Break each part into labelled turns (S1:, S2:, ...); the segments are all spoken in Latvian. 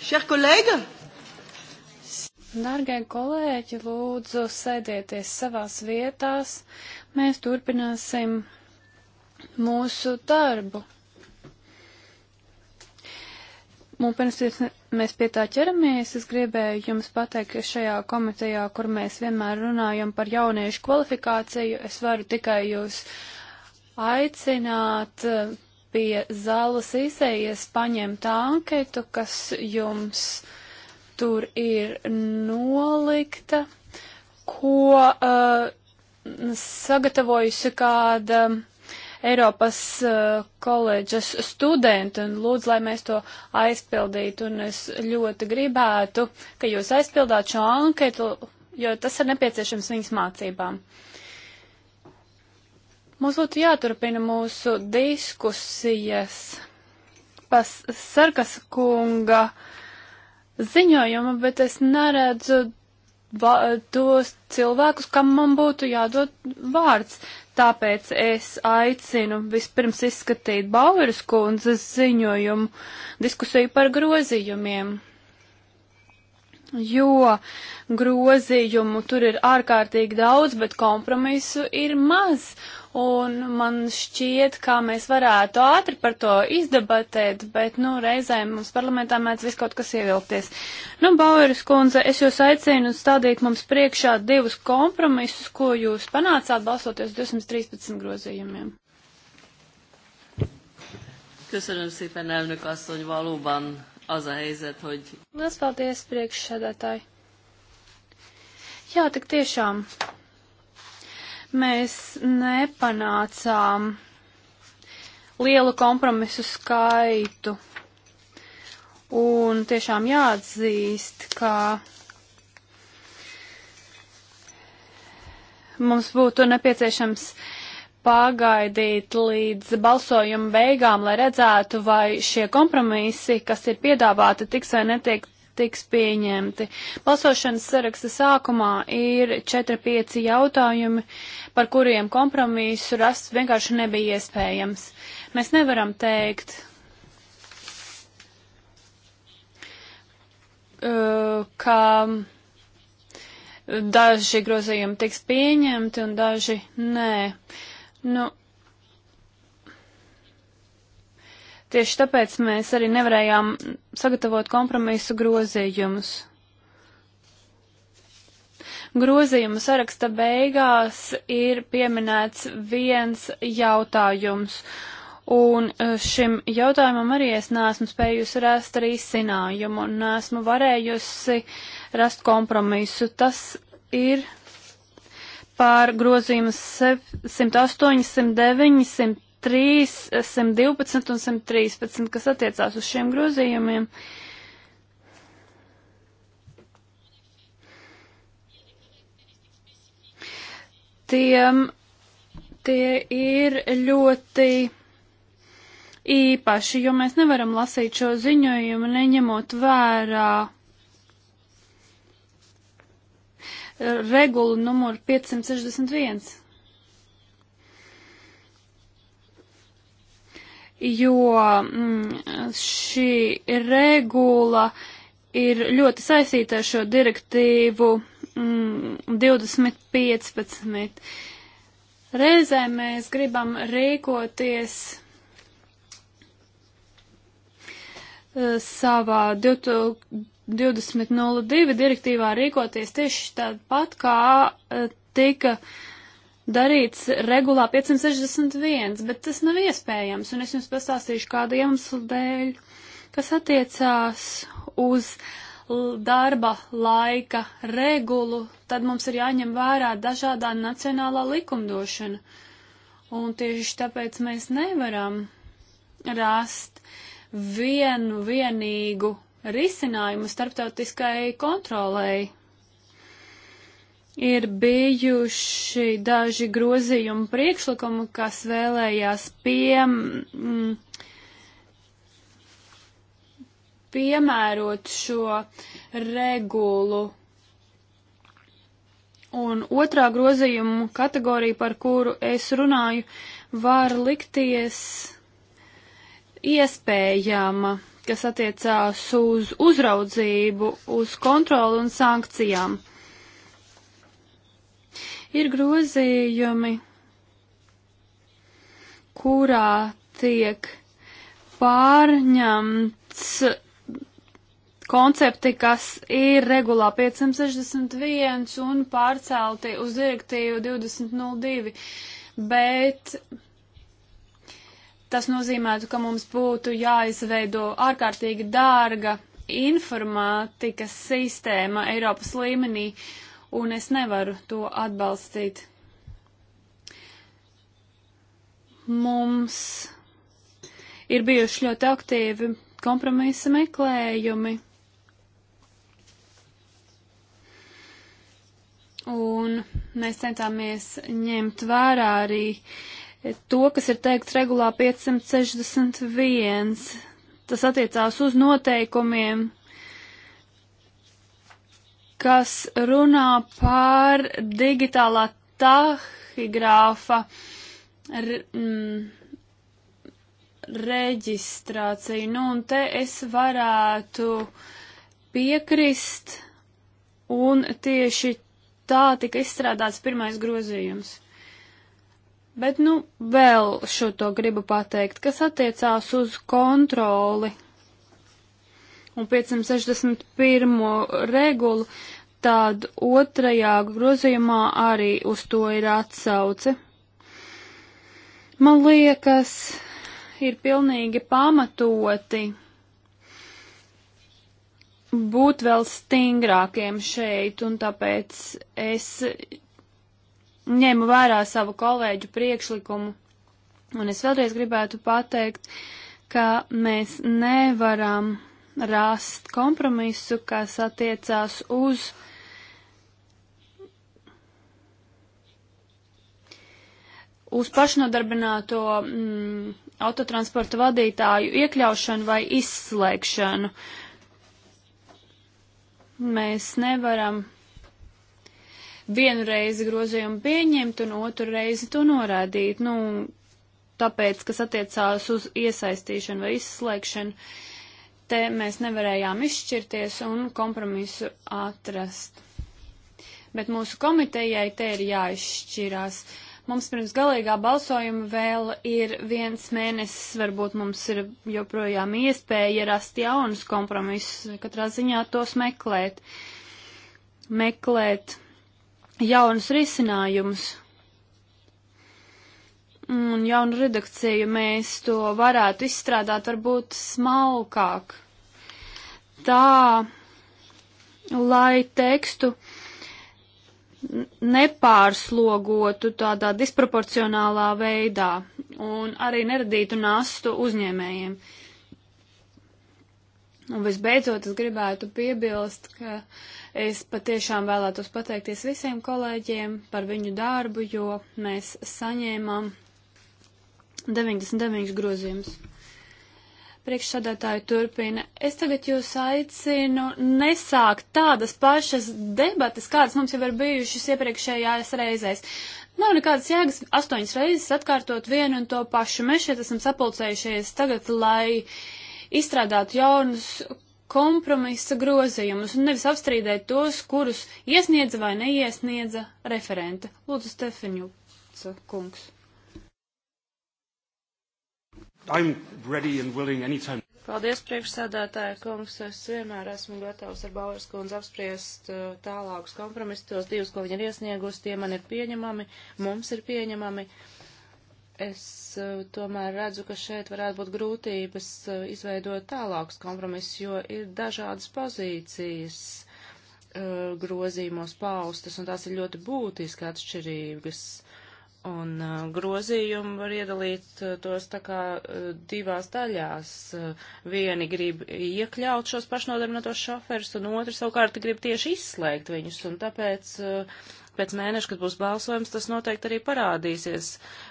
S1: Šie kolēģi! Dargie kolēģi, lūdzu, sēdieties savās vietās. Mēs turpināsim mūsu darbu. Un nu, pirms mēs pie tā ķeramies, es gribēju jums pateikt, ka šajā komitejā, kur mēs vienmēr runājam par jauniešu kvalifikāciju, es varu tikai jūs aicināt uh, pie zāles izējies paņemt anketu, kas jums tur ir nolikta, ko uh, sagatavojusi kāda Eiropas uh, koledžas studenta, un lūdzu, lai mēs to aizpildītu, un es ļoti gribētu, ka jūs aizpildāt šo anketu, jo tas ir nepieciešams viņas mācībām. Uh, Mums būtu jāturpina mūsu diskusijas par Sarkas kunga ziņojumu, bet es neredzu tos cilvēkus, kam man būtu jādod vārds. Tāpēc es aicinu vispirms izskatīt Baueras kundzes ziņojumu diskusiju par grozījumiem. Jo grozījumu tur ir ārkārtīgi daudz, bet kompromisu ir maz. Un man šķiet, kā mēs varētu ātri par to izdebatēt, bet, nu, reizēm mums parlamentā mēdz viss kaut kas ievilkties. Nu, Baueris kundze, es jūs aicinu stādīt mums priekšā divus kompromisus, ko jūs panācāt balsoties 213 grozījumiem.
S2: Köszönöm szépen, elnök asszony, valóban az a helyzet, hogy...
S1: Liels paldies, priekšsēdētāji. Jā, tik tiešām Mēs nepanācām lielu kompromisu skaitu. Un tiešām jāatzīst, ka mums būtu nepieciešams pagaidīt līdz balsojuma beigām, lai redzētu, vai šie kompromisi, kas ir piedāvāti, tiks vai netiek tiks pieņemti. Balsošanas saraksta sākumā ir 4-5 jautājumi, par kuriem kompromisu rast vienkārši nebija iespējams. Mēs nevaram teikt, ka daži grozījumi tiks pieņemti un daži nē. Nu, Tieši tāpēc mēs arī nevarējām sagatavot kompromisu grozījumus. Grozījumu saraksta beigās ir pieminēts viens jautājums, un eh, šim jautājumam arī es nesmu spējusi rast risinājumu, nesmu varējusi rast kompromisu. Tas ir pār grozījumus 108, 109, 100. 103, 112 un 113, kas attiecās uz šiem grozījumiem. Tiem, tie ir ļoti īpaši, jo mēs nevaram lasīt šo ziņojumu, neņemot vērā regulu numuru 561. jo mm, šī regula ir ļoti saistīta ar šo direktīvu mm, 2015. Reizē mēs gribam rīkoties e, savā 2002 direktīvā rīkoties tieši tāpat, kā e, tika uh, darīts regulā 561, bet tas nav iespējams, un es jums pastāstīšu kādu iemeslu dēļ, kas attiecās uz darba laika regulu, tad mums ir jāņem vērā dažādā nacionālā likumdošana. Un tieši tāpēc mēs nevaram rast vienu vienīgu risinājumu starptautiskai kontrolēji ir bijuši daži grozījumi priekšlikumi, kas vēlējās piem, mm, piemērot šo regulu. Un otrā grozījuma kategorija, par kuru es runāju, var likties iespējama, kas attiecās uz uzraudzību, uz kontroli un sankcijām. Ir grozījumi, kurā tiek pārņemts koncepti, kas ir regulā 561 un pārcelti uz direktīvu 2002, bet tas nozīmētu, ka mums būtu jāizveido ārkārtīgi dārga informātikas sistēma Eiropas līmenī, un es nevaru to atbalstīt. Mums ir bijuši ļoti aktīvi kompromisa meklējumi. Un mēs centāmies ņemt vērā arī to, kas ir teikts regulā 561. Tas attiecās uz noteikumiem, kas runā par digitālā tahigrāfa re, mm, reģistrāciju. Nu, un te es varētu piekrist, un tieši tā tika izstrādāts pirmais grozījums. Bet, nu, vēl šo to gribu pateikt, kas attiecās uz kontroli un 561 regulu, tad otrajā grozījumā arī uz to ir atsauce. Man liekas, ir pilnīgi pamatoti būt vēl stingrākiem šeit, un tāpēc es ņēmu vērā savu kolēģu priekšlikumu. Un es vēlreiz gribētu pateikt, ka mēs nevaram rast kompromisu, kas attiecās uz uz pašnodarbināto mm, autotransporta vadītāju iekļaušanu vai izslēgšanu. Mēs nevaram vienu reizi grozījumu pieņemt un otru reizi to norādīt. Nu, tāpēc, kas attiecās uz iesaistīšanu vai izslēgšanu, te mēs nevarējām izšķirties un kompromisu atrast. Bet mūsu komitejai te ir jāizšķirās. Mums pirms galīgā balsojuma vēl ir viens mēnesis, varbūt mums ir joprojām iespēja rast jaunus kompromisus, katrā ziņā tos meklēt, meklēt jaunus risinājumus un jaunu redakciju mēs to varētu izstrādāt varbūt smalkāk. Tā, lai tekstu nepārslogotu tādā disproporcionālā veidā un arī neradītu nastu uzņēmējiem. Un visbeidzot, es gribētu piebilst, ka es patiešām vēlētos pateikties visiem kolēģiem par viņu darbu, jo mēs saņēmām 99 grozījums. Priekšsādātāji turpina. Es tagad jūs aicinu nesākt tādas pašas debatas, kādas mums jau ir bijušas iepriekšējās reizēs. Nav nekādas jēgas astoņas reizes atkārtot vienu un to pašu. Mēs šeit esam sapulcējušies tagad, lai izstrādātu jaunus kompromisa grozījumus un nevis apstrīdēt tos, kurus iesniedza vai neiesniedza referente. Lūdzu, Stefaniu kungs.
S2: Paldies, priekšsēdētāja kungs. Es vienmēr esmu gatavs ar Bauers kundzi apspriest uh, tālākus kompromisus. Tos divus, ko viņa ir iesniegusi, tie man ir pieņemami, mums ir pieņemami. Es uh, tomēr redzu, ka šeit varētu būt grūtības uh, izveidot tālākus kompromisus, jo ir dažādas pozīcijas grozījumos paustas, un tās ir ļoti būtiski atšķirīgas. Un uh, grozījumi var iedalīt uh, tos tā kā uh, divās daļās. Uh, vieni grib iekļaut šos pašnodarbinātos šoferus, un otri savukārt grib tieši izslēgt viņus. Un tāpēc uh, pēc mēneša, kad būs balsojums, tas noteikti arī parādīsies.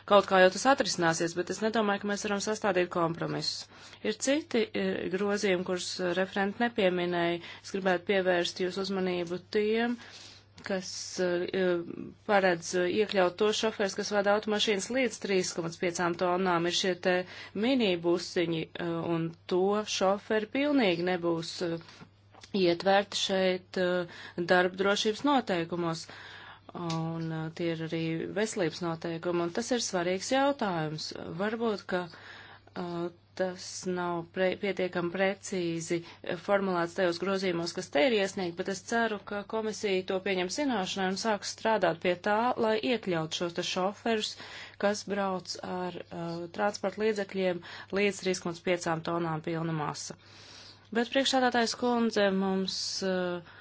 S2: Kaut kā jau tas atrisināsies, bet es nedomāju, ka mēs varam sastādīt kompromisus. Ir citi ir uh, grozījumi, kurus referenti nepieminēja. Es gribētu pievērst jūs uzmanību tiem. Uh, kas eh, paredz eh, iekļaut to šoferis, kas vada automašīnas līdz 3,5 tonnām, ir šie te minibusiņi, eh, un to šoferi pilnīgi nebūs ietverti šeit darba drošības noteikumos, un tie ir arī veselības noteikumi, un tas ir svarīgs jautājums. Varbūt, ka tas nav pre pietiekami precīzi eh, formulēts tajos grozījumos, kas te ir iesniegt, bet es ceru, ka komisija to pieņem zināšanai un sāks strādāt pie tā, lai iekļaut šos te šoferus, kas brauc ar uh, transporta līdzekļiem līdz 3,5 tonām pilna masa. Bet priekšādātais kundze mums uh,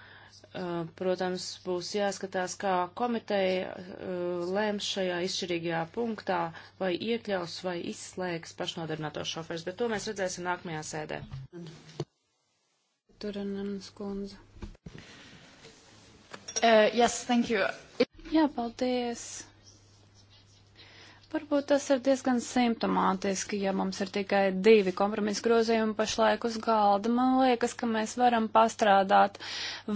S2: Protams, būs jāskatās, kā komiteja lēms šajā izšķirīgajā punktā, vai iekļaus vai izslēgs pašnodarbināto šoferis, bet to mēs redzēsim nākamajā sēdē. Turenenes kundze. Uh, yes, thank
S3: you.
S1: Jā, paldies. Varbūt tas ir diezgan simptomātiski, ja mums ir tikai divi kompromisu grozījumi pašlaik uz galda. Man liekas, ka mēs varam pastrādāt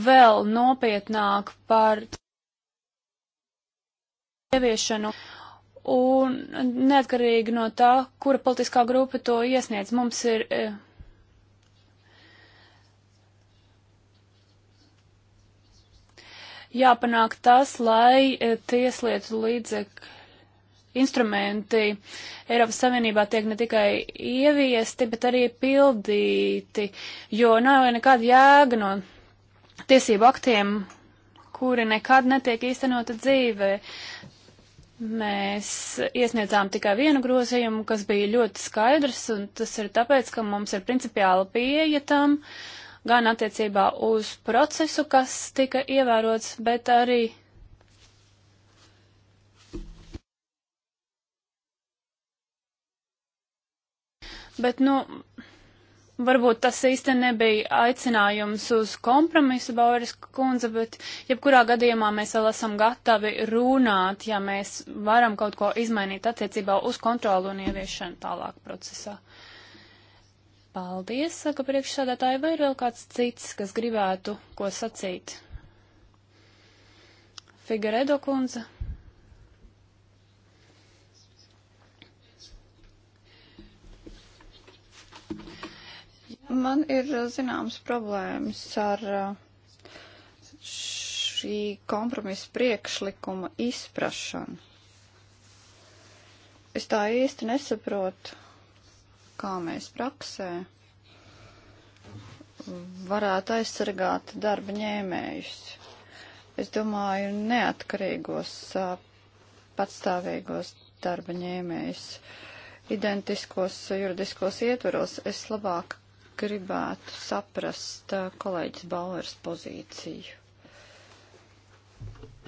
S1: vēl nopietnāk par ieviešanu. Un neatkarīgi no tā, kura politiskā grupa to iesniedz, mums ir. Eh, jāpanāk tas, lai eh, tieslietu līdzekļi instrumenti Eiropas Savienībā tiek ne tikai ieviesti, bet arī pildīti, jo nav nekāda jēga no tiesību aktiem, kuri nekad netiek īstenota dzīvē. Mēs iesniedzām tikai vienu grozījumu, kas bija ļoti skaidrs, un tas ir tāpēc, ka mums ir principiāla pieeja tam, gan attiecībā uz procesu, kas tika ievērots, bet arī Bet, nu, varbūt tas īsti nebija aicinājums uz kompromisu, Bauris kundze, bet jebkurā gadījumā mēs vēl esam gatavi runāt, ja mēs varam kaut ko izmainīt attiecībā uz kontrolu un ieviešanu tālāk procesā. Paldies, saka priekšsādātāji, vai ir vēl kāds cits, kas gribētu ko sacīt? Figuredo kundze.
S3: Man ir eh, zināmas problēmas ar eh, šī kompromisa priekšlikuma izprašanu. Es tā īsti nesaprotu, kā mēs praksē varētu aizsargāt darba ņēmējus. Es domāju, neatkarīgos, eh, patstāvīgos darba ņēmējus, identiskos juridiskos ietvaros. Es labāk gribētu saprast kolēģis Bauers pozīciju.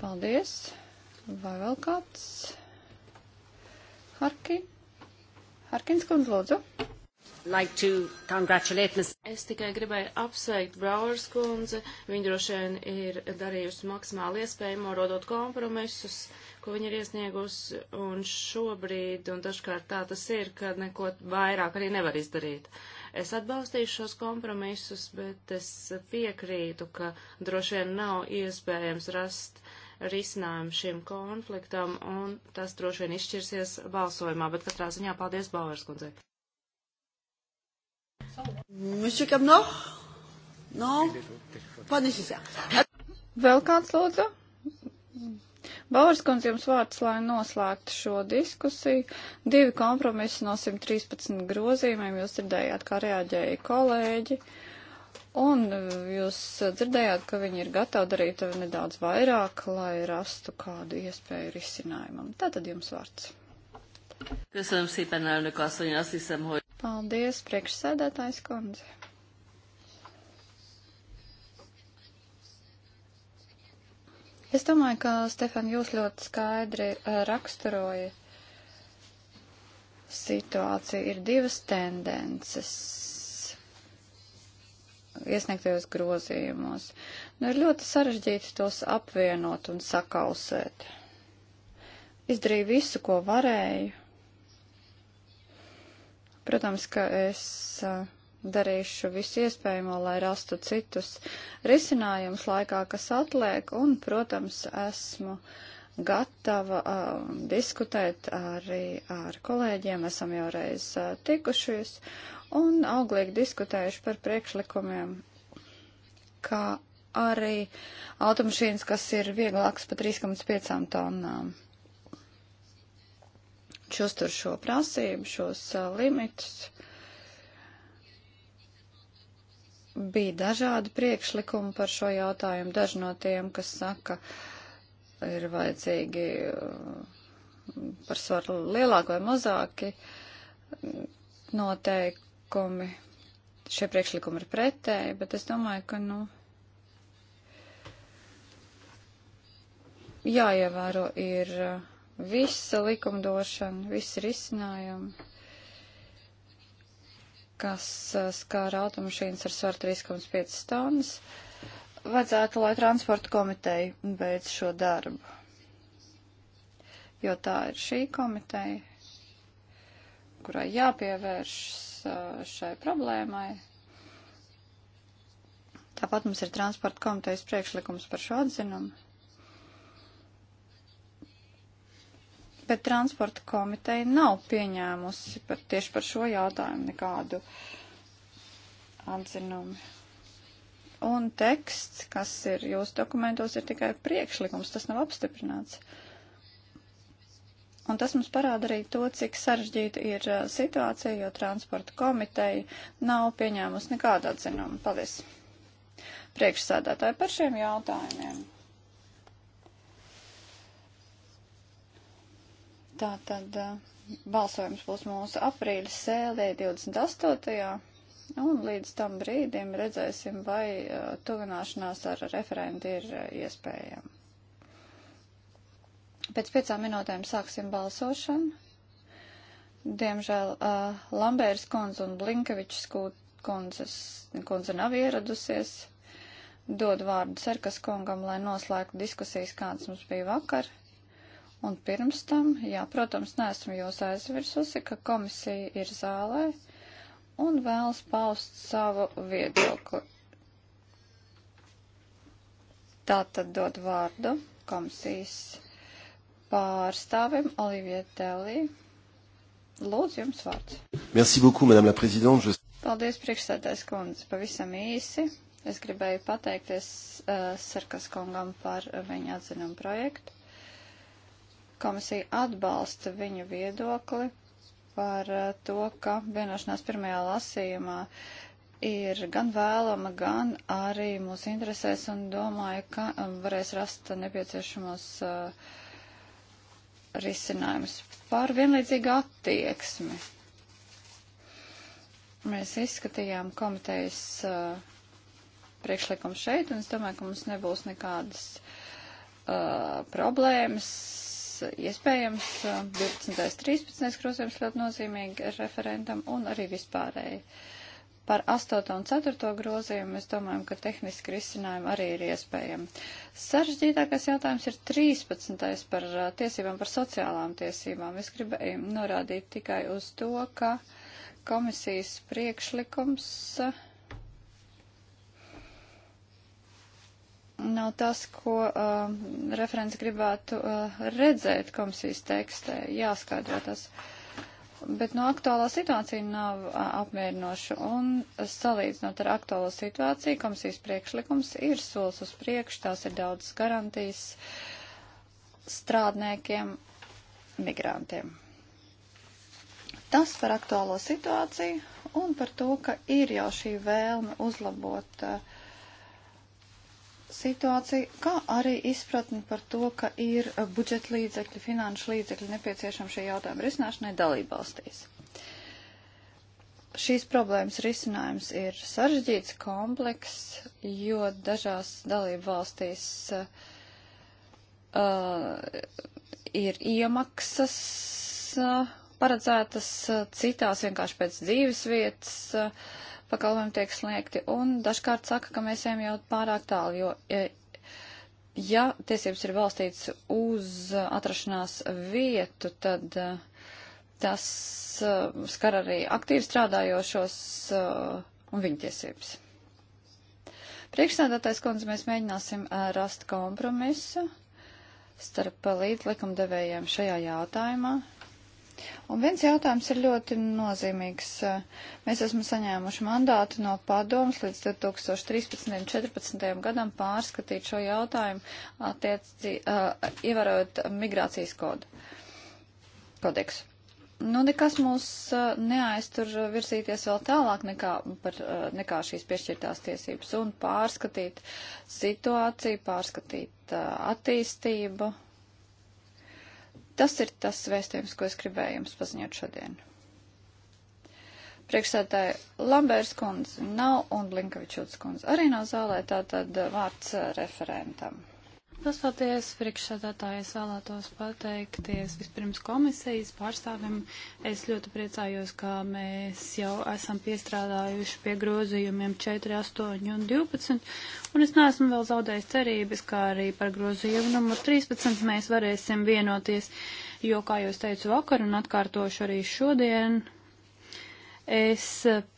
S3: Paldies. Vai vēl kāds? Harki? Harkins kundze, lūdzu.
S2: Like to congratulate Ms. Es tikai gribēju apsveikt Brauers kundze. Viņa droši vien ir darījusi maksimāli iespējamo, rodot kompromisus, ko viņa ir iesniegusi, un šobrīd, un dažkārt tā tas ir, ka neko vairāk arī nevar izdarīt. Uh, Es atbalstīšu šos kompromisus, bet es piekrītu, ka droši vien nav iespējams rast risinājumu šim konfliktam, un tas droši vien izšķirsies balsojumā, bet katrā ziņā paldies Bauers kundzei. Monsieur Kamno? No? Pas nécessaire. Vēl kāds lūdzu?
S3: Bauerskundze, jums vārds, lai noslēgtu šo diskusiju. Divi kompromisi no 113 grozījumiem jūs dzirdējāt, kā reaģēja kolēģi. Un jūs dzirdējāt, ka viņi ir gatavi darīt nedaudz vairāk, lai rastu kādu iespēju risinājumam. Tātad jums vārds.
S2: Köszönöm szépen, elnök asszony, azt hiszem, hogy...
S3: Paldies, priekšsēdētājs kundze. Es domāju, ka, Stefan, jūs ļoti skaidri eh, raksturoja situāciju. Ir divas tendences iesniegtajos grozījumos. Nu, ir ļoti sarežģīti tos apvienot un sakausēt. Izdarīju visu, ko varēju. Protams, ka es uh, darīšu visu iespējamo, lai rastu citus risinājumus laikā, kas atliek, un, protams, esmu gatava uh, diskutēt arī ar kolēģiem, esam jau reiz uh, tikušies, un auglīgi diskutējuši par priekšlikumiem, kā arī automašīnas, kas ir vieglākas pa 3,5 tonnām. Čustur šo prasību, šos uh, limitus bija dažādi priekšlikumi par šo jautājumu. Daži no tiem, kas saka, ir vajadzīgi uh, par svaru lielāku vai mazāki noteikumi. Šie priekšlikumi ir pretēji, bet es domāju, ka, nu, jāievēro ir uh, visa likumdošana, visi risinājumi kas eh, skāra automašīnas ar svaru 3,5 tonnas, vajadzētu, lai transporta komiteja beidz šo darbu. Jo tā ir šī komiteja, kurai jāpievēršas eh, šai problēmai. Tāpat mums ir transporta komitejas priekšlikums par šo atzinumu. Bet transporta komiteja nav pieņēmusi par, tieši par šo jautājumu nekādu atzinumu. Un teksts, kas ir jūsu dokumentos, ir tikai priekšlikums, tas nav apstiprināts. Un tas mums parāda arī to, cik sarežģīta ir uh, situācija, jo transporta komiteja nav pieņēmusi nekādu atzinumu. Paldies! Priekšsādātāji par šiem jautājumiem. Tā tad eh, balsojums būs mūsu aprīļa sēdē 28. Un līdz tam brīdim redzēsim, vai eh, tuvināšanās ar referenti ir eh, iespējama. Pēc piecām minūtēm sāksim balsošanu. Diemžēl uh, Lambērs kundze un Blinkevičs kundzes, kundze nav ieradusies. Dod vārdu Serkas kungam, lai noslēgtu diskusijas, kādas mums bija vakar. Un pirms tam, jā, protams, neesmu jūs aizvirsusi, ka komisija ir zālē un vēlas paust savu viedokli. Tā tad dod vārdu komisijas pārstāvim Olivier Telī. Lūdzu, jums vārds.
S1: Merci beaucoup, madame la présidente. Je...
S3: Paldies, priekšsēdājs kundze. Pavisam īsi. Es gribēju pateikties uh, Sarkas kungam par uh, viņa atzinumu projektu Komisija atbalsta viņu viedokli par eh, to, ka vienošanās pirmajā lasījumā ir gan vēlama, gan arī mūsu interesēs un domāju, ka um, varēs rast nepieciešamos uh, risinājumus par vienlīdzīgu attieksmi. Mēs izskatījām komitejas uh, priekšlikumu šeit, un es domāju, ka mums nebūs nekādas uh, problēmas iespējams 12. 13. grozījums ļoti nozīmīgi referentam un arī vispārēji. Par 8. un 4. grozījumu mēs domājam, ka tehniski risinājumi arī ir iespējami. Saržģītākais jautājums ir 13. par uh, tiesībām, par sociālām tiesībām. Es gribēju norādīt tikai uz to, ka komisijas priekšlikums. Uh, nav tas, ko uh, referents gribētu uh, redzēt komisijas tekstē, jāskaidro tas. Bet no nu, aktuālā situācija nav uh, apmierinoša un salīdzinot ar aktuālo situāciju, komisijas priekšlikums ir solis uz priekšu, tās ir daudz garantijas strādniekiem, migrantiem. Tas par aktuālo situāciju un par to, ka ir jau šī vēlme uzlabot uh, situāciju, kā arī izpratni par to, ka ir eh, budžeta līdzekļi, finanšu līdzekļi nepieciešami šī jautājuma risināšanai dalībvalstīs. Šīs problēmas risinājums ir sarežģīts, komplekss, jo dažās dalību valstīs uh, eh, eh, ir iemaksas uh, paredzētas, uh, citās vienkārši pēc dzīves vietas. Uh, pakalpojumi tiek sniegti, un dažkārt saka, ka mēs ejam jau pārāk tālu, jo, e, ja tiesības ir balstīts uz atrašanās vietu, tad e, tas e, skar arī aktīvi strādājošos un viņa tiesības. Priekšstādātais kundze, mēs mēģināsim rast kompromisu starp līdz likumdevējiem šajā jautājumā. Un viens jautājums ir ļoti nozīmīgs. Mēs esam saņēmuši mandātu no padomas līdz 2013. un 2014. gadam pārskatīt šo jautājumu, attieci, uh, ievērojot migrācijas kodu. Kodeksu. Nu, nekas mūs uh, neaiztur virzīties vēl tālāk nekā, par, uh, nekā šīs piešķirtās tiesības un pārskatīt situāciju, pārskatīt uh, attīstību, Tas ir tas vēstījums, ko es gribēju jums paziņot šodien. Priekšsētāji Lambērs kundze nav un Blinkavičūts kundze arī nav zālē, tātad vārds eh, referentam. Pastāties priekšsādātāji,
S1: es vēlētos pateikties vispirms komisijas pārstāvim. Es ļoti priecājos, ka mēs jau esam piestrādājuši pie grozījumiem 4, 8 un 12, un es neesmu vēl zaudējis cerības, kā arī par grozījumu numur 13 mēs varēsim vienoties, jo, kā jūs teicu vakar un atkārtošu arī šodien, Es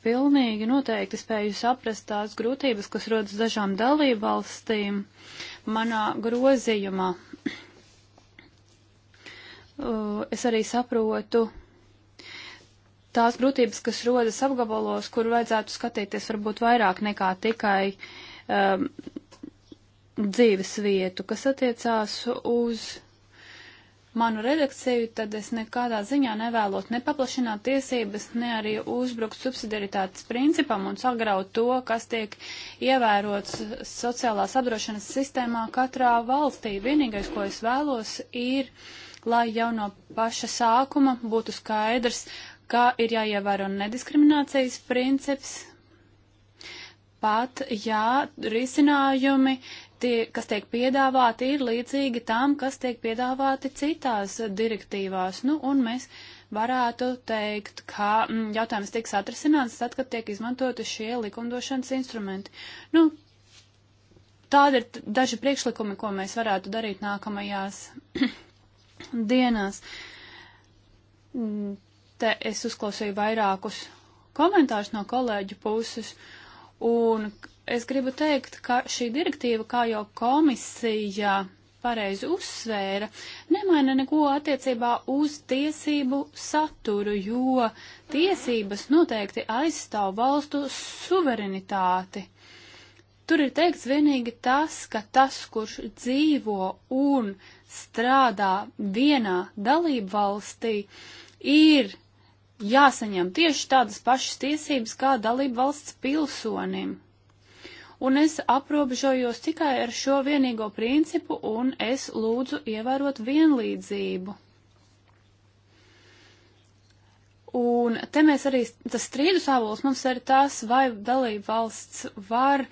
S1: pilnīgi noteikti spēju saprast tās grūtības, kas rodas dažām dalībvalstīm, manā grozījumā. Uh, es arī saprotu tās grūtības, kas rodas apgabalos, kur vajadzētu skatīties varbūt vairāk nekā tikai um, dzīves vietu, kas attiecās uz manu redakciju, tad es nekādā ziņā nevēlot ne paplašināt tiesības, ne arī uzbrukt subsidiaritātes principam un sagraut to, kas tiek ievērots sociālās apdrošinas sistēmā katrā valstī. Vienīgais, ko es vēlos, ir, lai jau no paša sākuma būtu skaidrs, kā ir jāievēro nediskriminācijas princips, pat, ja risinājumi tie, kas tiek piedāvāti, ir līdzīgi tam, kas tiek piedāvāti citās direktīvās. Nu, un mēs varētu teikt, ka mm, jautājums tiks atrisināts tad, kad tiek izmantoti šie likumdošanas instrumenti. Nu, tādi ir daži priekšlikumi, ko mēs varētu darīt nākamajās dienās. Mm, te es uzklausīju vairākus komentārus no kolēģu puses, un es gribu teikt, ka šī direktīva, kā jau komisija pareizi uzsvēra, nemaina neko attiecībā uz tiesību saturu, jo tiesības noteikti aizstāv valstu suverenitāti. Tur ir teikts vienīgi tas, ka tas, kurš dzīvo un strādā vienā dalību valstī, ir jāsaņem tieši tādas pašas tiesības kā dalību valsts pilsonim un es aprobežojos tikai ar šo vienīgo principu, un es lūdzu ievērot vienlīdzību. Un te mēs arī, tas strīdus avols mums ir tas, vai dalība valsts var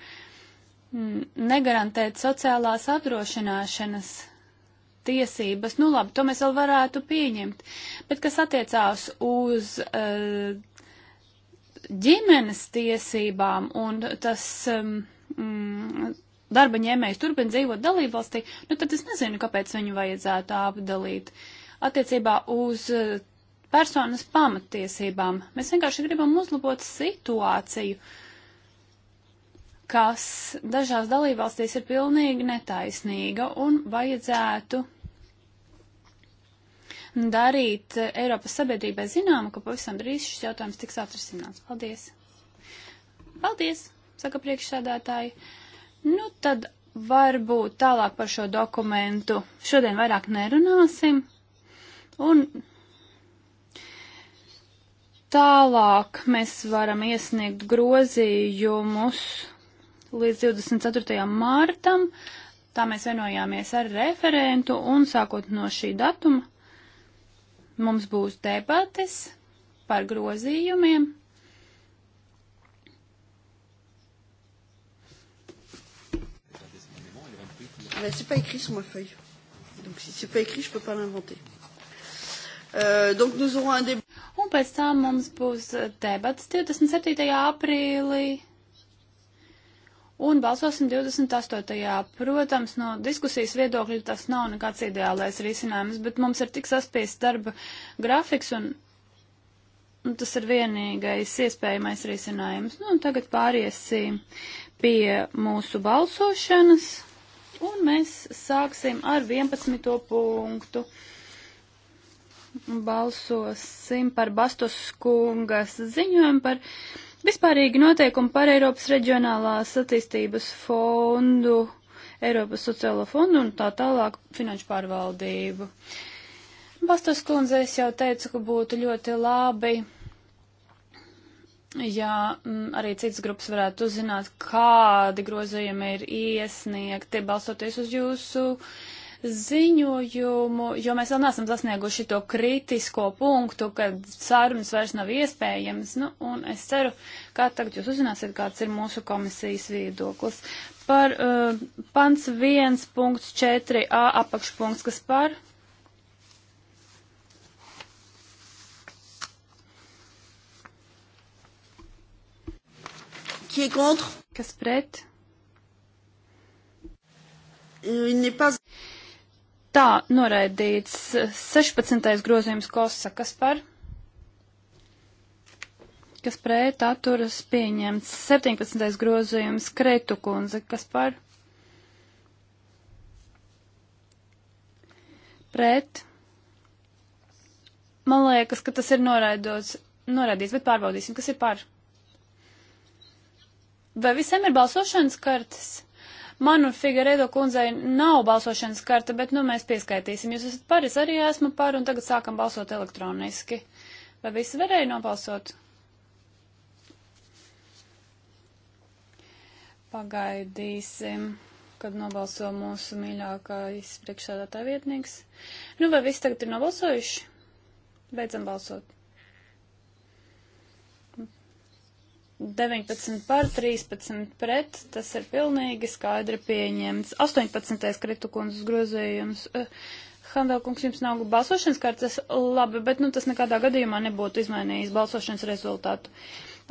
S1: mm, negarantēt sociālās apdrošināšanas tiesības. Nu labi, to mēs vēl varētu pieņemt. Bet kas attiecās uz uh, ģimenes tiesībām un tas. Um, mm, darba ņēmējs turpina dzīvot dalībvalstī, nu tad es nezinu, kāpēc viņu vajadzētu apdalīt. Attiecībā uz eh, personas pamatiesībām mēs vienkārši gribam uzlabot situāciju, kas dažās dalībvalstīs ir pilnīgi netaisnīga un vajadzētu darīt eh, Eiropas sabiedrībai zināmu, ka pavisam drīz šis jautājums tiks atrisināts. Paldies! Paldies! saka priekšsēdētāji. Nu, tad varbūt tālāk par šo dokumentu šodien vairāk nerunāsim. Un tālāk mēs varam iesniegt grozījumus līdz 24. martam. Tā mēs vienojāmies ar referentu un sākot no šī datuma mums būs debates par grozījumiem
S3: Ouais, c'est pas écrit sur ma feuille. Donc si c'est pas écrit, je peux pas l'inventer. Uh, donc nous aurons un débat. Un pēc tam
S1: mums būs debats 27. aprīlī. Un balsosim 28. Protams, no diskusijas viedokļa tas nav nekāds ideālais risinājums, bet mums ir tik saspiests darba grafiks un, un tas ir vienīgais iespējamais risinājums. Nu, un tagad pāriesim pie mūsu balsošanas un mēs sāksim ar 11. punktu. Balsosim par Bastos kungas ziņojumu par vispārīgi noteikumu par Eiropas reģionālās attīstības fondu, Eiropas sociālo fondu un tā tālāk finanšu pārvaldību. Bastos kundze, es jau teicu, ka būtu ļoti labi Jā, mm, arī citas grupas varētu uzzināt, kādi grozījumi ir iesniegti, balstoties uz jūsu ziņojumu, jo mēs vēl neesam sasnieguši to kritisko punktu, kad sarunas vairs nav iespējams. Nu, un es ceru, ka tagad jūs uzzināsiet, kāds ir mūsu komisijas viedoklis. Par uh, pants 1.4a apakšpunkts, kas par Qui est contre Kas pret? Euh, Tā, noraidīts 16. grozījums Kosa. Kas par? Kas pret atturas pieņemts? 17. grozījums Kretu kundze. Kas par? Pret. Man liekas, ka tas ir noraidots, noraidīts, bet pārbaudīsim, kas ir par. Vai visiem ir balsošanas kartes? Man un Figueredo kundzei nav balsošanas karta, bet nu mēs pieskaitīsim. Jūs esat par, es arī esmu par, un tagad sākam balsot elektroniski. Vai visi varēja nobalsot? Pagaidīsim, kad nobalso mūsu mīļākais priekšsēdētāja vietnieks. Nu, vai visi tagad ir nobalsojuši? Beidzam balsot. 19 par 13 pret, tas ir pilnīgi skaidri pieņemts. 18. kritukundas grozījums. Eh, Handelkungs, jums nav balsošanas kārtas, labi, bet nu, tas nekādā gadījumā nebūtu izmainījis balsošanas rezultātu.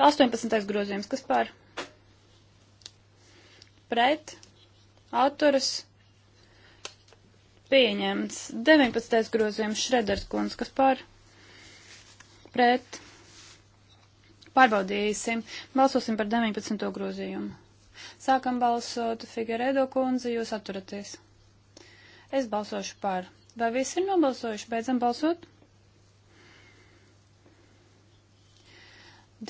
S1: 18. grozījums, kas pār? Pret, autors, pieņemts. 19. grozījums, Šreders kungs, kas pār? Pret, Pārbaudīsim. Balsosim par 19. grozījumu. Sākam balsot Figueredo kundze, jūs atturaties. Es balsošu par. Vai visi ir nobalsojuši? Beidzam balsot.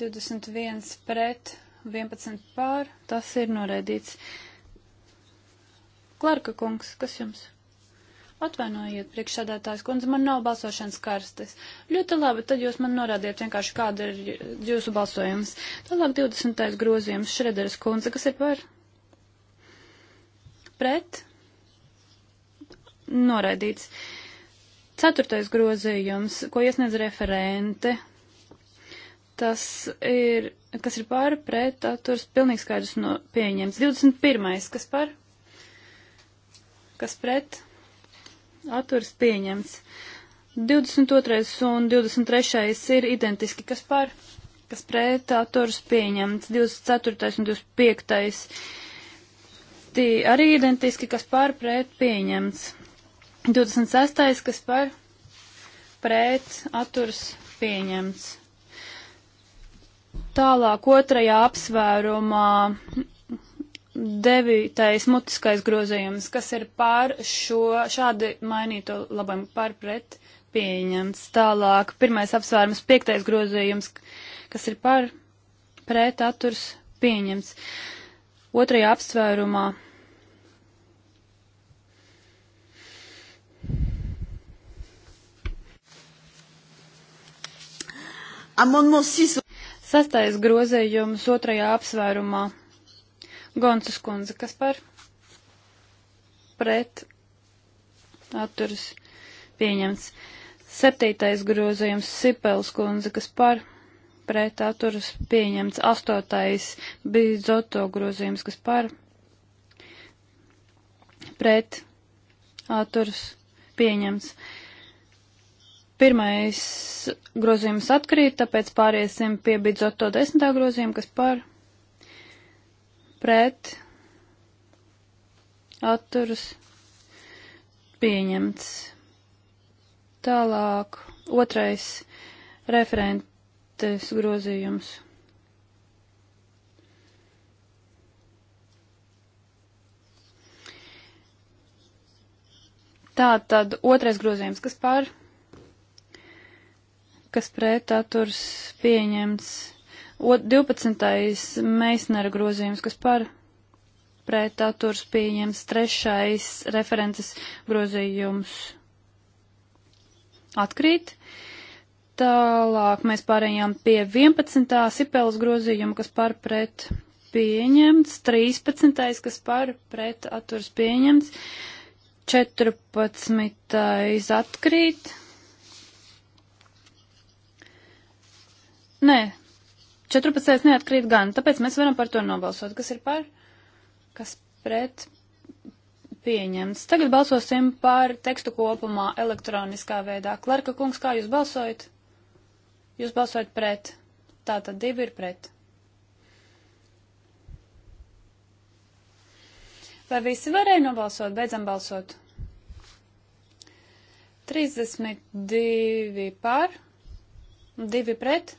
S1: 21 pret, 11 pār. Tas ir noraidīts. Klarka kungs, kas jums? Atvainojiet, priekšsēdētājs kundze, man nav balsošanas karstes. Ļoti labi, tad jūs man norādiet vienkārši, kāda ir jūsu balsojums. Tālāk 20. grozījums Šrederas kundze, kas ir par? Pret? Noraidīts. Ceturtais grozījums, ko iesniedz referente. Tas ir, kas ir par, pret, atturs, pilnīgi skaidrs no pieņems. 21. kas par? Kas pret? atturs pieņemts. 22. un 23. ir identiski, kas par, kas pret atturs pieņemts. 24. un 25. Tī arī identiski, kas par, pret pieņemts. 26. kas par, pret atturs pieņemts. Tālāk otrajā apsvērumā devītais mutiskais grozījums, kas ir pār šo šādi mainīto labojumu pār pret pieņemts. Tālāk, pirmais apsvērums, piektais grozījums, kas ir pār pret atturs pieņemts. Otrajā apsvērumā. Sastais grozījums otrajā apsvērumā. Goncas kundze, kas par pret atturas pieņemts. Septītais grozījums Sipels kundze, kas par pret atturas pieņemts. Astotais bija Zoto grozījums, kas par pret atturas pieņemts. Pirmais grozījums atkrīt, tāpēc pāriesim pie Bidzoto desmitā grozījuma, kas par pret pret atturas pieņemts. Tālāk otrais referentes grozījums. Tā tad otrais grozījums, kas par, kas pret atturs pieņemts O 12. meisnera grozījums, kas par pret atturs pieņems. Trešais references grozījums atkrīt. Tālāk mēs pārējām pie 11. sipēles grozījuma, kas par pret pieņemts. 13. kas par pret atturs pieņemts. 14. atkrīt. Nē, 14. neatkrīt gan, tāpēc mēs varam par to nobalsot. Kas ir par? Kas pret? Pieņemts. Tagad balsosim par tekstu kopumā elektroniskā veidā. Klerka kungs, kā jūs balsojat? Jūs balsojat pret. Tātad divi ir pret. Vai visi varēja nobalsot? Beidzam balsot. 32 par, 2 pret,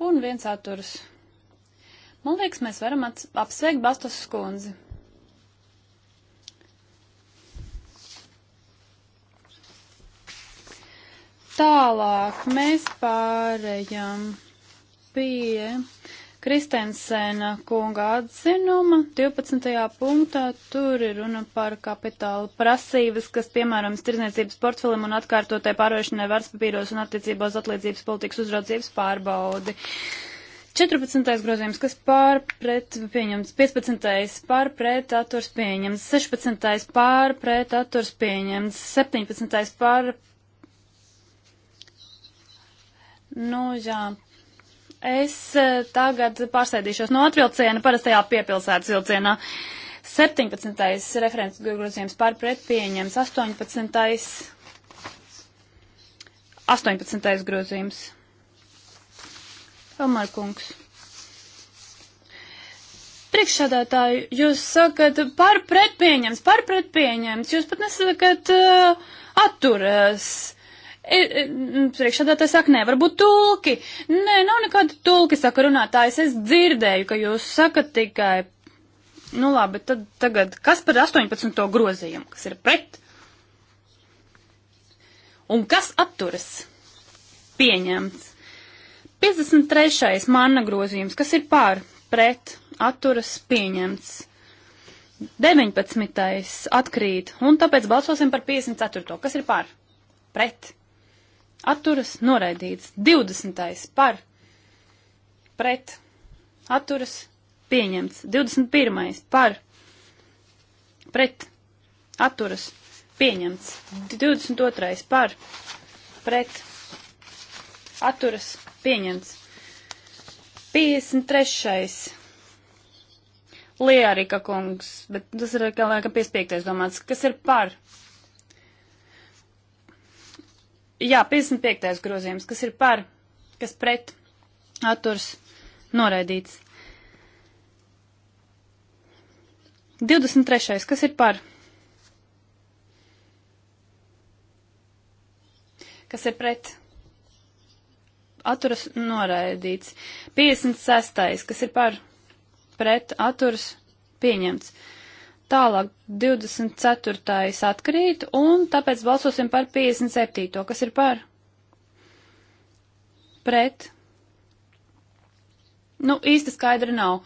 S1: un viens atturas. Man liekas, mēs varam apsveikt Bastos skundzi. Tālāk mēs pārējām pie Kristensēna kunga atzinuma 12. punktā tur ir runa par kapitāla prasības, kas, piemēram, tirzniecības portfelim un atkārtotai pārvēršanai vērtspapīros un attiecībā uz atlīdzības politikas uzraudzības pārbaudi. 14. grozījums, kas pārpret pieņemts, 15. pārpret atturs pieņemts, 16. pārpret atturs pieņemts, 17. pār. Nu, jā, Es e, tagad pārsēdīšos no atvilciena parastajā piepilsētas vilcienā. 17. referents grozījums par pret pieņems, 18. 18. grozījums. Elmar kungs. Priekšsādātāji, jūs sakat par pret pieņems, par pret pieņems, jūs pat nesakat uh, atturas. Uh, E, e, Priekšādātājs saka, nē, varbūt tulki. Nē, nav nekāda tulki, saka runātājs. Es dzirdēju, ka jūs sakat tikai. Nu labi, tad tagad kas par 18. grozījumu, kas ir pret? Un kas atturas? Pieņemts. 53. manna grozījums, kas ir pār, pret, atturas, pieņemts. 19. atkrīt, un tāpēc balsosim par 54. kas ir pār, pret, atturas noraidīts. 20. par pret atturas pieņemts. 21. par pret atturas pieņemts. 22. par pret atturas pieņemts. 53. Liarika kungs, bet tas ir, ka, laikam, 55. domāts, kas ir par jā, 55. grozījums, kas ir par, kas pret, atturs, noraidīts. 23. kas ir par, kas ir pret, atturas, noraidīts. 56. kas ir par, pret, atturs, pieņemts. Tālāk 24. atkrīt, un tāpēc balsosim par 57. kas ir par? Pret. Nu, īsti skaidri nav.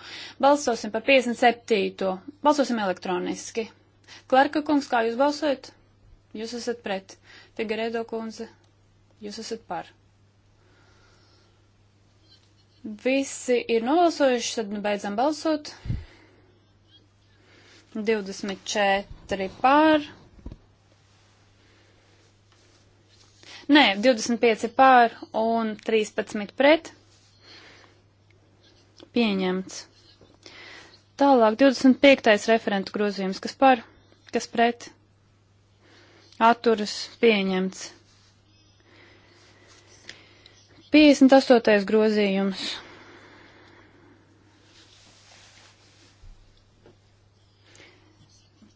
S1: Balsosim par 57. Balsosim elektroniski. Klarka kungs, kā jūs balsojat? Jūs esat pret. Figaredo kundze, jūs esat par. Visi ir nobalsojuši, tad nu beidzam balsot. 24 pār. Nē, 25 pār un 13 pret. Pieņemts. Tālāk 25. referentu grozījums, kas par, kas pret. Atturas pieņemts. 58. grozījums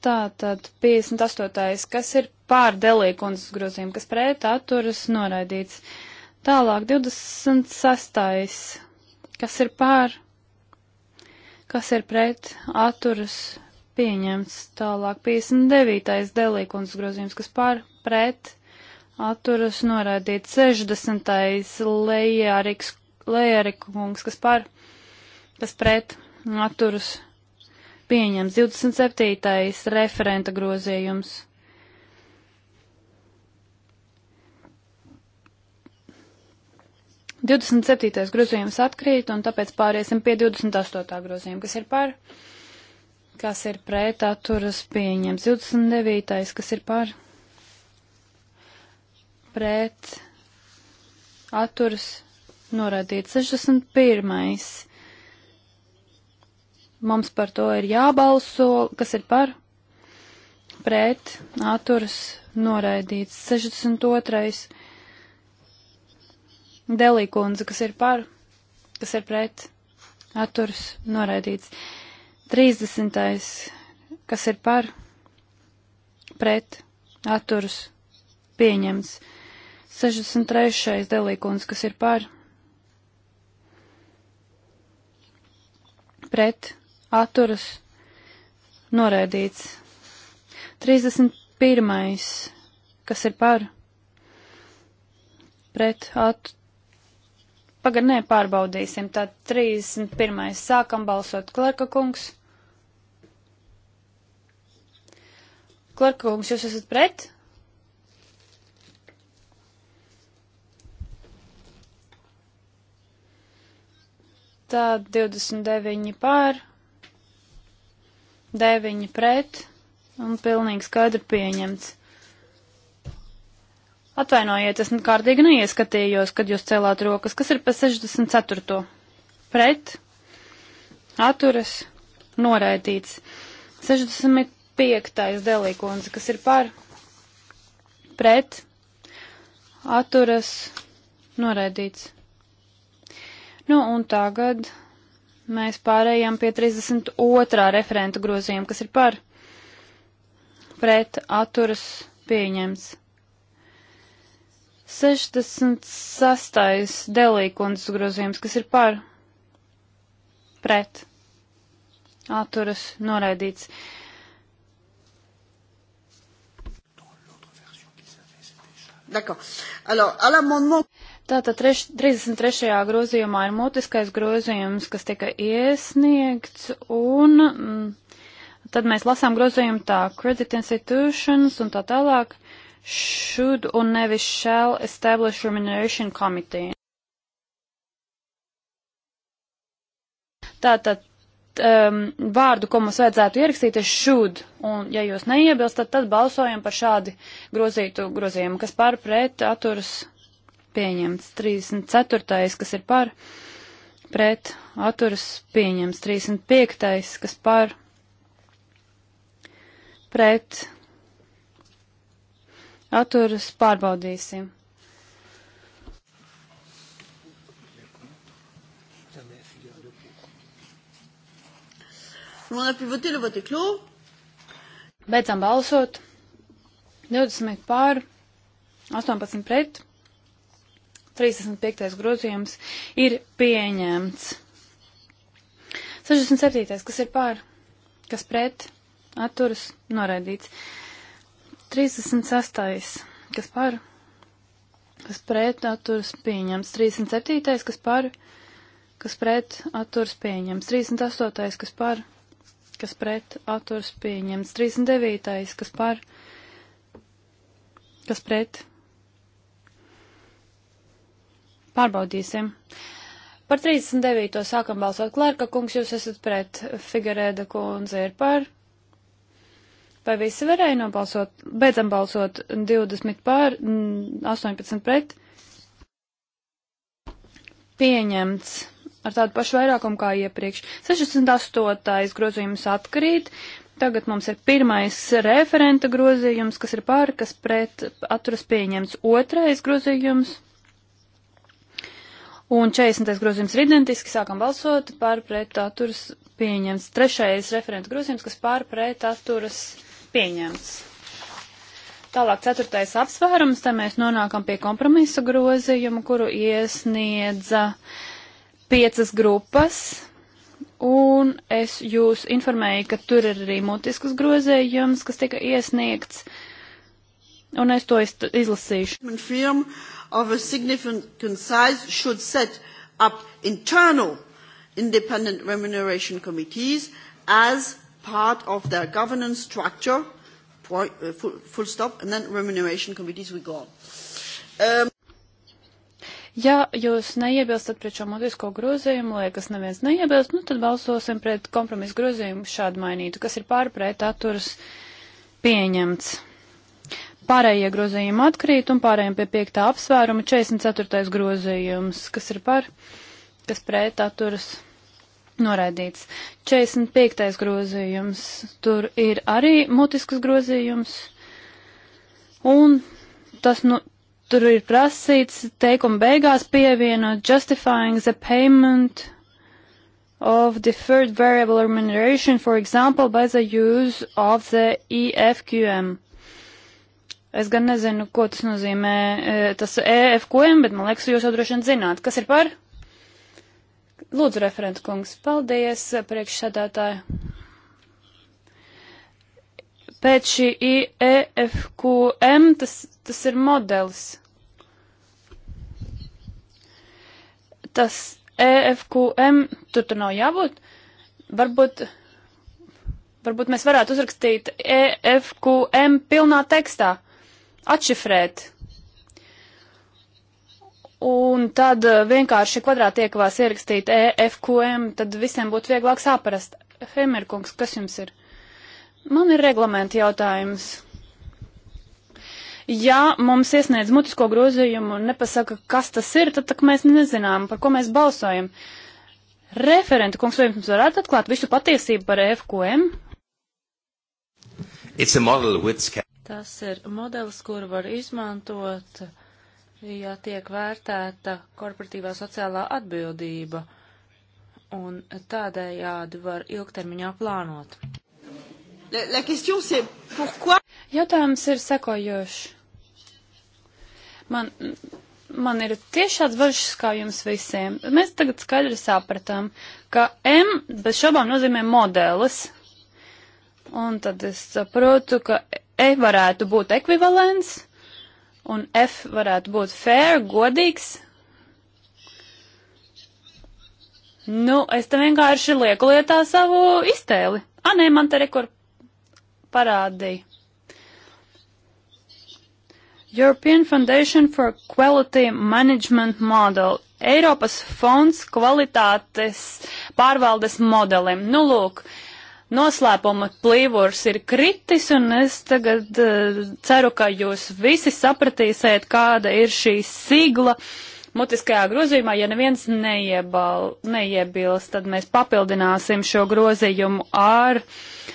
S1: Tātad 58. kas ir pār delīkundas grozījumu, kas pret atturas noraidīts. Tālāk 26. kas ir pār, kas ir pret atturas pieņemts. Tālāk 59. delīkundas grozījums, kas pār pret atturas noraidīts. 60. lejāriks, lejārikungs, kas pār, kas pret atturas pieņemts pieņems 27. referenta grozījums. Divdesmit septītais grozījums atkrīt, un tāpēc pāriesim pie 28. grozījuma, kas ir par, kas ir pret atturas pieņems. 29. kas ir par, pret atturas noradīts. 61 Mums par to ir jābalso, kas ir par, pret, atturas, noraidīts. 62. Delīkundze, kas ir par, kas ir pret, atturas, noraidīts. 30. kas ir par, pret, atturas, pieņemts. 63. Delīkundze, kas ir par, pret, atturas noraidīts. 31. kas ir par pret atturas. Pagad, nē, pārbaudīsim. Tad 31. sākam balsot Klerka kungs. Klerka kungs, jūs esat pret? Tā 29 pār, 9 pret un pilnīgi skaidri pieņemts. Atvainojiet, es kārtīgi neieskatījos, kad jūs celāt rokas. Kas ir pa 64? Pret, atturas, noraidīts. 65. delīkons, kas ir par, pret, atturas, noraidīts. Nu, un tagad Mēs pārējām pie 32. referentu grozījuma, kas ir par pret atturas pieņems. 66. delīkundas grozījums, kas ir par pret atturas noraidīts. D'accord. Alors, à l'amendement. Tātad 33. grozījumā ir mutiskais grozījums, kas tika iesniegts, un mm, tad mēs lasām grozījumu tā credit institutions un tā tālāk should un nevis shall establish remuneration committee. Tātad um, vārdu, ko mums vajadzētu ierakstīt, ir should. Un, ja jūs neiebilstat, tad, tad balsojam par šādi grozītu grozījumu, kas pārpret atturas pieņemts. 34. kas ir par, pret, atturas pieņemts. 35. kas par, pret, atturas pārbaudīsim. On a pu
S3: voter le vote est clos.
S1: Beidzam balsot. 20 pār, 18 pret. 35. grozījums ir pieņemts. 67. kas ir pār, kas pret, atturas, noraidīts. 36. kas pār, kas pret, atturas, pieņemts. 37. kas pār, kas pret, atturas, pieņemts. 38. kas pār, kas pret, atturas, pieņemts. 39. kas pār, kas pret, Pārbaudīsim. Par 39. sākam balsot Klērka kungs, jūs esat pret, Figarēda kundze ir par. Vai visi varēja nobalsot? Beidzam balsot 20 pār, 18 pret. Pieņemts ar tādu pašu vairākumu kā iepriekš. 68. grozījums atkrīt. Tagad mums ir pirmais referenta grozījums, kas ir pār, kas pret atturas pieņemts. Otrais grozījums Un 40. grozījums ir identiski, sākam balsot par pret atturas pieņemts. Trešais referents grozījums, kas par pret atturas pieņemts. Tālāk ceturtais apsvērums, te mēs nonākam pie kompromisa grozījumu, kuru iesniedza piecas grupas. Un es jūs informēju, ka tur ir arī mutisks grozījums, kas tika iesniegts. Un es to izlasīšu.
S2: Man firma of a significant size should set up internal independent remuneration committees as
S3: part of their governance structure, point, uh, full, full stop, and then remuneration committees will go on. Um,
S1: Ja jūs neiebilstat pret šo mutisko grozījumu, liekas neviens neiebilst, nu tad balsosim pret kompromisu grozījumu šādu mainītu, kas ir pārpret atturas pieņemts. Pārējie grozījumi atkrīt un pārējiem pie 5. apsvēruma 44. grozījums, kas ir par, kas pret atturas noraidīts. 45. grozījums, tur ir arī mutiskas grozījums, un tas, nu, tur ir prasīts teikuma beigās pievienot justifying the payment of deferred variable remuneration, for example, by the use of the EFQM. Es gan nezinu, ko tas nozīmē, e, tas EFQM, bet man liekas, jūs jau droši vien zināt, kas ir par. Lūdzu, referenta kungs, paldies, priekšsēdētāji. Pēc šī EFQM tas, tas ir modelis. Tas EFQM, tur tur nav jābūt. Varbūt varbūt mēs varētu uzrakstīt EFQM pilnā tekstā atšifrēt. Un tad eh, vienkārši kvadrātiekavās ierakstīt EFQM, tad visiem būtu vieglāk saprast. Hemerkungs, kas jums ir? Man ir reglamenta jautājums. Ja mums iesniedz mutisko grozījumu un nepasaka, kas tas ir, tad tak mēs nezinām, par ko mēs balsojam. Referenta kungs, vai jums varētu atklāt visu patiesību par EFQM?
S2: It's a model which Tas ir modelis, kuru var izmantot, ja tiek vērtēta korporatīvā sociālā atbildība, un tādējādi var ilgtermiņā plānot. La, la question, c'est pourquoi?
S1: Jautājums ir sekojošs. Man man ir tiešāds bažas kā jums visiem. Mēs tagad skaidri sapratām, ka M bez šaubām nozīmē modelis. Un tad es saprotu, ka E varētu būt ekvivalents, un F varētu būt fair, godīgs. Nu, es te vienkārši lieku lietā savu iztēli. A, ah, nē, man te rekur parādīja. European Foundation for Quality Management Model. Eiropas fonds kvalitātes pārvaldes modelim. Nu, lūk, uh, noslēpuma plīvurs ir kritis, un es tagad uh, ceru, ka jūs visi sapratīsiet, kāda ir šī sigla. Mutiskajā grozījumā, ja neviens neiebal, neiebilst, tad mēs papildināsim šo grozījumu ar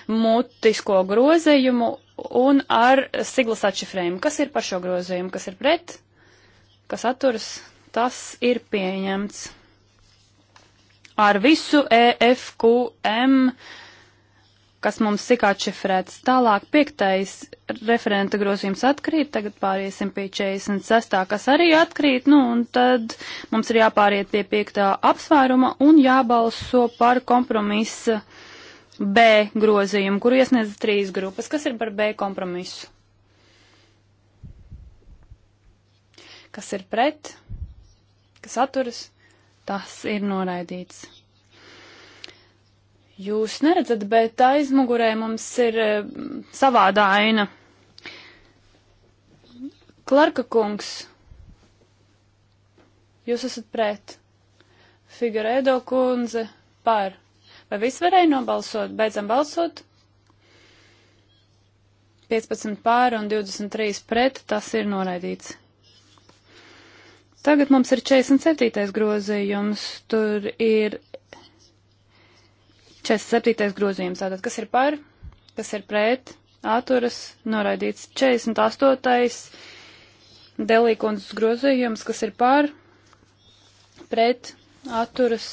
S1: mutisko grozījumu un ar siglas atšifrējumu. Kas ir par šo grozījumu? Kas ir pret? Kas atturas? Tas ir pieņemts. Ar visu EFQM. Uh, kas mums tika atšifrēts. Tālāk piektais referenta grozījums atkrīt, tagad pāriesim pie 46, kas arī atkrīt, nu un tad mums ir jāpāriet pie piektā apsvēruma un jābalso par kompromisa B grozījumu, kuru iesniedz trīs grupas. Kas ir par B kompromisu? Kas ir pret? Kas atturas? Tas ir noraidīts jūs neredzat, bet aizmugurē mums ir eh, savāda aina. Klarka kungs, jūs esat pret. Figuredo kundze par. Vai viss varēja nobalsot? Beidzam balsot. 15 pār un 23 pret, tas ir noraidīts. Tagad mums ir 47. grozījums, tur ir 47. grozījums, tātad kas ir par, kas ir pret, atturas, noraidīts 48. delīkundas grozījums, kas ir par, pret, atturas,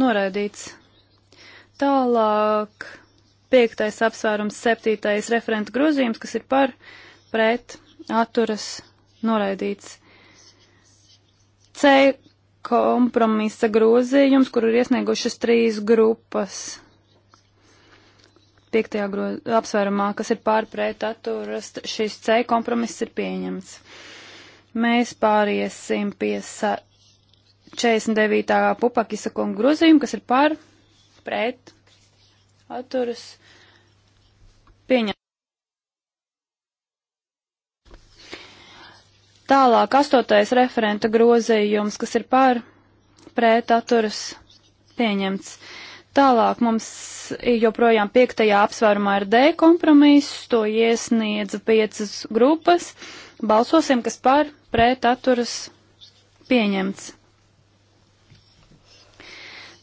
S1: noraidīts. Tālāk 5. apsvērums 7. referenta grozījums, kas ir par, pret, atturas, noraidīts. C kompromisa grozījums, kur ir iesniegušas trīs grupas. Piektajā groz, apsvērumā, kas ir pārpret atturas, šis C kompromiss ir pieņemts. Mēs pāriesim pie 49. pupakisa kunga grozījuma, kas ir pārpret atturas pieņemts. Tālāk astotais referenta grozījums, kas ir par pret atturas pieņemts. Tālāk mums joprojām piektajā apsvērumā ir D kompromiss, to iesniedza piecas grupas. Balsosim, kas par pret atturas pieņemts.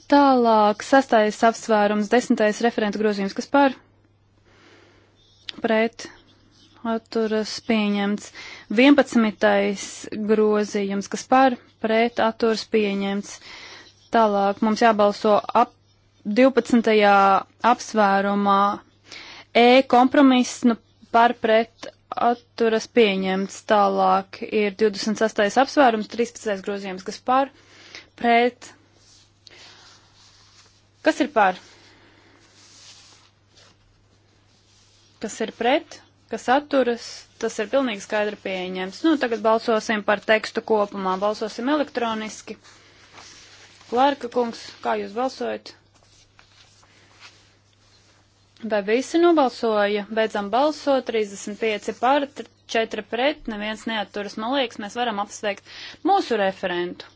S1: Tālāk sastais apsvērums, desmitais referenta grozījums, kas par pret atturas pieņemts. 11. grozījums, kas par pret atturas pieņemts. Tālāk mums jābalso ap 12. apsvērumā E kompromiss nu, par pret atturas pieņemts. Tālāk ir 28. apsvērums, 13. grozījums, kas par pret. Kas ir par? Kas ir pret? kas atturas, tas ir pilnīgi skaidri pieņems. Nu, tagad balsosim par tekstu kopumā, balsosim elektroniski. Klārka kungs, kā jūs balsojat? Vai visi nobalsoja? Beidzam balsot, 35 par, 4 pret, neviens neaturas. Man liekas, mēs varam apsveikt mūsu referentu.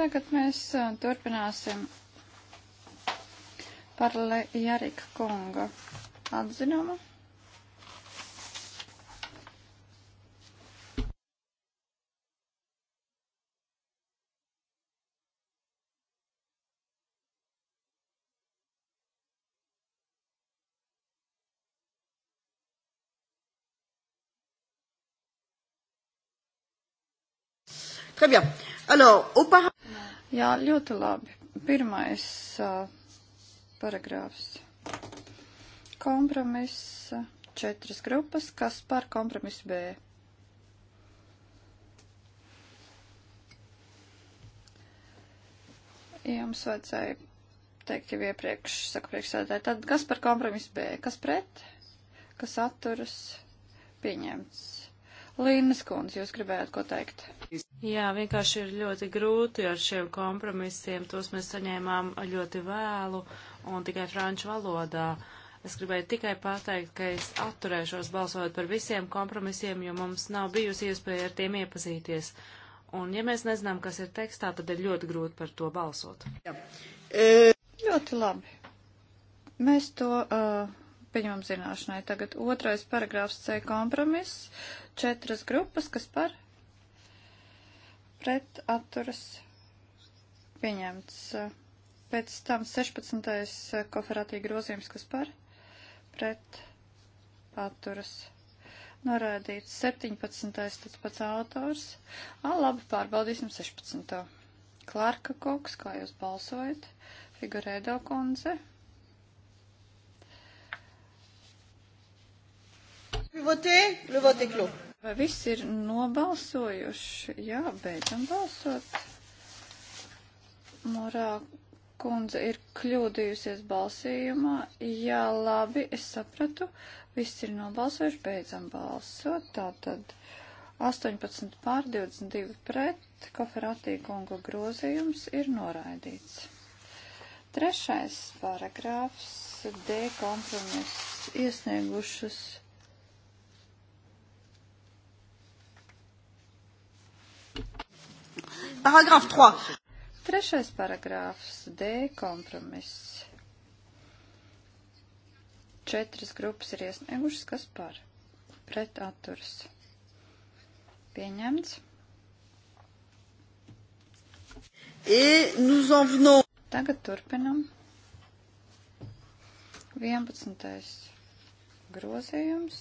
S3: Tagad mēs uh, turpināsim par Jarika kunga atzinumu. Très bien. Alors, auparavant. Jā, ļoti labi. Pirmais uh, paragrāfs. Kompromiss četras grupas, kas par kompromisu B. Jums vajadzēja teikt jau iepriekš, saka priekšsēdētāji, tad kas par kompromisu B, kas pret, kas atturas, pieņemts. Līnas kundze, jūs gribējāt ko teikt?
S2: Jā, vienkārši ir ļoti grūti ar šiem kompromisiem, tos mēs saņēmām ļoti vēlu. Uh, un tikai franču valodā. Es gribēju tikai pateikt, ka es atturēšos balsot par visiem kompromisiem, jo mums nav bijusi iespēja ar tiem iepazīties. Un ja mēs nezinām, kas ir tekstā, tad ir ļoti grūti par to balsot. Jā. E... Ļoti labi.
S3: Mēs to uh, pieņemam zināšanai. Tagad otrais paragrāfs C kompromiss. Četras grupas, kas par pret atturas pieņemts. Uh, Pēc tam 16. Eh, koferātī grozījums, kas par pret atturas. Norādīts 17. tas pats autors. A, labi, pārbaudīsim 16. Klārka koks, kā jūs balsojat? Figurēdo konze. Vai viss ir nobalsojuši? Jā, beidzam balsot. Morā kundze ir kļūdījusies balsījumā. Jā, labi, es sapratu. Viss ir nobalsojuši, beidzam balsot. Tātad 18 pār 22 pret koferatī kunga grozījums ir noraidīts. Trešais paragrāfs D kompromiss iesniegušas. Paragraf 3. Trešais paragrāfs D kompromiss. Četras grupas ir iesniegušas, kas par pret atturs. Pieņemts. Et nous en venons. Tagad turpinam. 11. grozījums.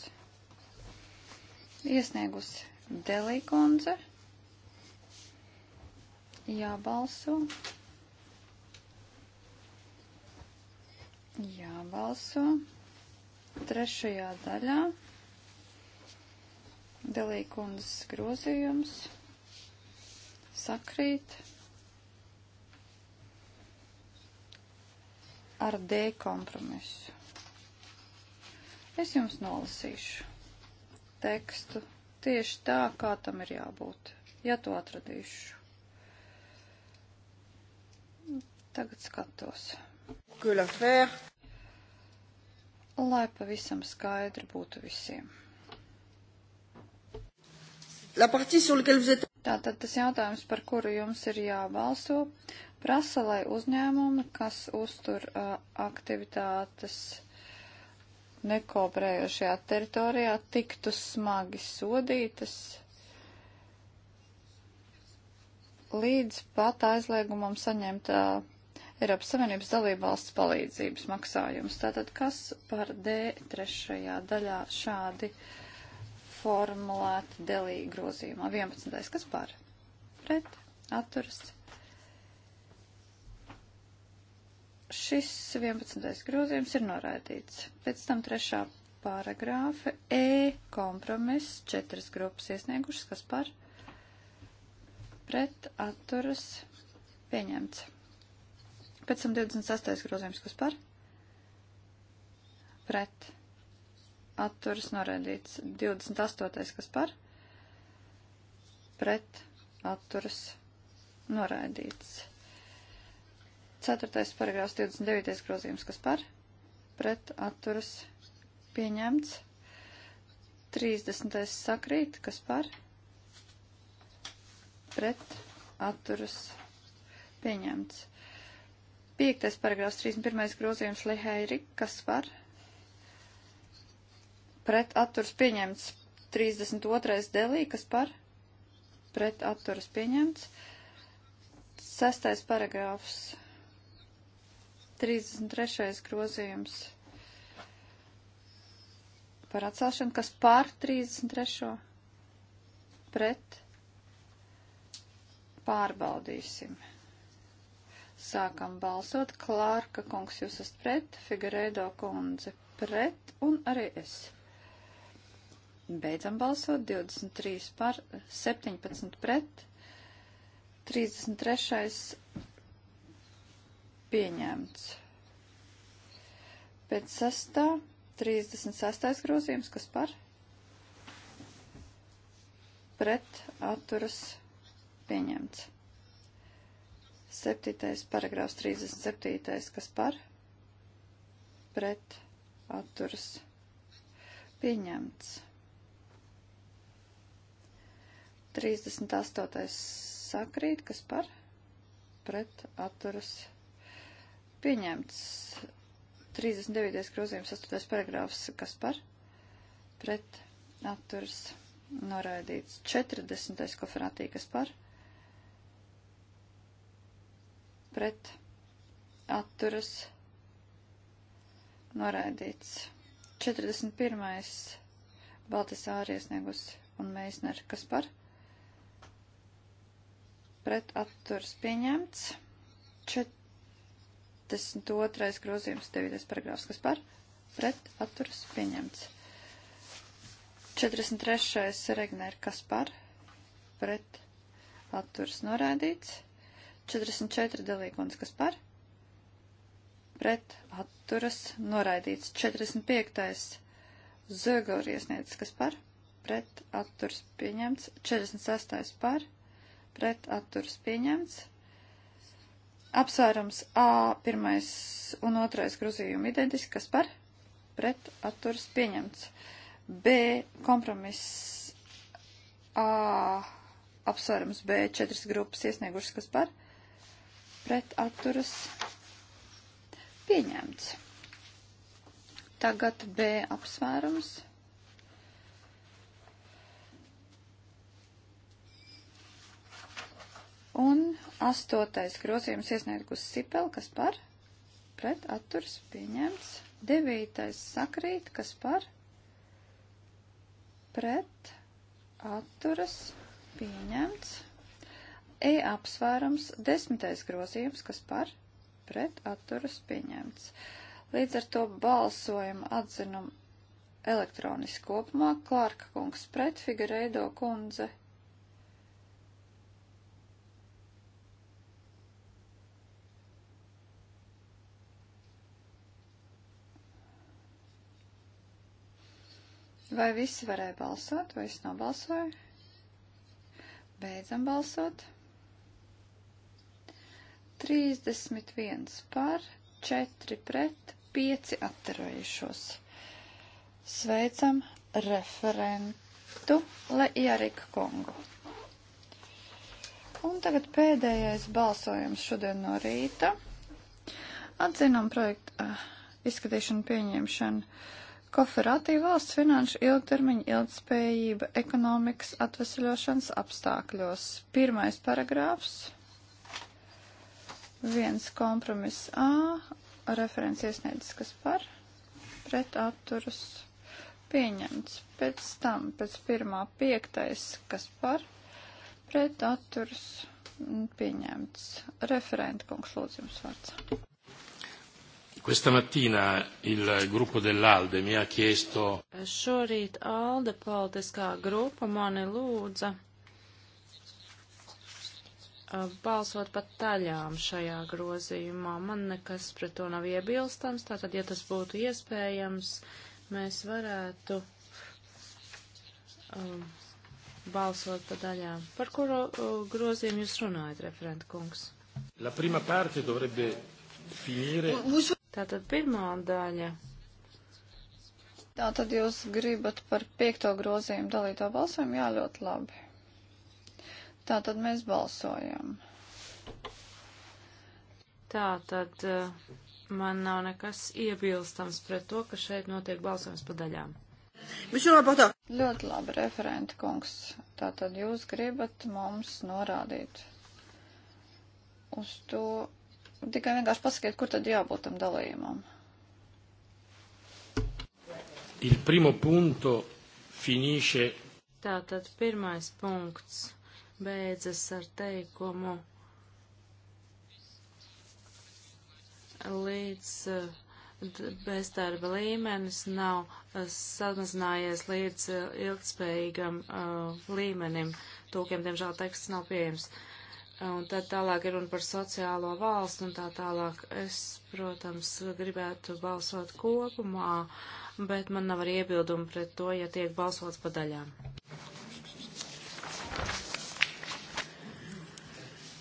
S3: Iesniegusi Delīkundze jābalso. Jābalso. Trešajā daļā delīkundas grozījums sakrīt ar D kompromisu. Es jums nolasīšu tekstu tieši tā, kā tam ir jābūt, ja to atradīšu. Tagad skatos.
S2: Kyllä fair.
S3: Lai pavisam skaidri būtu visiem. La partie sur laquelle vous êtes... Tātad tas jautājums, par kuru jums ir jābalso, prasa, lai uzņēmumi, kas uztur uh, aktivitātes nekooperējošajā teritorijā, tiktu smagi sodītas līdz pat aizliegumam saņemt uh, Eiropas Savienības dalībvalsts palīdzības maksājums. Tātad, kas par D trešajā daļā šādi formulēta delī grozījumā? 11. Kas par? Pret? Atturs? Šis 11. grozījums ir noraidīts. Pēc tam trešā paragrāfa E kompromiss četras grupas iesniegušas, kas par? Pret? Atturs? Pieņemts. Pēc tam 28. grozījums, kas par? Pret. Atturas noraidīts. 28. kas par? Pret. Atturas noraidīts. 4. paragrāfs 29. grozījums, kas par? Pret. Atturas pieņemts. 30. sakrīt, kas par? Pret. Atturas pieņemts. Piektais paragrāfs 31. grozījums Leheiri, kas var pret atturs pieņemts 32. delī, kas par pret atturas pieņemts. Sestais paragrāfs 33. grozījums par atcelšanu, kas pār 33. pret pārbaudīsim. Sākam balsot. Klārka kungs, jūs esat pret, Figureido kundze pret un arī es. Beidzam balsot. 23 par, 17 pret, 33 pieņemts. Pēc sastā 36. grozījums, kas par pret atturas pieņemts. 7. paragrāfs 37. kas par pret atturas pieņemts. 38. sakrīt, kas par pret atturas pieņemts. 39. grozījums 8. paragrāfs, kas par pret atturas noraidīts. 40. koferātī, kas par pret pret atturas noraidīts. 41. Baltasāri iesniegus un Meisner, kas par pret atturas pieņemts. 42. grozījums 9. paragrāfs, kas par pret atturas pieņemts. 43. Regner, kas par pret atturas noraidīts. 44 dalīkons, kas par, pret atturas noraidīts. 45. Zögaur iesniedzis, kas par, pret atturas pieņemts. 46. par, pret atturas pieņemts. Apsvērums A, pirmais un otrais grozījumi identiski, kas par pret atturas pieņemts. B, kompromiss A, apsvērums B, četras grupas iesniegušas, kas par pret atturas pieņemts. Tagad B apsvērums. Un astotais grozījums iesniegus Sipel, kas par pret atturs pieņemts. Devītais sakrīt, kas par pret atturas pieņemts. E apsvērums, desmitais grozījums, kas par pret atturas pieņemts. Līdz ar to balsojumu atzinumu elektroniski kopumā Klārka kungs pret Figureido kundze. Vai visi varēja balsot, vai es nobalsoju? Beidzam balsot. 31 par, 4 pret, 5 atturējušos. Sveicam referentu Leijariku Kongu. Un tagad pēdējais balsojums šodien no rīta. Atzinām projektu uh, ah, izskatīšanu pieņemšanu. Kooperatīva valsts finanšu ilgtermiņa ilgspējība ekonomikas atvesaļošanas apstākļos. Pirmais paragrāfs. Viens kompromiss A, referents iesniedzis, kas par, pret atturas pieņemts. Pēc tam, pēc pirmā piektais, kas par, pret atturas pieņemts. Referenta kungs, lūdzu jums vārds.
S2: Questa mattina il gruppo dell'Alde mi ha chiesto. Šorīt Alde politiskā grupa mani lūdza Uh, balsot pat taļām šajā grozījumā. Man nekas pret to nav iebilstams, tātad, ja tas būtu iespējams, mēs varētu um, balsot pa daļām. Par kuru uh, grozījumu jūs runājat, referent kungs? La prima parte dovrebbe finire. Tātad pirmā daļa. Tātad
S3: jūs gribat par piekto grozījumu dalīto balsojumu? Jā, ļoti labi. Tā tad mēs balsojam.
S2: Tā tad eh, man nav nekas iebilstams pret to, ka šeit notiek balsojums pa daļām.
S3: Ļoti labi, referenta kungs. Tātad jūs gribat mums norādīt uz to, tikai vienkārši pasakiet, kur tad jābūt tam dalījumam.
S2: Il primo punto finisce. Tātad pirmais punkts beidzas ar teikumu līdz eh, bezdarba līmenis nav eh, samazinājies līdz eh, ilgspējīgam uh, līmenim. Tūkiem, diemžēl, teksts nav pieejams. Un tad tālāk ir runa par sociālo valstu un tā tālāk. Es, protams, gribētu balsot kopumā, bet man nav arī iebildumi pret to, ja tiek balsots pa daļām.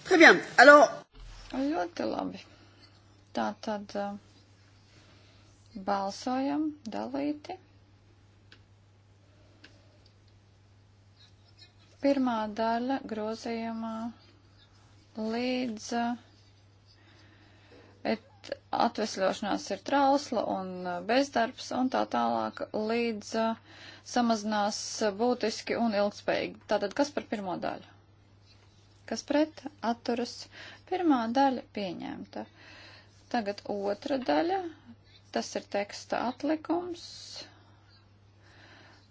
S3: Très bien. Alors... Ļoti labi. Tā tad eh, balsojam dalīti. Pirmā daļa grozījumā līdz eh, et, atvesļošanās ir trausla un eh, bezdarbs un tā tālāk līdz samazinās būtiski un ilgspējīgi. Tātad kas par pirmo daļu? kas pret atturas pirmā daļa pieņemta. Tagad otra daļa, tas ir teksta atlikums,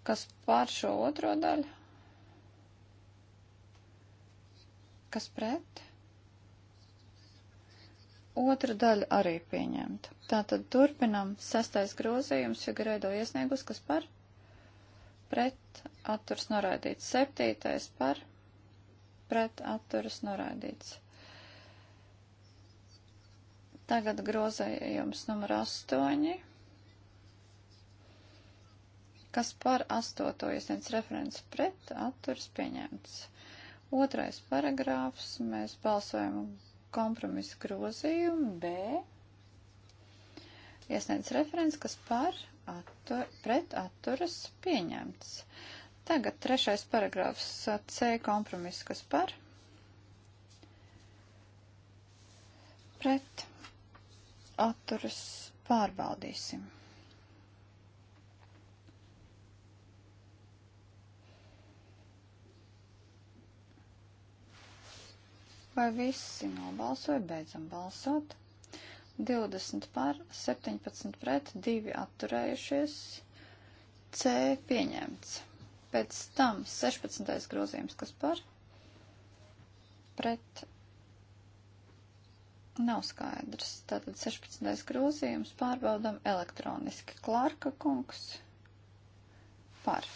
S3: kas pār šo otro daļu, kas pret. Otra daļa arī pieņemta. Tātad turpinam sastais grozījums, ja grēdo iesniegus, kas par pret atturs noraidīts septītais par pret atturas noraidīts. Tagad grozējums numur 8. Kas par 8. iesniedz referents pret atturas pieņemts. Otrais paragrāfs. Mēs balsojam kompromisu grozījumu B. Iesniedz referents, kas par attur, pret atturas pieņemts. Uh, Tagad trešais paragrāfs C kompromiss, kas par pret atturas pārbaudīsim. Vai visi nobalsoja, beidzam balsot? 20 par, 17 pret, 2 atturējušies, C pieņemts. Pēc tam 16. grozījums, kas par pret nav skaidrs. Tātad 16. grozījums pārbaudam elektroniski. Klārka kungs par.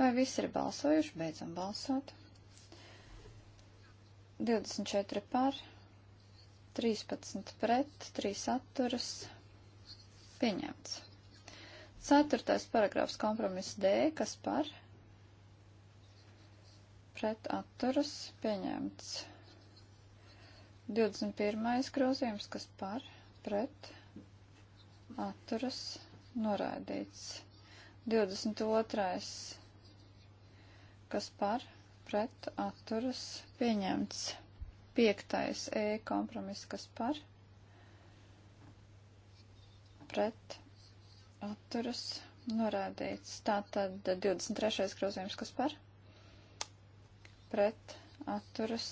S3: Vai visi ir balsojuši? Beidzam balsot. 24 par, 13 pret, 3 atturas. Pieņemts. Ceturtais paragrāfs kompromiss D, kas par pret atturas pieņemts. 21. grozījums, kas par pret atturas noraidīts. 22. kas par pret atturas pieņemts. 5. E kompromiss, kas par pret atturas norādīts. Tātad 23. grozījums, kas par pret atturas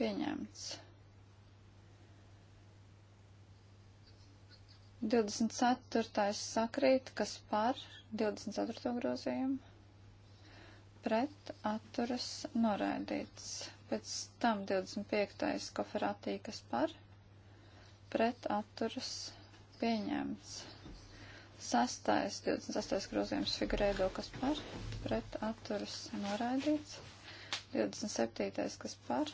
S3: pieņemts. 24. sakrīt, kas par 24. grozījumu pret atturas norādīts. Pēc tam 25. koferātī, kas par pret atturas pieņemts. Sastais, 28. grozījums figurēdo, kas par, pret atturas noraidīts. 27. kas par,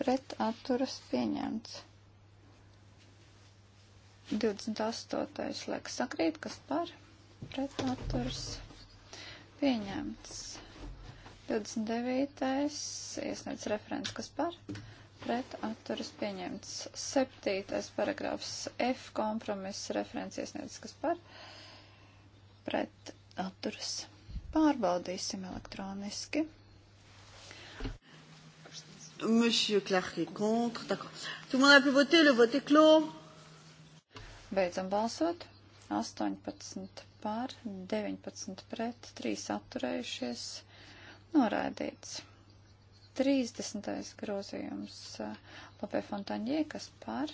S3: pret atturas pieņemts. 28. liek sakrīt, kas par, pret atturas pieņemts. 29. iesniedz referents, kas par, pret atturas pieņemts pret atturas pieņemts. Septītais paragrāfs F kompromiss referents iesniedz, kas par pret atturas. Pārbaudīsim elektroniski. Monsieur Clark est contre. D'accord. Tout le monde a pu voter. Le vote est clos. Beidzam balsot. 18 pār, 19 pret, 3 atturējušies. Noraidīts. 30. grozījums eh, Lopē Fontaņie, kas par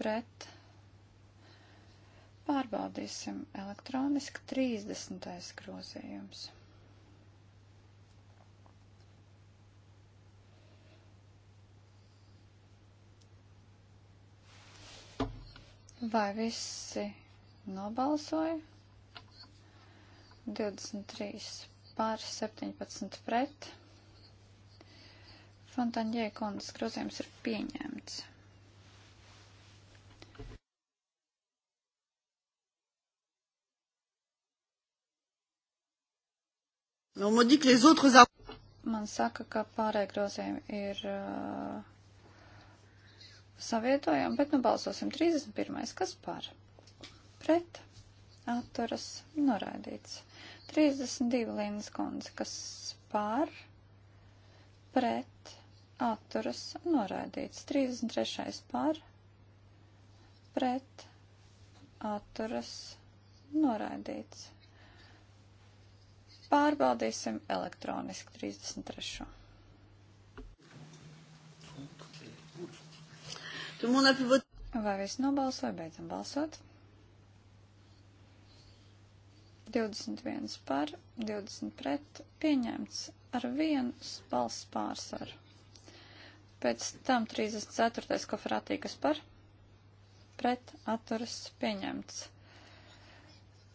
S3: pret pārbaudīsim elektroniski 30. grozījums. Vai visi nobalsoja? 23 pār 17 pret. Fontaņģē kundas grozījums ir pieņemts. Man saka, ka pārējie grozījumi ir uh, savietojami, bet nu balsosim 31. Kas par? Pret? Atturas? Noraidīts. 32 Līnas kundze, kas pār? Pret? atturas noraidīts. 33. par pret atturas noraidīts. Pārbaudīsim elektroniski 33. Vai viss nobalsoja? Beidzam balsot. 21 par, 20 pret, pieņemts ar vienu balss pārsvaru. Pēc tam 34. koferātī, kas par pret atturas pieņemts.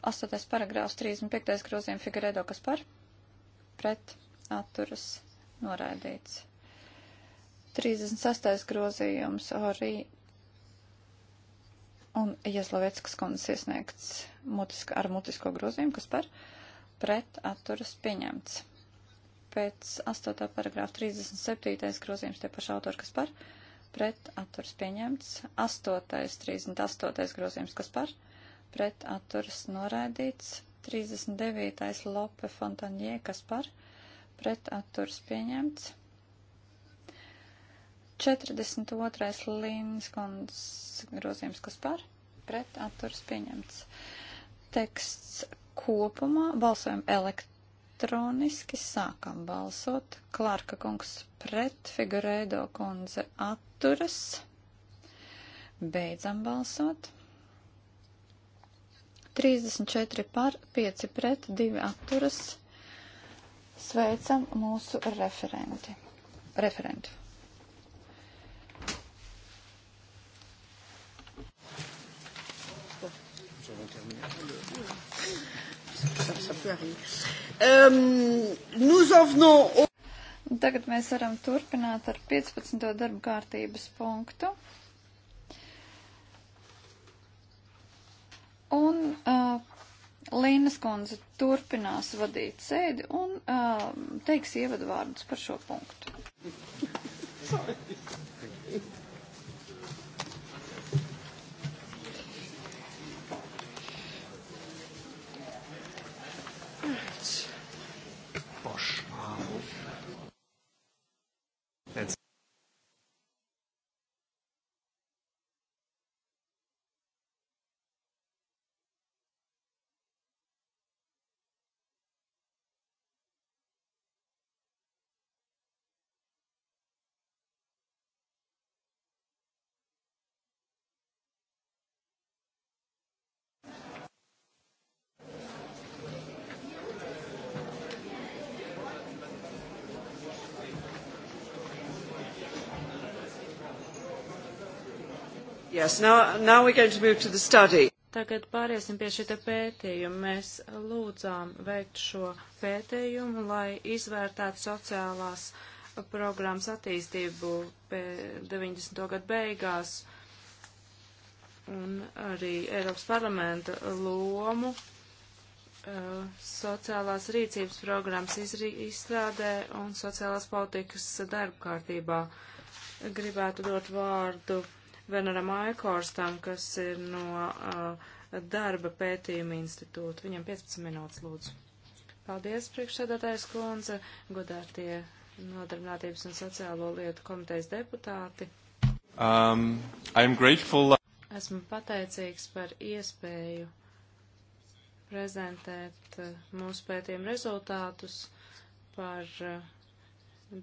S3: 8. paragrāfs 35. grozījuma figurēdo, kas par pret atturas noraidīts. 36. grozījums arī un Ieslovēckas kundas iesniegts mutiska, ar mutisko grozījumu, kas par pret atturas pieņemts pēc 8. paragrāfa 37. grozījums tie paši autori, kas par, pret atturas pieņemts, 8. 38. grozījums, kas par, pret atturas noraidīts, 39. Lope Fontanie, kas par, pret atturas pieņemts, 42. Līnskons grozījums, kas par, pret atturas pieņemts. Teksts kopumā balsojam elektroniski elektroniski sākam balsot. Klārka kungs pret, Figureido kundze atturas. Beidzam balsot. 34 par, 5 pret, 2 atturas. Sveicam mūsu referenti. referentu. Ehm, Tagad mēs varam turpināt ar 15. darba kārtības punktu. Un uh, Līnas kundze turpinās vadīt sēdi un uh, teiks ievadvārdus par šo punktu.
S2: Sorry. Yes, now, now we're going to move to the study. Tagad pāriesim pie šita pētījuma. Mēs lūdzām veikt šo pētījumu, lai izvērtētu sociālās programmas attīstību 90. gadu beigās un arī Eiropas parlamenta lomu sociālās rīcības programmas izstrādē un sociālās politikas darba kārtībā. Gribētu dot vārdu Veneram Aikorstam, kas ir no uh, darba pētījuma institūta. Viņam 15 minūtes lūdzu. Paldies, priekšsēdētājs kundze, godātie nodarbinātības un sociālo lietu komitejas deputāti. Um, grateful... Esmu pateicīgs par iespēju prezentēt uh, mūsu pētījuma rezultātus par uh,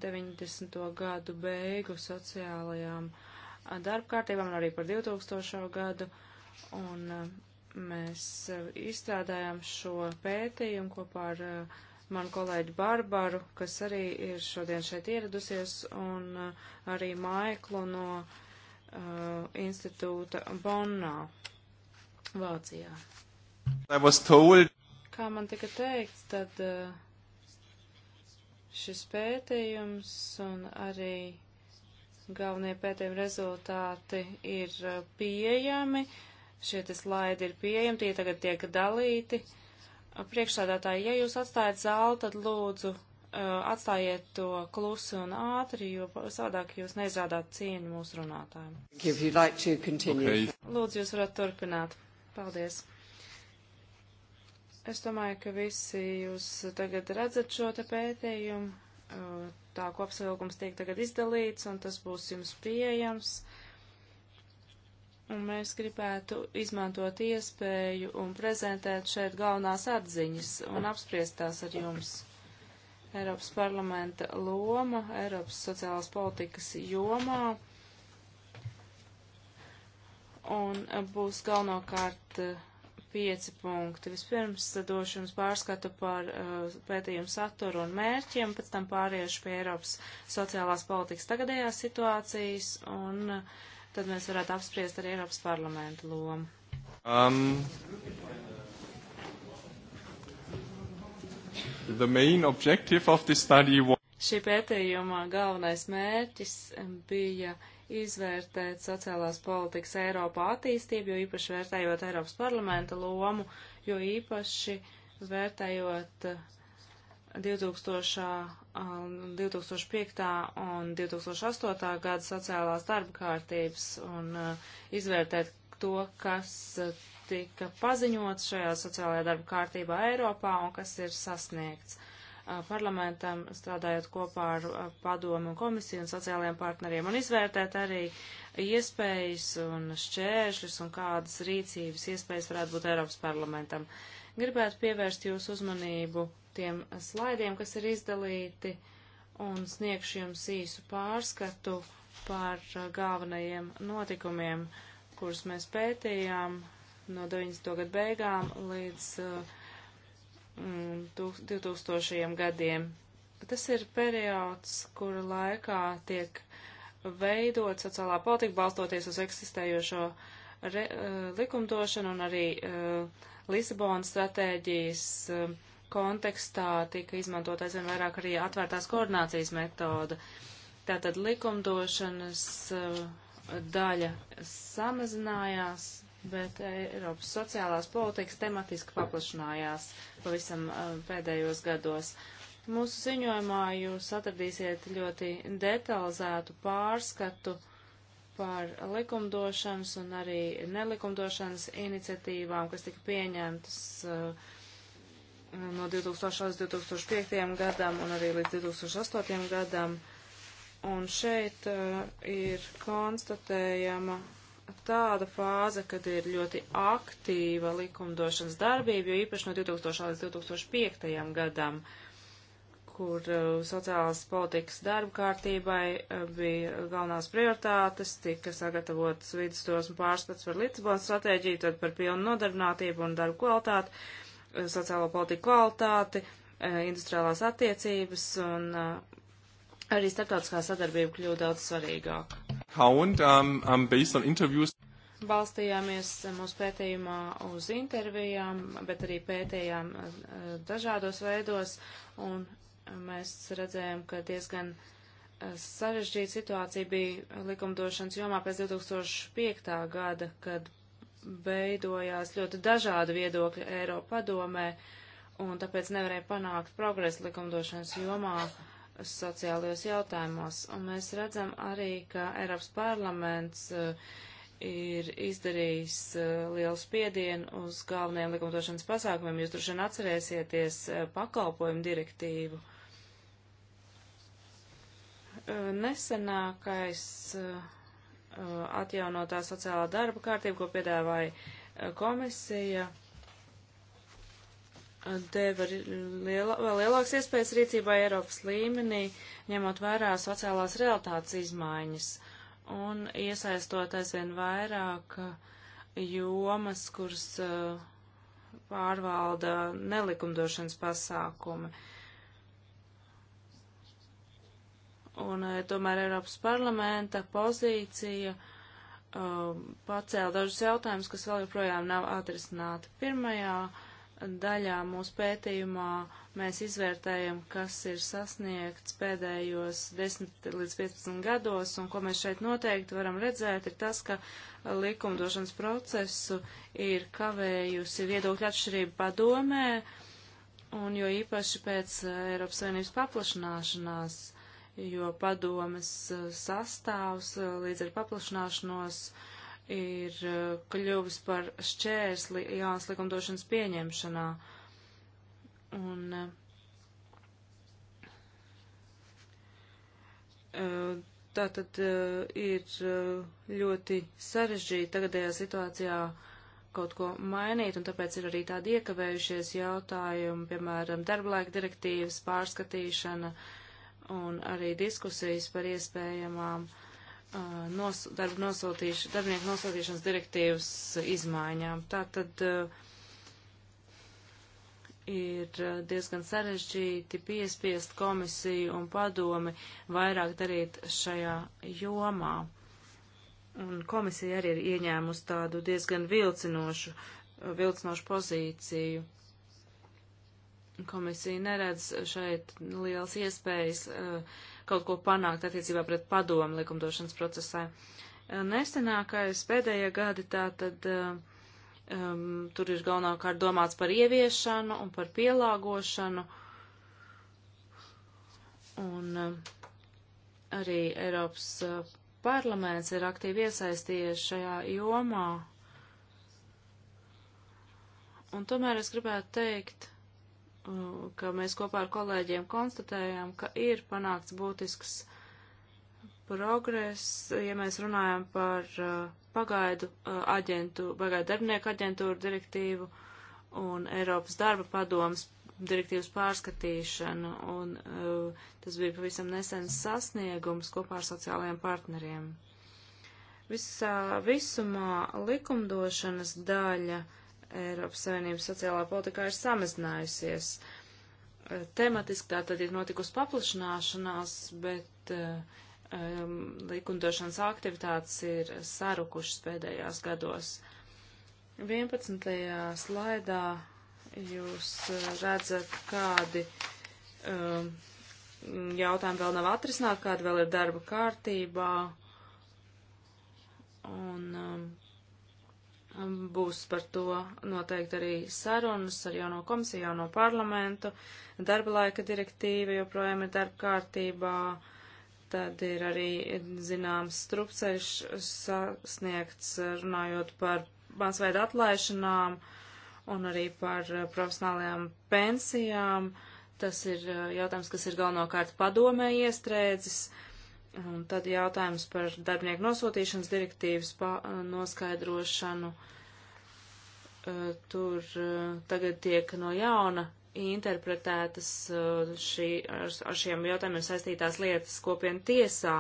S2: 90. gadu beigu sociālajām uh, darba kārtībām un arī par 2000. gadu. Un uh, mēs uh, izstrādājām šo pētījumu kopā ar uh, manu kolēģi Barbaru, kas arī ir šodien šeit ieradusies, un arī Maiklu no uh, institūta Bonnā, Vācijā. Kā man tika teikts, tad uh, šis pētījums un arī Galvenie pētījumi rezultāti ir uh, pieejami. Šie te slaidi ir pieejami, tie tagad tiek dalīti. Uh, priekšsādātāji, ja jūs atstājat zāli, tad lūdzu uh, atstājiet to klusu un ātri, jo savādāk jūs neizrādāt cieņu mūsu runātājiem.
S3: Like okay.
S2: Lūdzu, jūs varat turpināt. Paldies. Es domāju, ka visi jūs tagad redzat šo te pētījumu. Eh, tā kopsavilkums tiek tagad izdalīts, un tas būs jums pieejams. Un mēs gribētu izmantot iespēju un prezentēt šeit galvenās atziņas un apspriest tās ar jums. Eiropas parlamenta loma, Eiropas sociālās politikas jomā. Un eh, būs galvenokārt uh, pieci punkti. Vispirms došu jums pārskatu par uh, pētījumu saturu un mērķiem, pēc tam pāriešu pie Eiropas sociālās politikas tagadējās situācijas, un uh, tad mēs varētu apspriest arī Eiropas parlamenta lomu. Um, the main objective of this study was... Šī pētījuma galvenais mērķis bija uh, izvērtēt sociālās politikas Eiropā attīstību, jo īpaši vērtējot Eiropas parlamenta lomu, jo īpaši vērtējot 2000, eh, 2005. un 2008. gada sociālās darba kārtības un izvērtēt to, kas tika paziņots šajā sociālajā darba kārtībā Eiropā un kas ir sasniegts parlamentam, strādājot kopā ar padomu un komisiju un sociālajiem partneriem, un izvērtēt arī iespējas un šķēršļus un kādas rīcības iespējas varētu būt Eiropas parlamentam. Gribētu pievērst jūsu uzmanību tiem slaidiem, kas ir izdalīti, un sniegšu jums īsu pārskatu par galvenajiem notikumiem, kurus mēs pētījām no 90. gadu beigām līdz uh, 2000. Mm, gadiem. Tas ir periods, kura laikā tiek veidot sociālā politika balstoties uz eksistējošo re, eh, likumdošanu un arī uh, Lisabonas stratēģijas uh, kontekstā tika izmantot aizvien vairāk arī atvērtās koordinācijas metoda. Tātad likumdošanas uh, daļa samazinājās, bet eh, Eiropas sociālās politikas tematiski paplašinājās pavisam eh, pēdējos gados. Mūsu ziņojumā jūs atradīsiet ļoti detalizētu pārskatu par likumdošanas un arī nelikumdošanas iniciatīvām, kas tika pieņemtas uh, no 2008. līdz 2005. gadam un arī līdz 2008. gadam. Un šeit uh, ir konstatējama tāda fāze, kad ir ļoti aktīva likumdošanas darbība, jo īpaši no 2000 līdz 2005. gadam, kur uh, sociālās politikas darba kārtībai uh, bija galvenās prioritātes, tika sagatavotas vidustosmu pārskats par Lisabonas stratēģiju, tad par pilnu nodarbinātību un darbu kvalitāti, uh, sociālo politiku kvalitāti, uh, industriālās attiecības un uh, arī starptautiskā sadarbība kļūst daudz svarīgāka. Hound, um, um, based on interviews. Balstījāmies uh, mūsu pētījumā uz intervijām, bet arī pētījām uh, uh, dažādos veidos, un mēs redzējām, ka diezgan sarežģīta situācija bija likumdošanas jomā pēc 2005. gada, kad veidojās ļoti dažādi viedokļi Eiropa padomē, un tāpēc nevarēja panākt progresu likumdošanas jomā. Uh, sociālajos jautājumos. Un mēs redzam arī, ka Eiropas parlaments eh, ir izdarījis eh, lielu spiedienu uz galvenajiem likumdošanas pasākumiem. Jūs droši vien atcerēsieties eh, pakalpojumu direktīvu. Nesenākais atjaunotā sociālā darba kārtība, ko piedāvāja komisija, deva liela, vēl lielākas iespējas rīcībai Eiropas līmenī, ņemot vērā sociālās realitātes izmaiņas un iesaistot aizvien vairāk uh, jomas, kuras uh, pārvalda nelikumdošanas pasākumi. Un uh, tomēr Eiropas parlamenta pozīcija pacēla dažus jautājumus, kas vēl joprojām nav atrisināti. Pirmajā uh, daļā mūsu pētījumā mēs izvērtējam, kas ir sasniegts pēdējos 10 līdz 15 gados, un ko mēs šeit noteikti varam redzēt, ir tas, ka likumdošanas procesu ir kavējusi viedokļa atšķirība padomē, un jo īpaši pēc eh, Eiropas Savienības paplašanāšanās, jo padomes eh, sastāvs eh, līdz ar paplašanāšanos uh, ir e, kļuvis par šķērsli jaunas likumdošanas pieņemšanā. Un e, e, tā tad ir ļoti sarežģīti tagadējā situācijā kaut ko mainīt, un tāpēc ir arī tādi iekavējušies jautājumi, piemēram, darblaika direktīvas pārskatīšana un arī diskusijas par iespējamām uh, nos, darba nosūtīš, darbinieku nosūtīšanas direktīvas izmaiņām. Tā tad ir diezgan sarežģīti piespiest komisiju un padomi vairāk darīt šajā jomā. Un komisija arī ir ieņēmusi tādu diezgan vilcinošu, vilcinošu pozīciju. Komisija neredz šeit liels iespējas uh, kaut ko panākt attiecībā pret padomu likumdošanas procesā. Eh, Nesenākais pēdējie gadi tātad um, eh, tur ir galvenokārt domāts par ieviešanu un par pielāgošanu. Un um, arī Eiropas uh, parlaments ir aktīvi iesaistījies šajā jomā. Un tomēr es gribētu teikt, ka mēs kopā ar kolēģiem konstatējām, ka ir panākts būtisks progress, ja mēs runājam par uh, pagaidu uh, aģentu, pagaidu darbinieku aģentūru direktīvu un Eiropas darba padomas direktīvas pārskatīšanu, un uh, tas bija pavisam nesens sasniegums kopā ar sociālajiem partneriem. Visā visumā likumdošanas daļa uh, Eiropas Savienības sociālā politikā ir samazinājusies. Eh, tematiski tā tad ir notikusi paplašanāšanās, bet um, likumdošanas aktivitātes ir sarukušas pēdējās gados. 11. slaidā jūs eh, redzat, kādi um, jautājumi vēl nav atrisināti, kādi vēl ir darba kārtībā. Un um, būs par to noteikti arī sarunas ar jauno komisiju, jauno parlamentu, darba laika direktīva joprojām ir darba kārtībā, tad ir arī zināms strupceļš sasniegts runājot par masveida atlaišanām un arī par eh, profesionālajām pensijām. Tas ir eh, jautājums, kas ir galvenokārt padomē iestrēdzis. Uh, Un tad jautājums par darbinieku nosūtīšanas direktīvas eh, noskaidrošanu. Eh, tur eh, tagad tiek no jauna interpretētas šī, ar šiem jautājumiem saistītās lietas kopienu tiesā.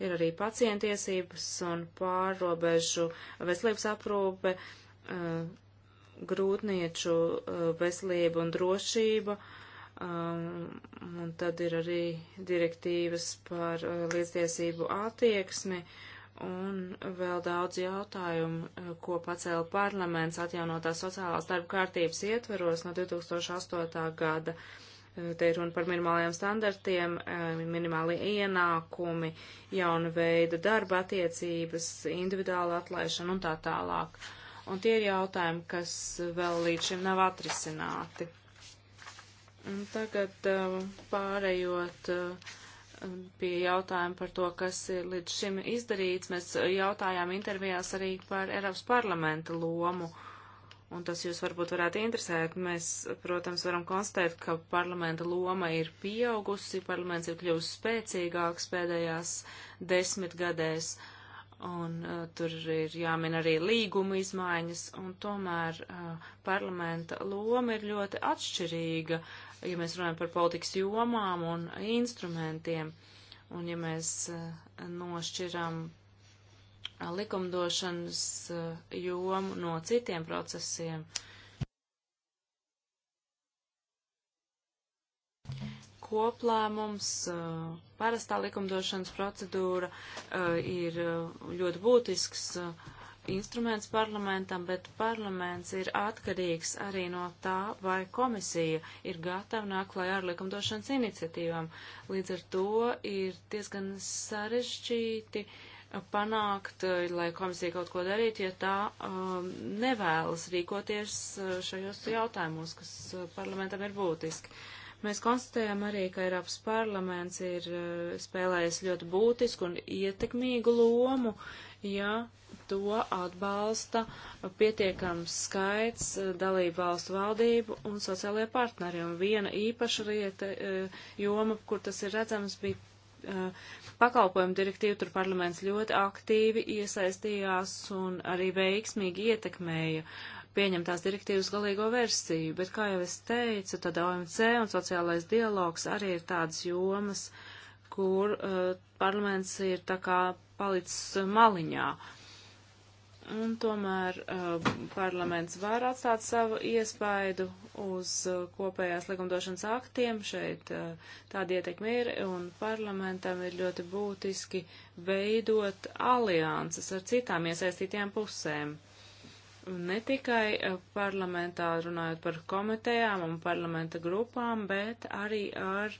S2: Ir arī pacientiesības un pārrobežu veselības aprūpe, grūtnieču veselība un drošība Um, un tad ir arī direktīvas par uh, līdztiesību attieksmi un vēl daudz jautājumu, uh, ko pacēla parlaments atjaunotās sociālās darba kārtības ietveros no 2008. gada. Uh, te ir runa par minimālajiem standartiem, um, minimāli ienākumi, jauna veida darba attiecības, individuāla atlaišana un tā tālāk. Un tie ir jautājumi, kas vēl līdz šim nav atrisināti. Un tagad uh, pārējot uh, pie jautājuma par to, kas ir līdz šim izdarīts, mēs jautājām intervijās arī par Eiropas parlamenta lomu. Un tas jūs varbūt varētu interesēt. Mēs, protams, varam konstatēt, ka parlamenta loma ir pieaugusi, parlaments ir kļuvis spēcīgāks pēdējās desmitgadēs, un uh, tur ir jāmin arī līguma izmaiņas, un tomēr uh, parlamenta loma ir ļoti atšķirīga ja mēs runājam par politikas jomām un instrumentiem, un ja mēs eh, nošķiram eh, likumdošanas eh, jomu no citiem procesiem. Koplēmums, parastā likumdošanas procedūra ir ļoti būtisks instruments parlamentam, bet parlaments ir atkarīgs arī no tā, vai komisija ir gatava nākt klajā ar likumdošanas iniciatīvām. Līdz ar to ir diezgan sarežģīti uh, panākt, uh, lai komisija kaut ko darītu, ja tā um, nevēlas rīkoties uh, šajos jautājumos, kas parlamentam ir būtiski. Mēs konstatējam arī, ka Eiropas parlaments ir spēlējis ļoti būtisku un ietekmīgu lomu, ja to atbalsta pietiekams skaits eh, dalību valstu valdību un sociālajie partneri. Un viena īpaša rieta, eh, joma, kur tas ir redzams, bija eh, pakalpojumu direktīva, tur parlaments ļoti aktīvi iesaistījās un arī veiksmīgi ietekmēja pieņemtās direktīvas galīgo versiju, bet, kā jau es teicu, tad OMC un sociālais dialogs arī ir tādas jomas, kur uh, parlaments ir tā kā palicis maliņā. Un tomēr uh, parlaments var atstāt savu iespaidu uz uh, kopējās likumdošanas aktiem. Šeit uh, tāda ietekme ir, un parlamentam ir ļoti būtiski veidot alianses ar citām iesaistītajām pusēm ne tikai eh, parlamentā runājot par komitejām un parlamenta grupām, bet arī ar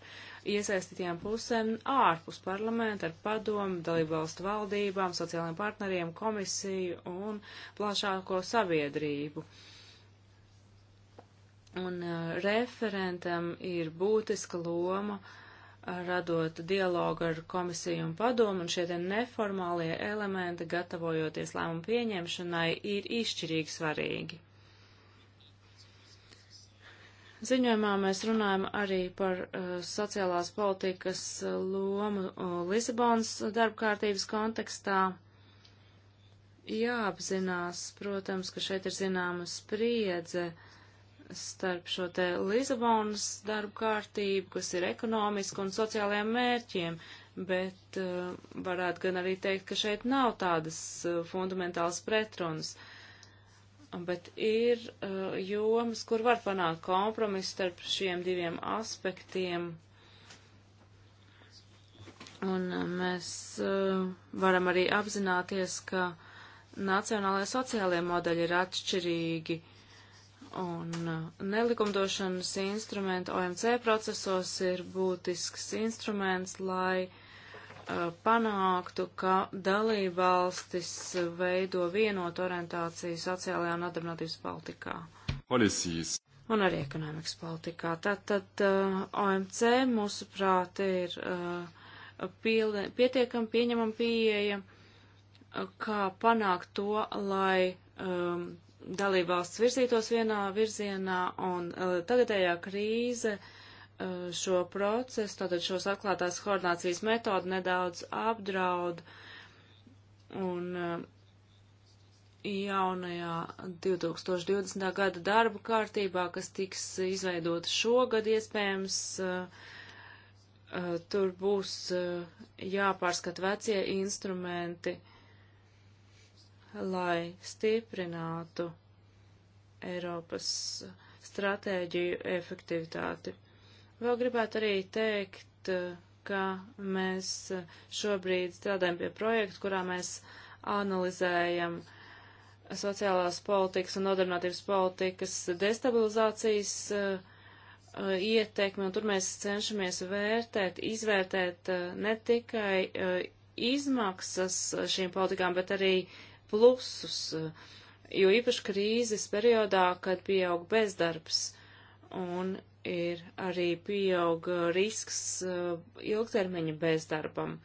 S2: iesaistītajām pusēm ārpus parlamenta, ar padomu, dalībvalstu valdībām, sociālajiem partneriem, komisiju un plašāko sabiedrību. Un uh, referentam ir būtiska loma uh, radot dialogu ar komisiju un padomu, un šie te neformālie elementi, gatavojoties lēmumu pieņemšanai, ir izšķirīgi svarīgi. Ziņojumā mēs runājam arī par uh, sociālās politikas uh, lomu uh, Lisabonas darbkārtības kontekstā. Jāapzinās, protams, ka šeit ir zināma spriedze uh, starp šo te Lizabonas darbu kārtību, kas ir ekonomiski un sociālajiem mērķiem, bet uh, varētu gan arī teikt, ka šeit nav tādas uh, fundamentālas pretrunas. Bet ir uh, jomas, kur var panākt kompromisu starp šiem diviem aspektiem. Un uh, mēs uh, varam arī apzināties, ka nacionālajie sociālajie modeļi ir atšķirīgi. Uh, un uh, nelikumdošanas instrumenti OMC procesos ir būtisks instruments, lai uh, panāktu, ka dalībvalstis veido vienotu orientāciju sociālajā un adaptātības politikā. Policies. Un arī ekonomikas politikā. Tātad uh, OMC, mūsuprāt, ir uh, pietiekami pieņemama pieeja, uh, kā panākt to, lai um, dalībvalsts virzītos vienā virzienā, un uh, tagadējā krīze uh, šo procesu, tātad šos atklātās koordinācijas metodu nedaudz apdraud, un uh, jaunajā 2020. gada darba kārtībā, kas tiks izveidota šogad iespējams, tur būs jāpārskat vecie instrumenti, uh, lai stiprinātu Eiropas stratēģiju efektivitāti. Vēl gribētu arī teikt, ka mēs šobrīd strādājam pie projekta, kurā mēs analizējam sociālās politikas un nodarbinātības politikas destabilizācijas uh, ietekmi, un tur mēs cenšamies vērtēt, izvērtēt uh, ne tikai uh, izmaksas šīm politikām, bet arī plusus, eh, jo īpaši krīzes periodā, kad pieaug bezdarbs un ir arī pieaug eh, risks eh, ilgtermiņa bezdarbam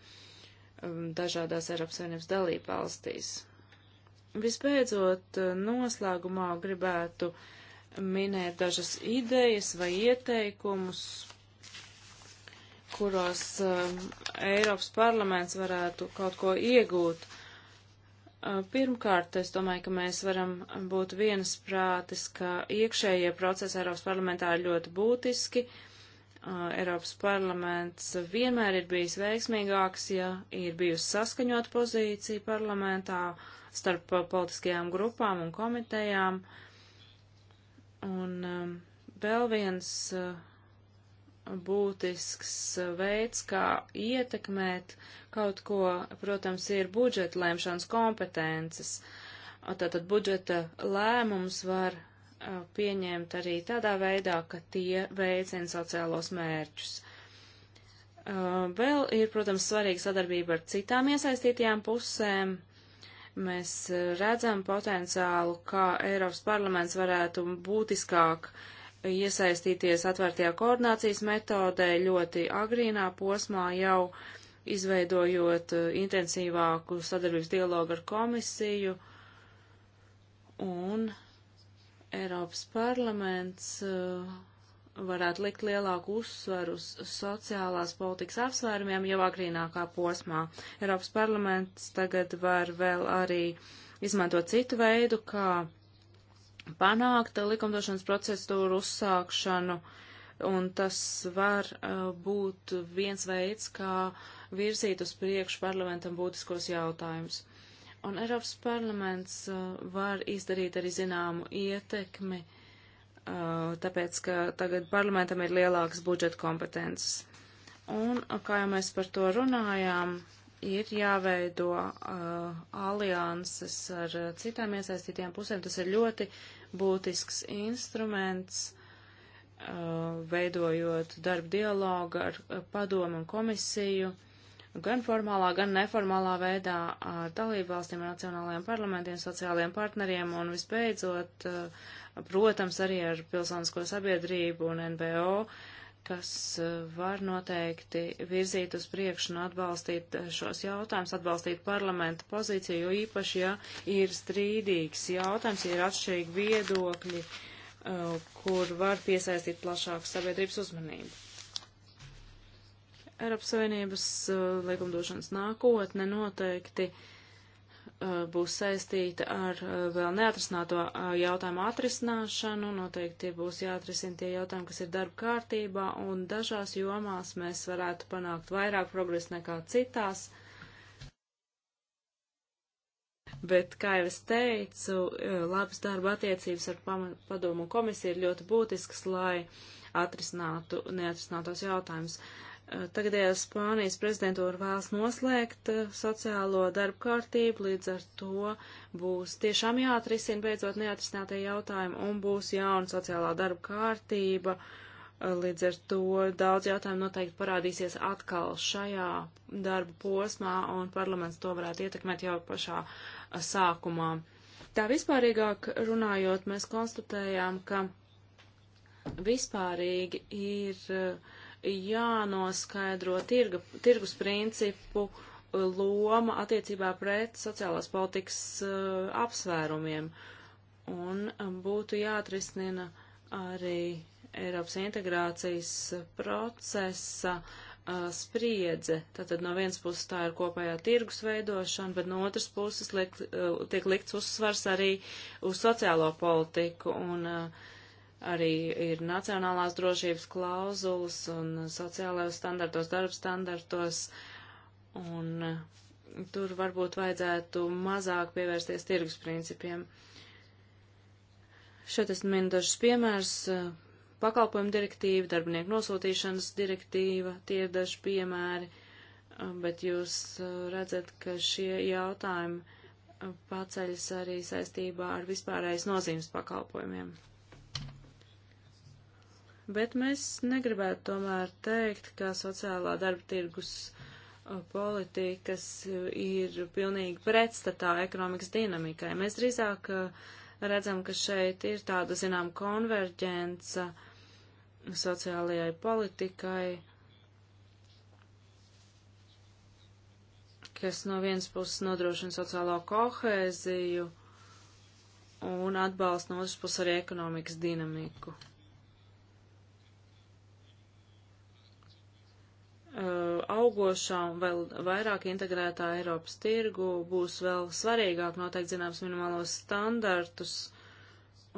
S2: dažādās Eiropas Savienības dalība valstīs. Visbeidzot, noslēgumā gribētu minēt dažas idejas vai ieteikumus, kuros um, Eiropas parlaments varētu kaut ko iegūt Uh, pirmkārt, es domāju, ka mēs varam būt vienas prātes, ka iekšējie procesi Eiropas parlamentā ir ļoti būtiski. Uh, Eiropas parlaments vienmēr ir bijis veiksmīgāks, ja ir bijusi saskaņot pozīcija parlamentā starp uh, politiskajām grupām un komitejām. Un um, vēl viens uh, būtisks veids, kā ietekmēt kaut ko, protams, ir budžeta lēmšanas kompetences. Tātad budžeta lēmums var pieņemt arī tādā veidā, ka tie veicina sociālos mērķus. Vēl ir, protams, svarīga sadarbība ar citām iesaistītajām pusēm. Mēs redzam potenciālu, kā Eiropas parlaments varētu būtiskāk uh, iesaistīties atvērtajā koordinācijas metodē ļoti agrīnā posmā jau izveidojot uh, intensīvāku sadarbības dialogu ar komisiju un Eiropas parlaments uh, varētu likt lielāku uzsvaru uz sociālās politikas apsvērumiem jau agrīnākā posmā. Eiropas parlaments tagad var vēl arī izmantot citu veidu, kā panākt likumdošanas procedūru uzsākšanu, un tas var uh, būt viens veids, kā virzīt uz priekšu parlamentam būtiskos jautājumus. Un Eiropas parlaments uh, var izdarīt arī zināmu ietekmi, uh, tāpēc, ka tagad parlamentam ir lielākas budžeta kompetences. Un, uh, kā jau mēs par to runājām, uh, ir jāveido uh, alianses ar uh, citām iesaistītiem pusēm. Tas ir ļoti būtisks instruments, uh, veidojot darba dialogu ar uh, padomu un komisiju, gan formālā, gan neformālā veidā ar dalību valstīm, nacionālajiem parlamentiem, sociālajiem partneriem un visbeidzot, uh, protams, arī ar pilsonisko sabiedrību un NBO. Uh, kas eh, var noteikti virzīt uz priekšu un atbalstīt eh, šos jautājumus, atbalstīt parlamenta pozīciju, jo īpaši, ja ir strīdīgs jautājums, ja ir atšķirīgi viedokļi, eh, kur var piesaistīt plašāku sabiedrības uzmanību. Eiropas Savienības likumdošanas nākotne noteikti uh, Uh, būs saistīta ar uh, vēl neatrisināto uh, jautājumu atrisināšanu. Noteikti būs jāatrisina tie jautājumi, kas ir darba kārtībā, un dažās jomās mēs varētu panākt vairāk progresu nekā citās. Bet, kā jau es teicu, labas darba attiecības ar padomu un komisiju ir ļoti būtiskas, lai atrisinātu neatrisinātos jautājumus. Uh, Tagadējā Spānijas prezidentūra vēlas noslēgt eh, sociālo darbu kārtību, līdz ar to būs tiešām jāatrisina beidzot neatrisinātie jautājumi un būs jauna sociālā darba kārtība. Eh, līdz ar to daudz jautājumu noteikti parādīsies atkal šajā darba posmā un parlaments to varētu ietekmēt jau pašā eh, sākumā. Tā vispārīgāk runājot, mēs konstatējām, ka vispārīgi ir uh, jānoskaidro tirga, tirgus principu eh, loma attiecībā pret sociālās politikas uh, apsvērumiem. Un eh, būtu jāatrisnina arī Eiropas integrācijas procesa uh, spriedze. Tātad no vienas puses tā ir kopējā tirgus veidošana, bet no otras puses liek, uh, tiek likts uzsvars arī uz sociālo politiku. Un, uh, arī ir nacionālās drošības klauzulas un sociālajos standartos, darba standartos, un uh, tur varbūt vajadzētu mazāk pievērsties tirgus principiem. Šeit es minu dažus piemērus. Uh, pakalpojumu direktīva, darbinieku nosūtīšanas direktīva, tie ir daži piemēri, uh, bet jūs redzat, ka šie jautājumi paceļas arī saistībā ar vispārējais nozīmes pakalpojumiem bet mēs negribētu tomēr teikt, ka sociālā darba tirgus uh, politikas uh, ir pilnīgi pretstatā ekonomikas dinamikai. Mēs drīzāk uh, redzam, ka šeit ir tāda, zinām, konverģence sociālajai politikai, kas no vienas puses nodrošina sociālo kohēziju un atbalsta no otras puses arī ekonomikas dinamiku. Uh, augošā un vēl vairāk integrētā Eiropas tirgu būs vēl svarīgāk noteikti zināms minimālos standartus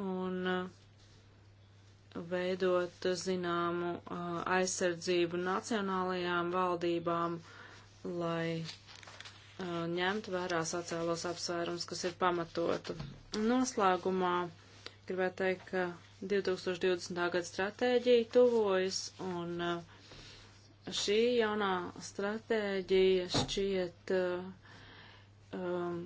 S2: un uh, veidot zināmu uh, aizsardzību nacionālajām valdībām, lai ņemt vērā sociālos apsvērums, kas ir pamatotu. Noslēgumā gribētu teikt, ka 2020. gada stratēģija tuvojas un uh, Šī jaunā stratēģija šķiet uh, um,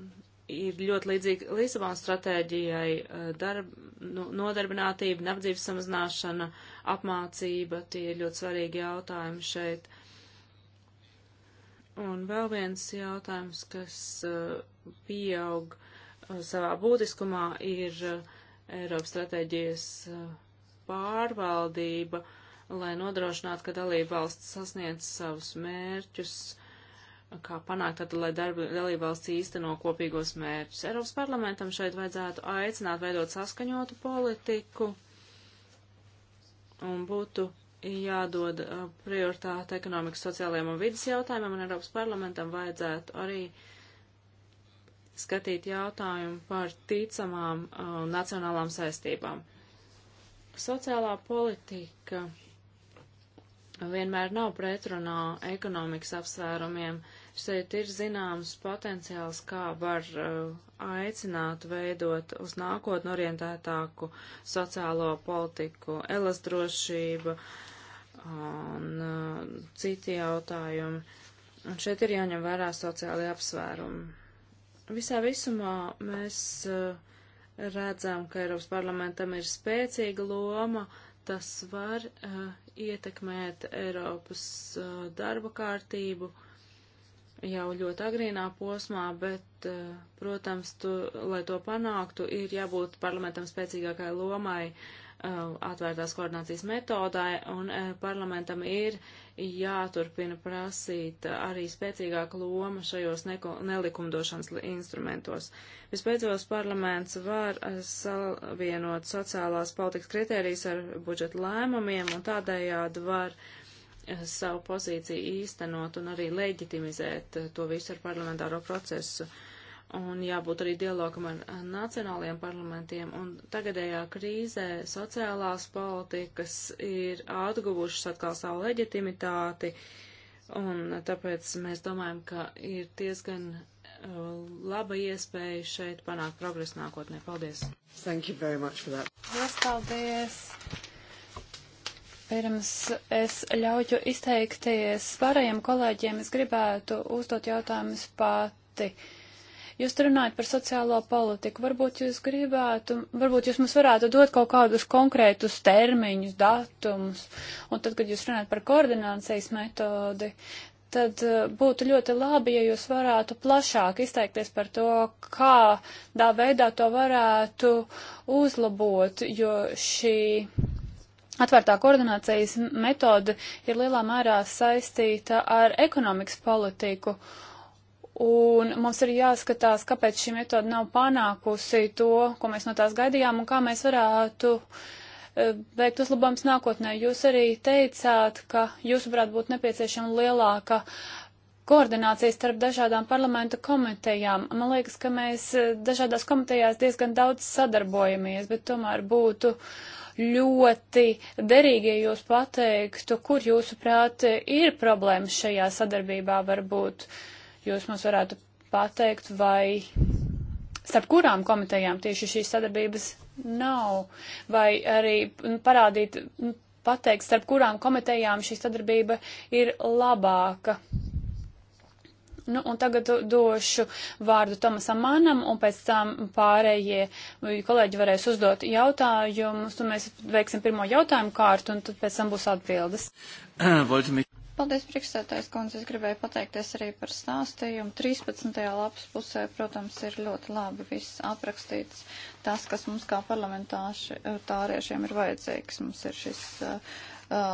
S2: ir ļoti līdzīga Lisabonas stratēģijai uh, darb, nu, nodarbinātība, nabadzības samazināšana, apmācība, tie ir ļoti svarīgi jautājumi šeit. Un vēl viens jautājums, kas uh, pieaug savā būtiskumā, ir Eiropas stratēģijas pārvaldība. Uh, lai nodrošinātu, ka dalība valsts sasniedz savus mērķus, kā panākt tad, lai dalība valsts īsteno kopīgos mērķus. Eiropas parlamentam šeit vajadzētu aicināt veidot saskaņotu politiku un būtu jādod prioritāte ekonomikas, sociālajiem un vidas jautājumiem, un Eiropas parlamentam vajadzētu arī skatīt jautājumu par ticamām uh, nacionālām saistībām. Sociālā politika vienmēr nav pretrunā ekonomikas apsvērumiem. Šeit ir zināms potenciāls, kā var uh, aicināt veidot uz nākotnu orientētāku sociālo politiku, elastdrošība un uh, citi jautājumi. Un šeit ir jāņem vērā sociāli apsvērumi. Visā visumā mēs uh, redzam, ka Eiropas parlamentam ir spēcīga loma, tas var uh, ietekmēt Eiropas uh, darba kārtību jau ļoti agrīnā posmā, bet, uh, protams, tu, lai to panāktu, ir jābūt parlamentam spēcīgākai lomai uh, atvērtās koordinācijas metodai, un uh, parlamentam ir jāturpina prasīt arī spēcīgāka loma šajos neko, nelikumdošanas instrumentos. Vispēcos parlaments var eh, savienot sociālās politikas kritērijas ar budžeta lēmumiem un tādējādi var eh, savu pozīciju īstenot un arī leģitimizēt eh, to visu ar parlamentāro procesu. Uh, un jābūt arī dialogam ar nacionālajiem parlamentiem. Un tagadējā krīzē sociālās politikas ir atguvušas atkal savu leģitimitāti, un tāpēc mēs domājam, ka ir diezgan uh, laba iespēja šeit panākt progresu nākotnē. Paldies! Thank you very much for that. Yes,
S1: paldies! Pirms es ļauju izteikties pārējiem kolēģiem, es gribētu uzdot jautājumus pati. Uh, Jūs runājat par sociālo politiku. Varbūt jūs gribētu, varbūt jūs mums varētu dot kaut kādus konkrētus termiņus, datumus. Un tad, kad jūs runājat par koordinācijas metodi, tad eh, būtu ļoti labi, ja jūs varētu plašāk izteikties par to, kādā veidā to varētu uzlabot, jo šī Atvērtā koordinācijas metode ir lielā mērā saistīta ar ekonomikas politiku, Un mums ir jāskatās, kāpēc šī metode nav panākusi to, ko mēs no tās gaidījām un kā mēs varētu e, veikt uzlabojums nākotnē. Jūs arī teicāt, ka jūsuprāt būtu nepieciešama lielāka koordinācija starp dažādām parlamenta komitejām. Man liekas, ka mēs e, dažādās komitejās diezgan daudz sadarbojamies, bet tomēr būtu ļoti derīgi, ja jūs pateiktu, kur jūsuprāt ir problēmas šajā sadarbībā varbūt. Uh, jūs mums varētu pateikt, vai starp kurām komitejām tieši šīs sadarbības nav, vai arī nu, parādīt, nu, pateikt, starp kurām komitejām šī sadarbība ir labāka. Nu, un tagad došu vārdu Tomasam Manam, un pēc tam pārējie kolēģi varēs uzdot jautājumus, un mēs
S3: veiksim pirmo jautājumu kārtu, un tad pēc tam būs atbildes. Paldies, priekšsētājs kundze. Es gribēju pateikties arī par stāstījumu. 13. lapas pusē, protams, ir ļoti labi viss aprakstīts. Tas, kas mums kā parlamentāriešiem eh, ir vajadzīgs, mums ir šis uh,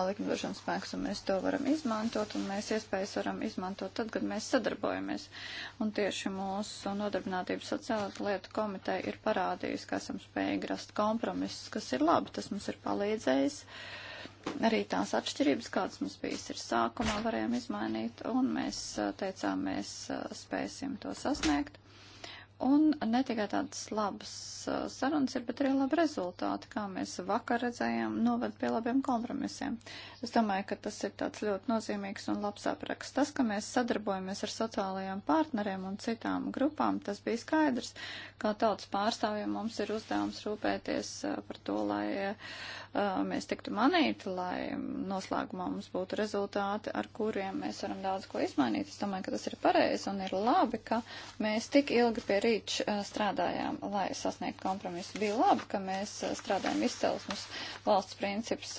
S3: likumdošanas spēks, un mēs to varam izmantot, un mēs iespējas varam izmantot tad, kad mēs sadarbojamies. Un tieši mūsu nodarbinātības sociālā lietu komiteja ir parādījusi, ka esam spējīgi rast kompromisus, kas ir labi. Tas mums ir palīdzējis. Uh, arī tās atšķirības, kādas mums bijis ir sākumā, varējām izmainīt, un mēs teicām, mēs spēsim to sasniegt. Un ne tikai tādas labas sarunas ir, bet arī labi rezultāti, kā mēs vakar redzējām, noved pie labiem kompromisiem. Es domāju, ka tas ir tāds ļoti nozīmīgs un labs apraksts. Tas, ka mēs sadarbojamies ar sociālajiem partneriem un citām grupām, tas bija skaidrs, kā tautas pārstāvjiem mums ir uzdevums rūpēties par to, lai uh, mēs tiktu manīti, lai noslēgumā mums būtu rezultāti, ar kuriem mēs varam daudz ko izmainīt. Es domāju, ka tas ir pareizi un ir labi, ka mēs tik ilgi pie rīč strādājām, lai sasniegtu kompromisu. Bija labi, ka mēs strādājam izcelsmes valsts princips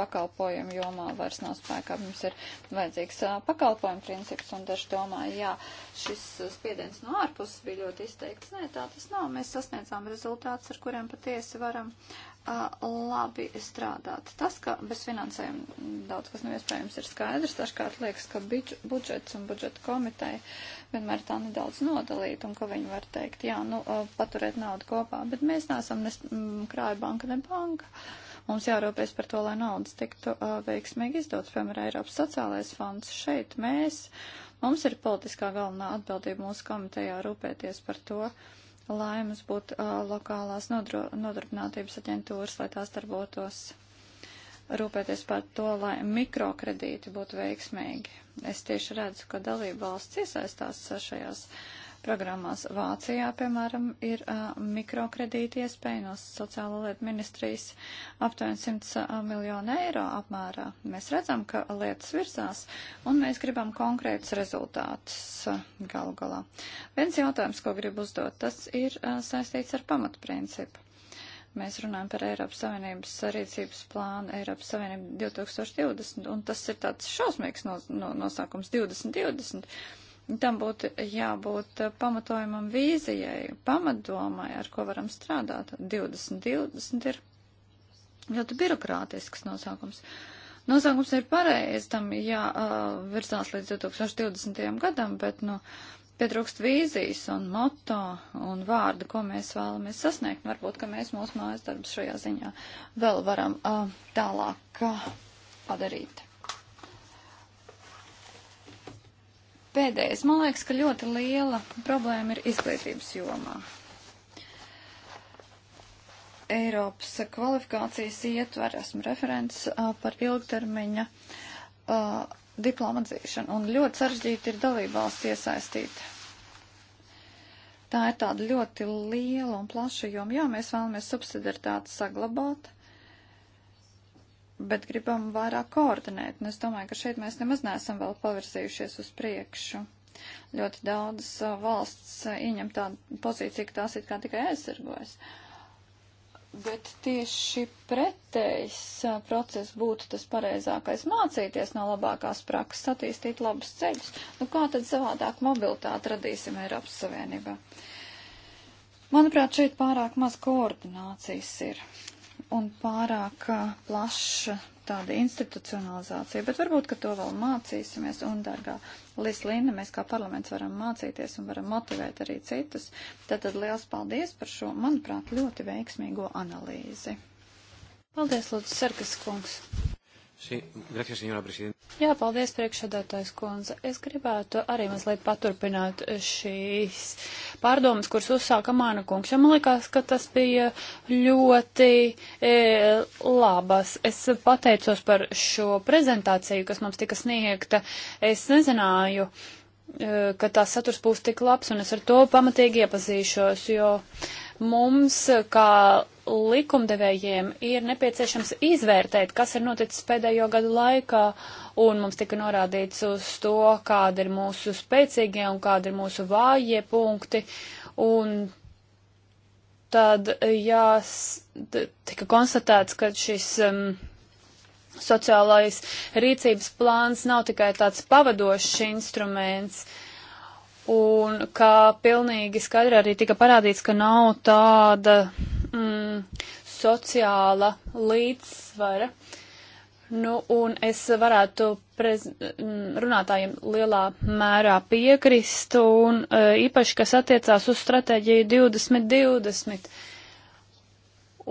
S3: pakalpojumu jomā vairs nav spēkā. Mums ir vajadzīgs pakalpojumu princips un daži domāja, jā, šis spiediens no ārpuses bija ļoti izteikts. Nē, tā tas nav. Mēs sasniedzām rezultātus, ar kuriem patiesi varam uh, labi strādāt. Tas, ka bez finansējuma daudz kas nav iespējams, ir skaidrs. Dažkārt liekas, ka budžets un budžeta komiteja vienmēr tā nedaudz nodalīta un ka viņi var teikt, jā, nu, paturēt naudu kopā. Bet mēs neesam ne krāja banka, ne banka. Mums jārūpēs par to, lai naudas tiktu uh, veiksmīgi izdots, piemēram, Eiropas sociālais fonds. Šeit mēs, mums ir politiskā galvenā atbildība mūsu komitejā rūpēties par to, uh, lai mums būtu uh, lokālās nodro, nodarbinātības aģentūras, lai tās darbotos rūpēties par to, lai mikrokredīti būtu veiksmīgi. Es tieši redzu, ka dalība valsts iesaistās šajās uh, programmās. Vācijā, piemēram, ir uh, mikrokredīti iespēja no sociālo lietu ministrijas aptuveni 100 miljonu eiro apmērā. Mēs redzam, ka lietas virzās un mēs gribam konkrētus rezultātus uh, galu galā. Viens jautājums, ko gribu uzdot, tas ir uh, saistīts ar pamatprincipu. Mēs runājam par Eiropas Savienības rīcības plānu Eiropas Savienību 2020, un tas ir tāds šausmīgs no, no, nosākums 2020 Tam būtu jābūt eh, pamatojumam vīzijai, pamatdomai, ar ko varam strādāt. 2020 ir ļoti birokrātisks nosaukums. Nosaukums ir pareizs, tam jāvirzās eh, līdz 2020. gadam, bet, nu, pietrūkst vīzijas un moto un vārdu, ko mēs vēlamies sasniegt. Varbūt, ka mēs mūsu mājas darbus šajā ziņā vēl varam uh, tālāk uh, padarīt. Pēdējais, man liekas, ka ļoti liela problēma ir izglītības jomā. Eiropas kvalifikācijas ietver, esmu referents par ilgtermiņa uh, diplomu atzīšanu, un ļoti sarežģīti ir dalībvalsts iesaistīt. Tā ir tāda ļoti liela un plaša joma. Jā, mēs vēlamies subsidaritāti saglabāt, bet gribam vairāk koordinēt. Un es domāju, ka šeit mēs nemaz neesam vēl pavirzījušies uz priekšu. Ļoti daudz uh, valsts uh, ieņem tādu pozīciju, ka tās it kā tikai aizsargojas. Bet tieši pretējs uh, process būtu tas pareizākais - mācīties no labākās prakses, attīstīt labus ceļus. Nu kā tad savādāk mobilitāti radīsim Eiropas Savienībā? Manuprāt, šeit pārāk maz koordinācijas ir un pārāk plaša tāda institucionalizācija, bet varbūt, ka to vēl mācīsimies, un, dārgā Lislīna, mēs kā parlaments varam mācīties un varam motivēt arī citus. Tad, tad liels paldies par šo, manuprāt, ļoti veiksmīgo analīzi. Paldies, Lūdzu, Serkas kungs! Sí, gracias, señora presidenta. Jā, paldies, priekšsēdētājs
S1: kundze. Es gribētu arī mazliet paturpināt šīs pārdomas, kuras uzsāka mana kungs. Ja man likās, ka tas bija ļoti e, labas. Es pateicos par šo prezentāciju, kas mums tika sniegta. Es nezināju, e, ka tās saturs būs tik labs, un es ar to pamatīgi iepazīšos, jo. E, Mums, kā likumdevējiem, ir nepieciešams izvērtēt, kas ir noticis pēdējo gadu laikā, un mums tika norādīts uz to, kāda ir mūsu spēcīgie un kāda ir mūsu vājie punkti, un tad jās, tika konstatēts, ka šis um, sociālais rīcības plāns nav tikai tāds pavadošs instruments, uh, Un kā pilnīgi skaidri arī tika parādīts, ka nav tāda mm, sociāla līdzsvara. Nu, un es varētu prez, mm, runātājiem lielā mērā piekrist, un e, īpaši, kas attiecās uz stratēģiju 2020.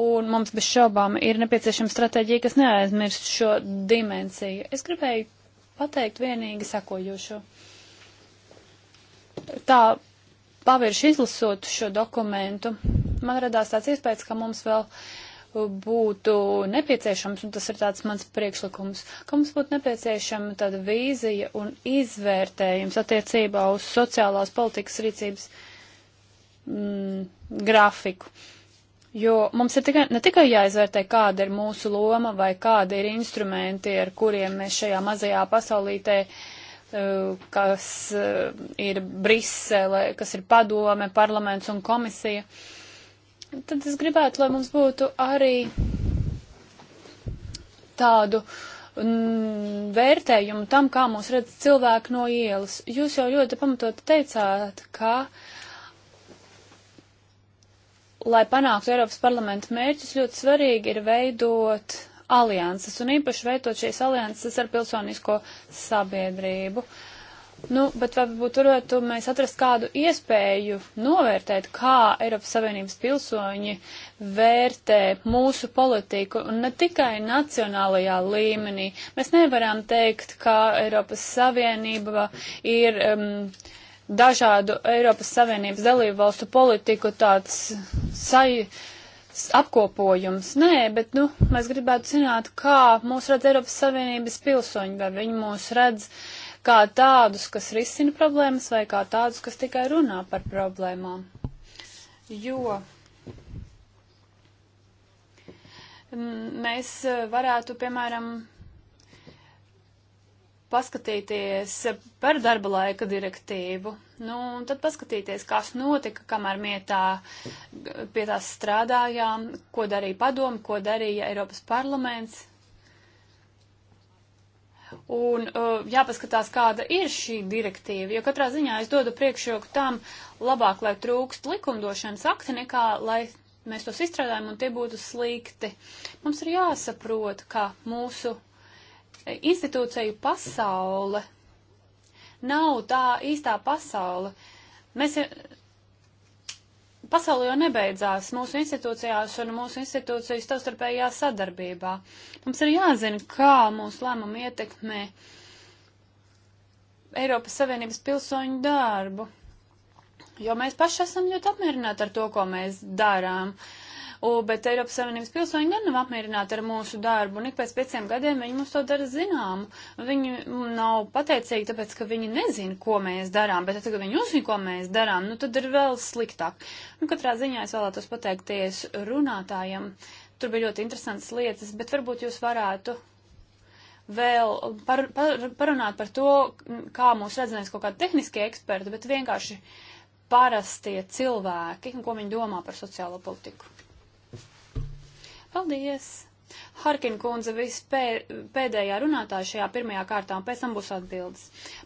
S1: Un mums bez šaubām ir nepieciešama stratēģija, kas neaizmirst šo dimensiju. Es gribēju pateikt vienīgi sakojošo. Uh, tā pavirši izlasot šo dokumentu, man radās tāds iespējas, ka mums vēl būtu nepieciešams, un tas ir tāds mans priekšlikums, ka mums būtu nepieciešama tāda vīzija un izvērtējums attiecībā uz sociālās politikas rīcības mm, grafiku. Jo mums ir tikai, ne tikai jāizvērtē, kāda ir mūsu loma vai kādi ir instrumenti, ar kuriem mēs šajā mazajā pasaulītē uh, Eh, kas eh, ir Brisele, kas ir padome, parlaments un komisija. Tad es gribētu, lai mums būtu arī tādu mm, vērtējumu tam, kā mūs redz cilvēki no ielas. Jūs jau ļoti pamatot teicāt, ka, lai panāktu Eiropas parlamenta mērķus, ļoti svarīgi ir veidot alianses un īpaši veidot šīs alianses ar pilsonisko sabiedrību. Nu, bet varbūt tur varētu mēs atrast kādu iespēju novērtēt, kā Eiropas Savienības pilsoņi vērtē mūsu politiku un ne tikai nacionālajā līmenī. Mēs nevaram teikt, ka Eiropas Savienība ir um, dažādu Eiropas Savienības dalību valstu politiku tāds sajūta apkopojums. Nē, bet, nu, mēs gribētu zināt, kā mūs redz Eiropas Savienības pilsoņi, vai viņi mūs redz kā tādus, kas risina problēmas, vai kā tādus, kas tikai runā par problēmām. Jo mēs e, varētu, piemēram, paskatīties par darba laika direktīvu Nu, un tad paskatīties, kas notika, kamēr mietā pie tās strādājām, ko darīja padomu, ko darīja Eiropas parlaments. Un uh, jāpaskatās, kāda ir šī direktīva, jo katrā ziņā es dodu priekšroku tam labāk, lai trūkst likumdošanas akti, nekā lai mēs tos izstrādājam un tie būtu slikti. Mums ir jāsaprot, ka mūsu eh, institūciju pasaule nav tā īstā pasaule. Mēs Pasaule jau nebeidzās mūsu institūcijās un mūsu institūciju savstarpējā sadarbībā. Mums ir jāzina, kā mūsu lēmumu ietekmē Eiropas Savienības pilsoņu darbu, jo mēs paši esam ļoti apmierināti ar to, ko mēs darām. Uh, U, bet Eiropas Savienības pilsoņi gan nav apmierināti ar mūsu darbu, un ik pēc pieciem gadiem viņi mums to dara zinām. Viņi nav pateicīgi, tāpēc, ka viņi nezina, ko mēs darām, bet tad, kad viņi uzzina, ko mēs darām, nu tad ir vēl sliktāk. Nu, katrā ziņā es vēlētos pateikties runātājiem. Tur bija ļoti interesantas lietas, bet varbūt jūs varētu vēl par, par, parunāt par to, kā mūs redz nevis kaut kādi tehniskie eksperti, bet vienkārši parastie cilvēki un ko viņi domā par sociālo politiku. Paldies! Harkina kundze vispēdējā runātāja šajā pirmajā kārtā, un pēc tam būs atbildes.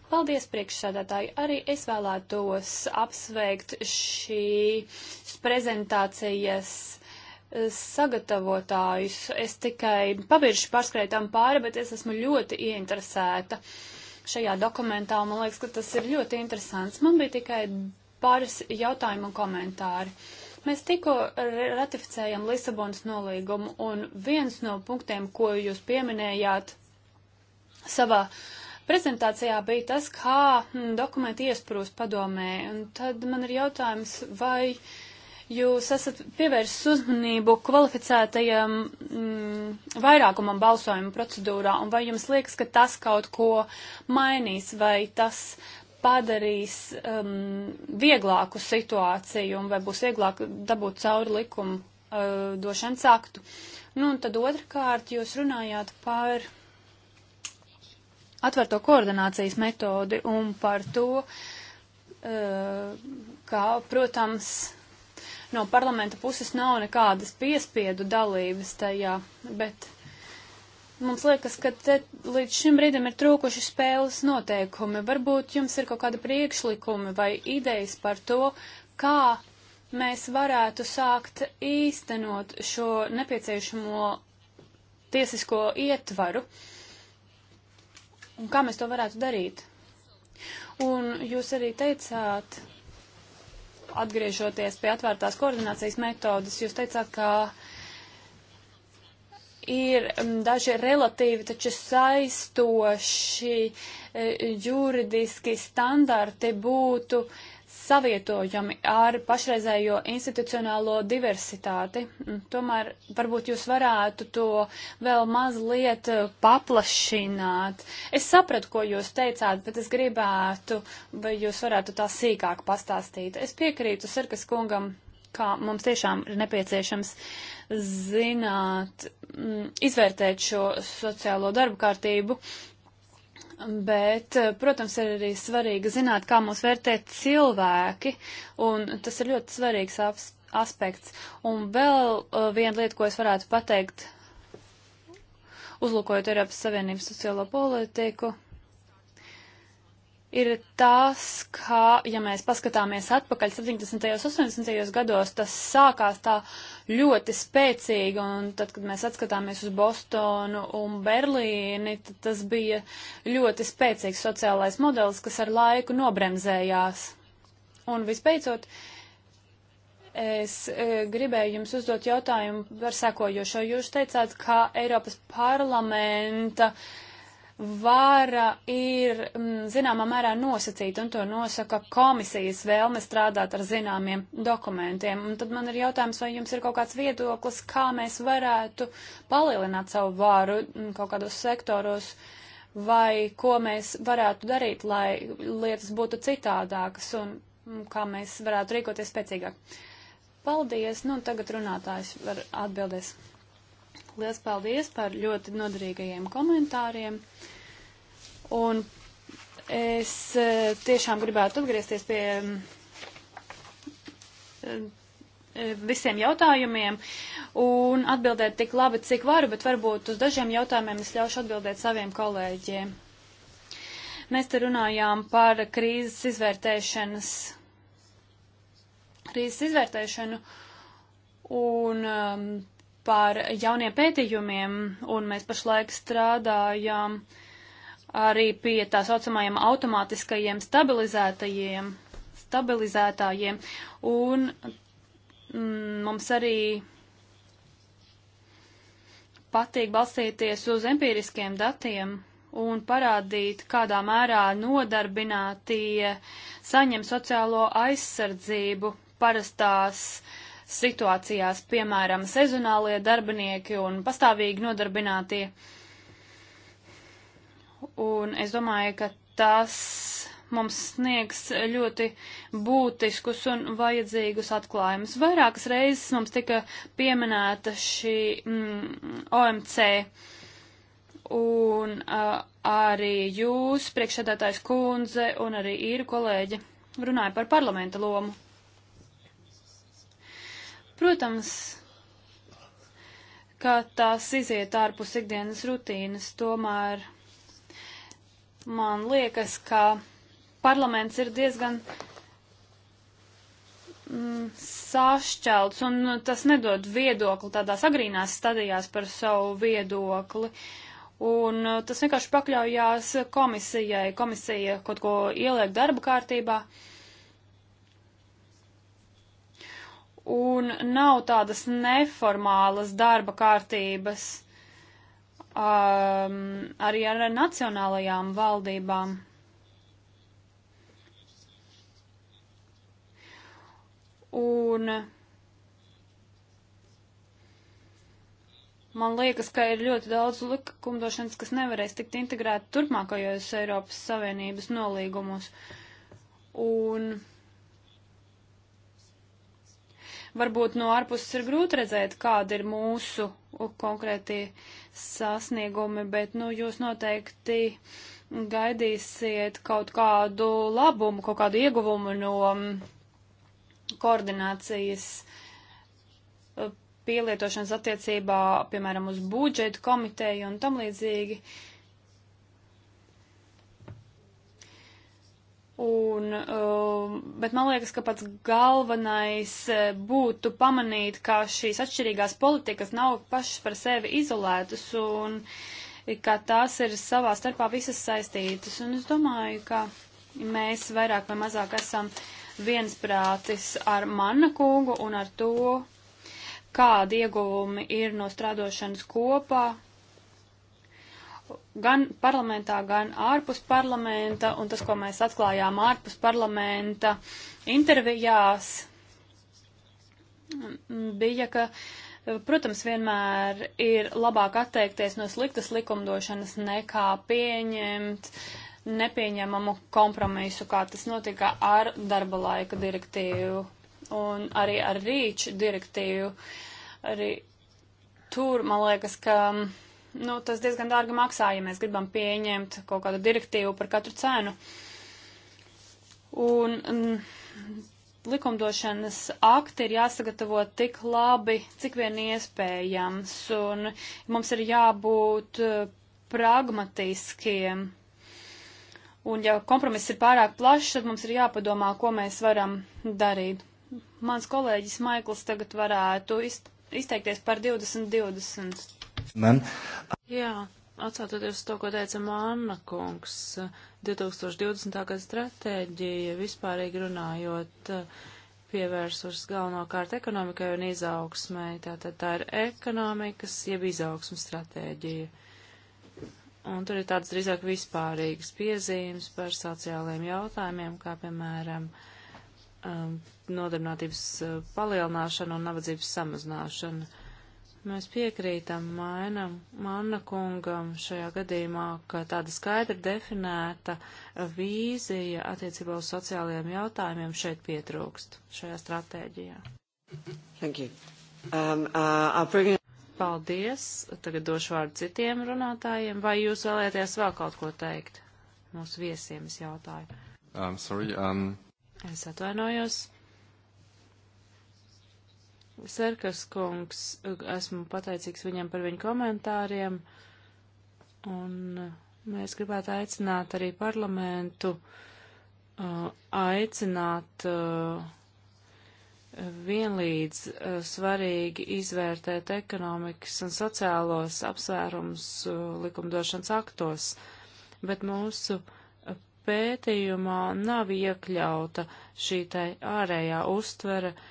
S1: Paldies, priekšsēdētāji! Arī es vēlētos apsveikt šīs prezentācijas eh, sagatavotājus. Es tikai pabiršu pārskrētām pāri, bet es esmu ļoti ieinteresēta šajā dokumentā, un man liekas, ka tas ir ļoti interesants. Man bija tikai pāris jautājumu un komentāri. Uh, Mēs tikko ratificējam Lisabonas nolīgumu, un viens no punktiem, ko jūs pieminējāt savā prezentācijā, bija tas, kā mm, dokumenti iesprūst padomē. Un tad man ir jautājums, vai jūs esat pievērsis uzmanību kvalificētajam mm, vairākumam balsojumu procedūrā, un vai jums liekas, ka tas kaut ko mainīs, vai tas padarīs um, vieglāku situāciju un vai būs vieglāk dabūt cauri likumu uh, došanas aktu. Nu, un tad otrkārt jūs runājāt par atverto koordinācijas metodi un par to, uh, kā, protams, no parlamenta puses nav nekādas piespiedu dalības tajā, bet Mums liekas, ka te līdz šim brīdim ir trūkuši spēles noteikumi. Varbūt jums ir kaut kāda priekšlikumi vai idejas par to, kā mēs varētu sākt īstenot šo nepieciešamo tiesisko ietvaru un kā mēs to varētu darīt. Un jūs arī teicāt, atgriežoties pie atvērtās koordinācijas metodas, jūs teicāt, ka ir mm, daži relatīvi taču saistoši e, juridiski standarti būtu savietojami ar pašreizējo institucionālo diversitāti. Mm, tomēr varbūt jūs varētu to vēl mazliet e, paplašināt. Es sapratu, ko jūs teicāt, bet es gribētu, vai jūs varētu tā sīkāk pastāstīt. Es piekrītu Sarkas kungam, kā mums tiešām ir nepieciešams uh, zināt, mm, izvērtēt šo sociālo darbu kārtību, bet, eh, protams, ir arī svarīgi zināt, kā mūs vērtē cilvēki, un tas ir ļoti svarīgs aspekts. Un vēl eh, viena lieta, ko es varētu pateikt, uzlūkojot Eiropas Savienības sociālo politiku, ir tas, ka, ja mēs paskatāmies atpakaļ 70. un 80. gados, tas sākās tā ļoti spēcīgi, un tad, kad mēs atskatāmies uz Bostonu un Berlīni, tad tas bija ļoti spēcīgs sociālais modelis, kas ar laiku nobremzējās. Un visbeidzot, es e, gribēju jums uzdot jautājumu par sekojošo. Jūs teicāt, ka Eiropas parlamenta uh, vara ir mm, zināmā mērā nosacīta, un to nosaka komisijas vēlme strādāt ar zināmiem dokumentiem. Un tad man ir jautājums, vai jums ir kaut kāds viedoklis, kā mēs varētu palielināt savu vāru mm, kaut kādos sektoros, vai ko mēs varētu darīt, lai lietas būtu citādākas, un mm, kā mēs varētu rīkoties spēcīgāk. Paldies, nu tagad runātājs var atbildēs. Liels paldies par ļoti noderīgajiem komentāriem. Un es e, tiešām gribētu atgriezties pie e, visiem jautājumiem un atbildēt tik labi, cik varu, bet varbūt uz dažiem jautājumiem es ļaušu atbildēt saviem kolēģiem. Mēs te runājām par krīzes izvērtēšanas, krīzes izvērtēšanu un um, par jauniem pētījumiem, un mēs pašlaik strādājam arī pie tā saucamajiem automātiskajiem stabilizētajiem, stabilizētājiem, un mm, mums arī patīk balstīties uz empiriskiem datiem un parādīt, kādā mērā nodarbinātie saņem sociālo aizsardzību parastās uh, situācijās, piemēram, sezonālie darbinieki un pastāvīgi nodarbinātie. Un es domāju, ka tas mums sniegs ļoti būtiskus un vajadzīgus atklājumus. Vairākas reizes mums tika pieminēta šī mm, OMC. Un uh, arī jūs, priekšsēdētājs kundze un arī īru kolēģi runāja par parlamenta lomu. Protams, ka tās iziet ārpus ikdienas rutīnas, tomēr man liekas, ka parlaments ir diezgan mm, sašķelts, un tas nedod viedokli tādās agrīnās stadijās par savu viedokli. Un uh, tas vienkārši pakļaujās komisijai. Komisija kaut ko ieliek darba kārtībā. Uh, un nav tādas neformālas darba kārtības um, arī ar nacionālajām valdībām. Un man liekas, ka ir ļoti daudz likumdošanas, kas nevarēs tikt integrēta turpmākajos Eiropas Savienības nolīgumus. Un Varbūt no ārpuses ir grūti redzēt, kāda ir mūsu konkrēti sasniegumi, bet, nu, jūs noteikti gaidīsiet kaut kādu labumu, kaut kādu ieguvumu no mm, koordinācijas uh, pielietošanas attiecībā, piemēram, uz budžetu komiteju un tam līdzīgi. Uh, Un, um, bet man liekas, ka pats galvenais eh, būtu pamanīt, ka šīs atšķirīgās politikas nav pašas par sevi izolētas un ka tās ir savā starpā visas saistītas. Un es domāju, ka mēs vairāk vai mazāk esam viensprātis ar mana kungu un ar to, kādi ieguvumi ir no strādošanas kopā gan parlamentā, gan ārpus parlamenta, un tas, ko mēs atklājām ārpus parlamenta intervijās, bija, ka, protams, vienmēr ir labāk atteikties no sliktas likumdošanas nekā pieņemt nepieņemamu kompromisu, kā tas notika ar darba laika direktīvu un arī ar rīču direktīvu. Arī tur, man liekas, ka nu, tas diezgan dārgi maksā, ja mēs gribam pieņemt kaut kādu direktīvu par katru cenu. Un mm, likumdošanas akti ir jāsagatavo tik labi, cik vien iespējams, un mums ir jābūt eh, pragmatiskiem. Un ja kompromiss ir pārāk plašs, tad mums ir jāpadomā, ko mēs varam darīt. Mans kolēģis Maikls tagad varētu izteikties par 2020 Man.
S2: Jā, atsaucoties to, ko teica Māna kungs, 2020. gada stratēģija vispārīgi runājot pievērsus galvenokārt ekonomikai un izaugsmai. Tātad tā ir ekonomikas jeb izaugsmas stratēģija. Un tur ir tāds drīzāk vispārīgs piezīmes par sociālajiem jautājumiem, kā piemēram um, nodarbinātības uh, palielināšana un nabadzības samazināšana. Mēs piekrītam mainam Manna kungam šajā gadījumā, ka tāda skaidri definēta vīzija attiecībā uz sociālajiem jautājumiem šeit pietrūkst šajā stratēģijā. Thank you. Um, uh, bring... Paldies. Tagad došu vārdu citiem runātājiem. Vai jūs vēlēties vēl kaut ko teikt? Mūsu viesiem es jautāju. Um, sorry, um... Es atvainojos. Serkas kungs, esmu pateicīgs viņam par viņu komentāriem, un mēs gribētu aicināt arī parlamentu, uh, aicināt uh, vienlīdz uh, svarīgi izvērtēt ekonomikas un sociālos apsvērums likumdošanas aktos, bet mūsu pētījumā nav iekļauta šī tai ārējā uztvere, uh,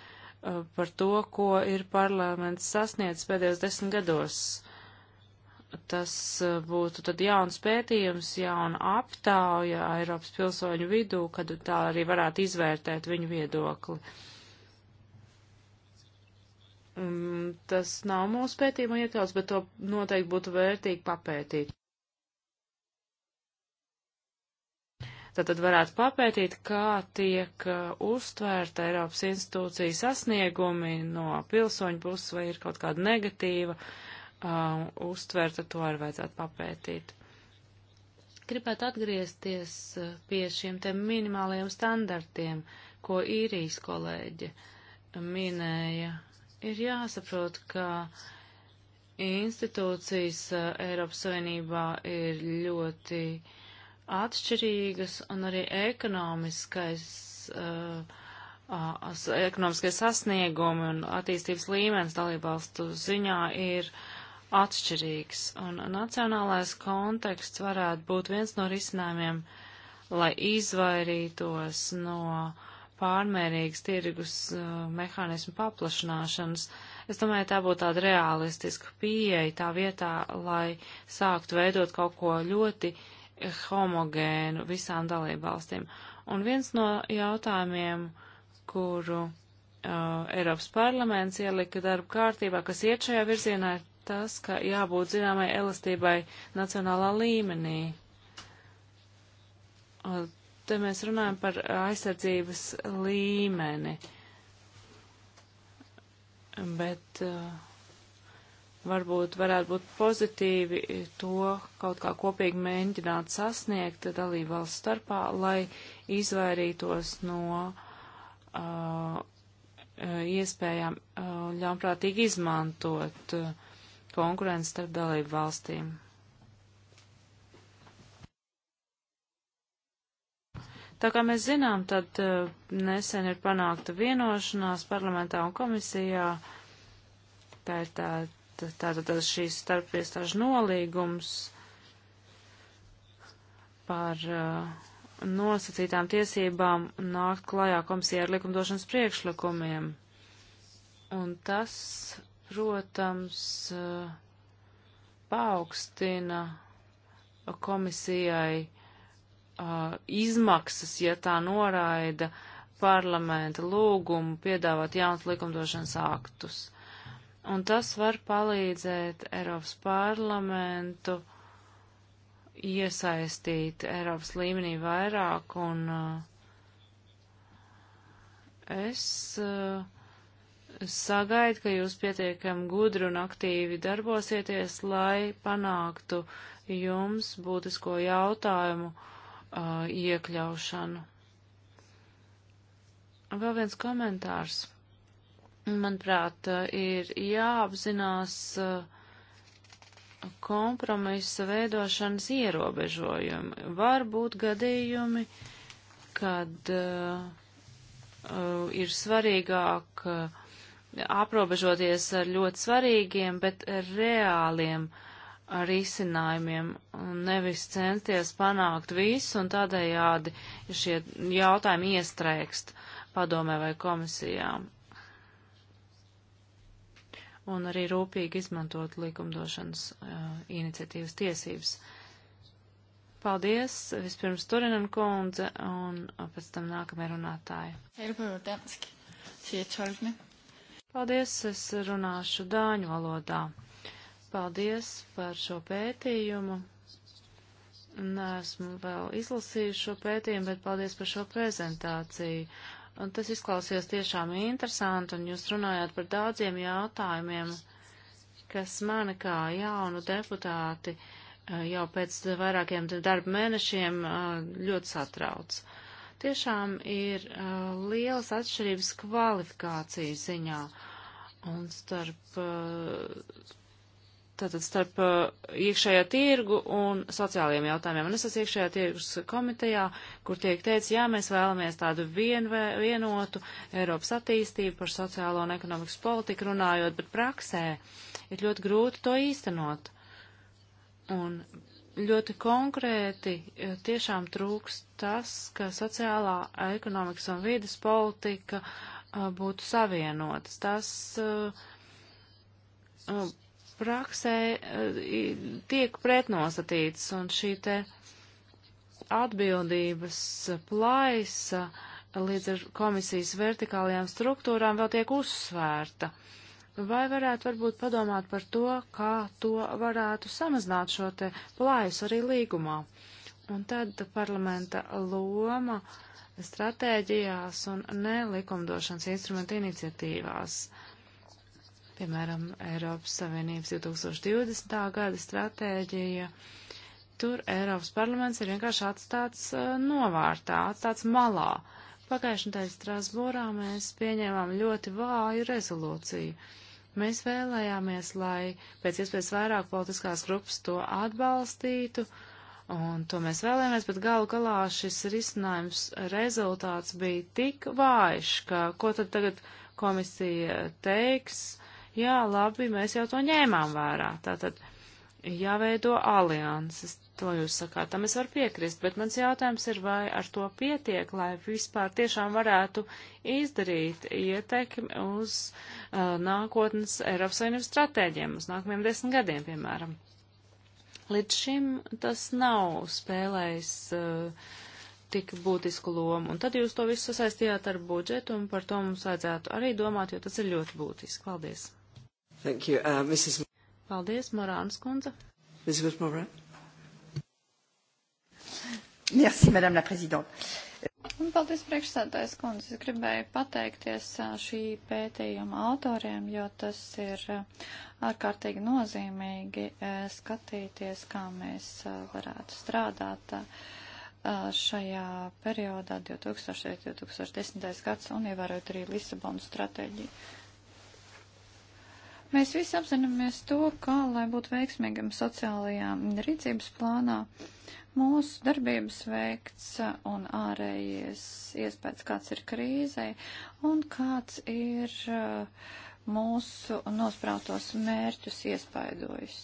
S2: Uh, par to, ko ir parlaments sasniedzis pēdējos desmit gados. Tas uh, būtu tad jauns pētījums, jauna aptauja Eiropas pilsoņu vidū, kad tā arī varētu izvērtēt viņu viedokli. Mm, tas nav mūsu pētījuma iekļauts, bet to noteikti būtu vērtīgi papētīt. Tātad varētu papētīt, kā tiek uh, uztvērta Eiropas institūcija sasniegumi no pilsoņu puses, vai ir kaut kāda negatīva uh, uztvērta, to arī vajadzētu papētīt. Gribētu atgriezties uh, pie šiem te minimālajiem standartiem, ko īrijas kolēģi minēja. Ir jāsaprot, ka institūcijas uh, Eiropas Savienībā ir ļoti uh, atšķirīgas un arī ekonomiskais, uh, as, ekonomiskais sasniegumi un attīstības līmenis dalībvalstu ziņā ir atšķirīgs. Un nacionālais konteksts varētu būt viens no risinājumiem, lai izvairītos no pārmērīgas tirgus uh, mehānismu paplašanāšanas. Es domāju, tā būtu tāda realistiska pieeja tā vietā, lai sāktu veidot kaut ko ļoti uh, homogēnu visām dalībvalstīm. Un viens no jautājumiem, kuru uh, Eiropas parlaments ielika darba kārtībā, kas iet šajā virzienā, ir tas, ka jābūt zināmai elastībai nacionālā līmenī. Uh, te mēs runājam par aizsardzības līmeni. Bet uh, varbūt varētu būt pozitīvi to kaut kā kopīgi mēģināt sasniegt dalību valsts starpā, lai izvairītos no uh, iespējām uh, ļaunprātīgi izmantot uh, konkurences starp dalību valstīm. Tā kā mēs zinām, tad uh, nesen ir panākta vienošanās parlamentā un komisijā. Tā ir tāda Tātad šīs starpiestāžu nolīgums par uh, nosacītām tiesībām nākt klajā komisijā ar likumdošanas priekšlikumiem. Un tas, protams, uh, paaugstina komisijai uh, izmaksas, ja tā noraida parlamenta lūgumu piedāvāt jaunas likumdošanas aktus un tas var palīdzēt Eiropas parlamentu iesaistīt Eiropas līmenī vairāk, un uh, es uh, sagaidu, ka jūs pietiekam gudri un aktīvi darbosieties, lai panāktu jums būtisko jautājumu uh, iekļaušanu. Vēl viens komentārs manuprāt, ir jāapzinās uh, kompromisa veidošanas ierobežojumi. Var būt gadījumi, kad uh, uh, ir svarīgāk uh, aprobežoties ar ļoti svarīgiem, bet reāliem uh, risinājumiem un nevis censties panākt visu un tādējādi šie jautājumi iestrēgst padomē vai komisijām un arī rūpīgi izmantot likumdošanas uh, iniciatīvas tiesības. Paldies vispirms Turinan kundze un pēc tam nākamie runātāji. Paldies, es runāšu dāņu valodā. Paldies par šo pētījumu. Nesmu vēl izlasījuši šo pētījumu, bet paldies par šo prezentāciju. Un tas izklausījās tiešām interesanti, un jūs runājāt par daudziem jautājumiem, kas mani kā jaunu deputāti eh, jau pēc vairākiem darba mēnešiem eh, ļoti satrauc. Tiešām ir eh, lielas atšķirības kvalifikācijas ziņā un starp tātad starp uh, iekšējā tirgu un sociālajiem jautājumiem. Un es esmu iekšējā tirgus komitejā, kur tiek teicis, jā, mēs vēlamies tādu vienvē, vienotu Eiropas attīstību par sociālo un ekonomikas politiku runājot, bet praksē ir ļoti grūti to īstenot. Un ļoti konkrēti tiešām trūks tas, ka sociālā, ekonomikas un vidas politika uh, būtu savienotas. Tas, uh, uh praksē e, tiek pretnostatīts, un šī te atbildības plaisa līdz ar komisijas vertikālajām struktūrām vēl tiek uzsvērta. Vai varētu varbūt padomāt par to, kā to varētu samazināt šo te plājus arī līgumā? Un tad parlamenta loma stratēģijās un nelikumdošanas instrumenta iniciatīvās. Uh, piemēram, Eiropas Savienības 2020. gada stratēģija. Tur Eiropas parlaments ir vienkārši atstāts uh, novārtā, atstāts malā. Pagājušajā nedēļā Strasbūrā mēs pieņēmām ļoti vāju rezolūciju. Mēs vēlējāmies, lai pēc iespējas vairāk politiskās grupas to atbalstītu, un to mēs vēlējāmies, bet galu galā šis risinājums rezultāts bija tik vājš, ka ko tad tagad komisija teiks, jā, labi, mēs jau to ņēmām vērā. Tātad jāveido alianses, to jūs sakāt, tam es varu piekrist, bet mans jautājums ir, vai ar to pietiek, lai vispār tiešām varētu izdarīt ietekmi uz uh, nākotnes Eiropas Savienības stratēģiem, uz nākamajiem desmit gadiem, piemēram. Līdz šim tas nav spēlējis uh, tik būtisku lomu, un tad jūs to visu sasaistījāt ar budžetu, un par to mums vajadzētu arī domāt, jo tas ir ļoti būtiski. Paldies! Thank you. Uh, Mrs. Paldies, Morānas kundze. Elizabeth Morin. Merci, Madame la Présidente.
S3: Un paldies priekšsēdājas kundze. Es gribēju pateikties uh, šī pētījuma autoriem, jo tas ir uh, ārkārtīgi nozīmīgi uh, skatīties, kā mēs varētu strādāt šajā periodā 2000-2010. gads un ievērot arī Lisabonas stratēģiju. Mēs visi apzināmies to, ka, lai būtu veiksmīgam sociālajā rīcības plānā, mūsu darbības veikts un ārējies iespējas, kāds ir krīzei un kāds ir uh, mūsu nosprātos mērķus iespaidojis.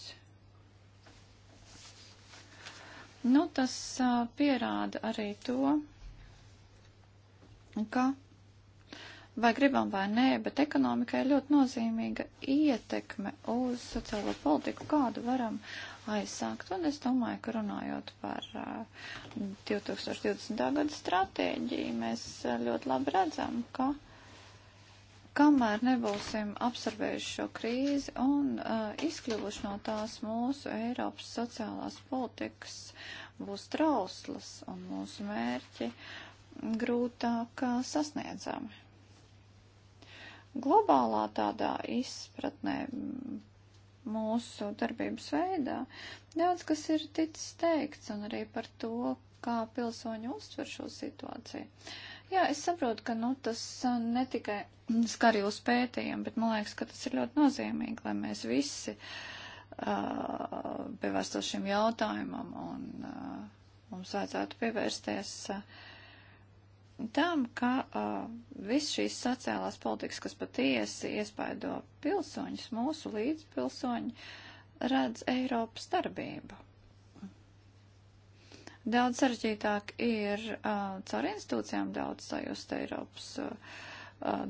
S3: Nu, tas uh, pierāda arī to, ka Vai gribam vai nē, bet ekonomikai ir ļoti nozīmīga ietekme uz sociālo politiku, kādu varam aizsākt. Un es domāju, ka runājot par 2020. Uh, gada stratēģiju, mēs uh, ļoti labi redzam, ka kamēr nebūsim apsarbējuši šo krīzi un uh, izkļuvuši no tās mūsu Eiropas sociālās politikas, būs trauslas un mūsu mērķi grūtāk uh, sasniedzami globālā tādā izpratnē mm, mūsu darbības veidā. Daudz, kas ir ticis teikts, un arī par to, kā pilsoņi uztver šo situāciju. Jā, es saprotu, ka nu, tas uh, ne tikai skar jūs pētījumu, bet man liekas, ka tas ir ļoti nozīmīgi, lai mēs visi uh, pievērstos šim jautājumam, un uh, mums vajadzētu pievērsties. Uh, tam, ka uh, viss šīs sociālās politikas, kas patiesi iespaido pilsoņus, mūsu līdzpilsoņi, redz Eiropas darbību. Daudz sarežģītāk ir uh, caur institūcijām daudz sajust Eiropas uh,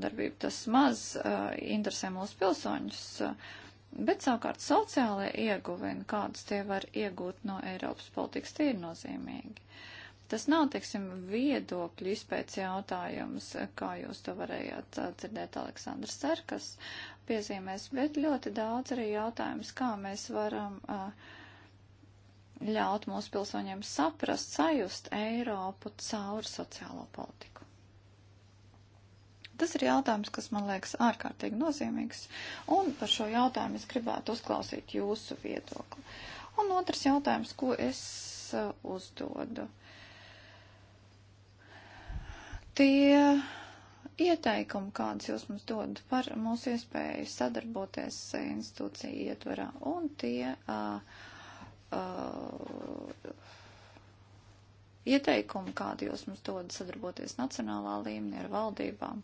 S3: darbību. Tas maz uh, interesē mūsu pilsoņus. Uh, Bet savukārt sociālajie ieguvumi, kādus tie var iegūt no Eiropas politikas, tie ir nozīmīgi. Uh, Tas nav, teiksim, viedokļu izpēc jautājums, kā jūs to varējāt dzirdēt Aleksandrs Cerkas piezīmēs, bet ļoti daudz arī jautājums, kā mēs varam ļaut mūsu pilsoņiem saprast, sajust Eiropu caur sociālo politiku. Tas ir jautājums, kas man liekas ārkārtīgi nozīmīgs, un par šo jautājumu es gribētu uzklausīt jūsu viedokli. Un otrs jautājums, ko es uzdodu. Uh, tie ieteikumi, kādas jūs mums dod par mūsu iespēju sadarboties institūciju ietverā, un tie uh, uh, ieteikumi, kādi jūs mums dod sadarboties nacionālā līmenī ar valdībām.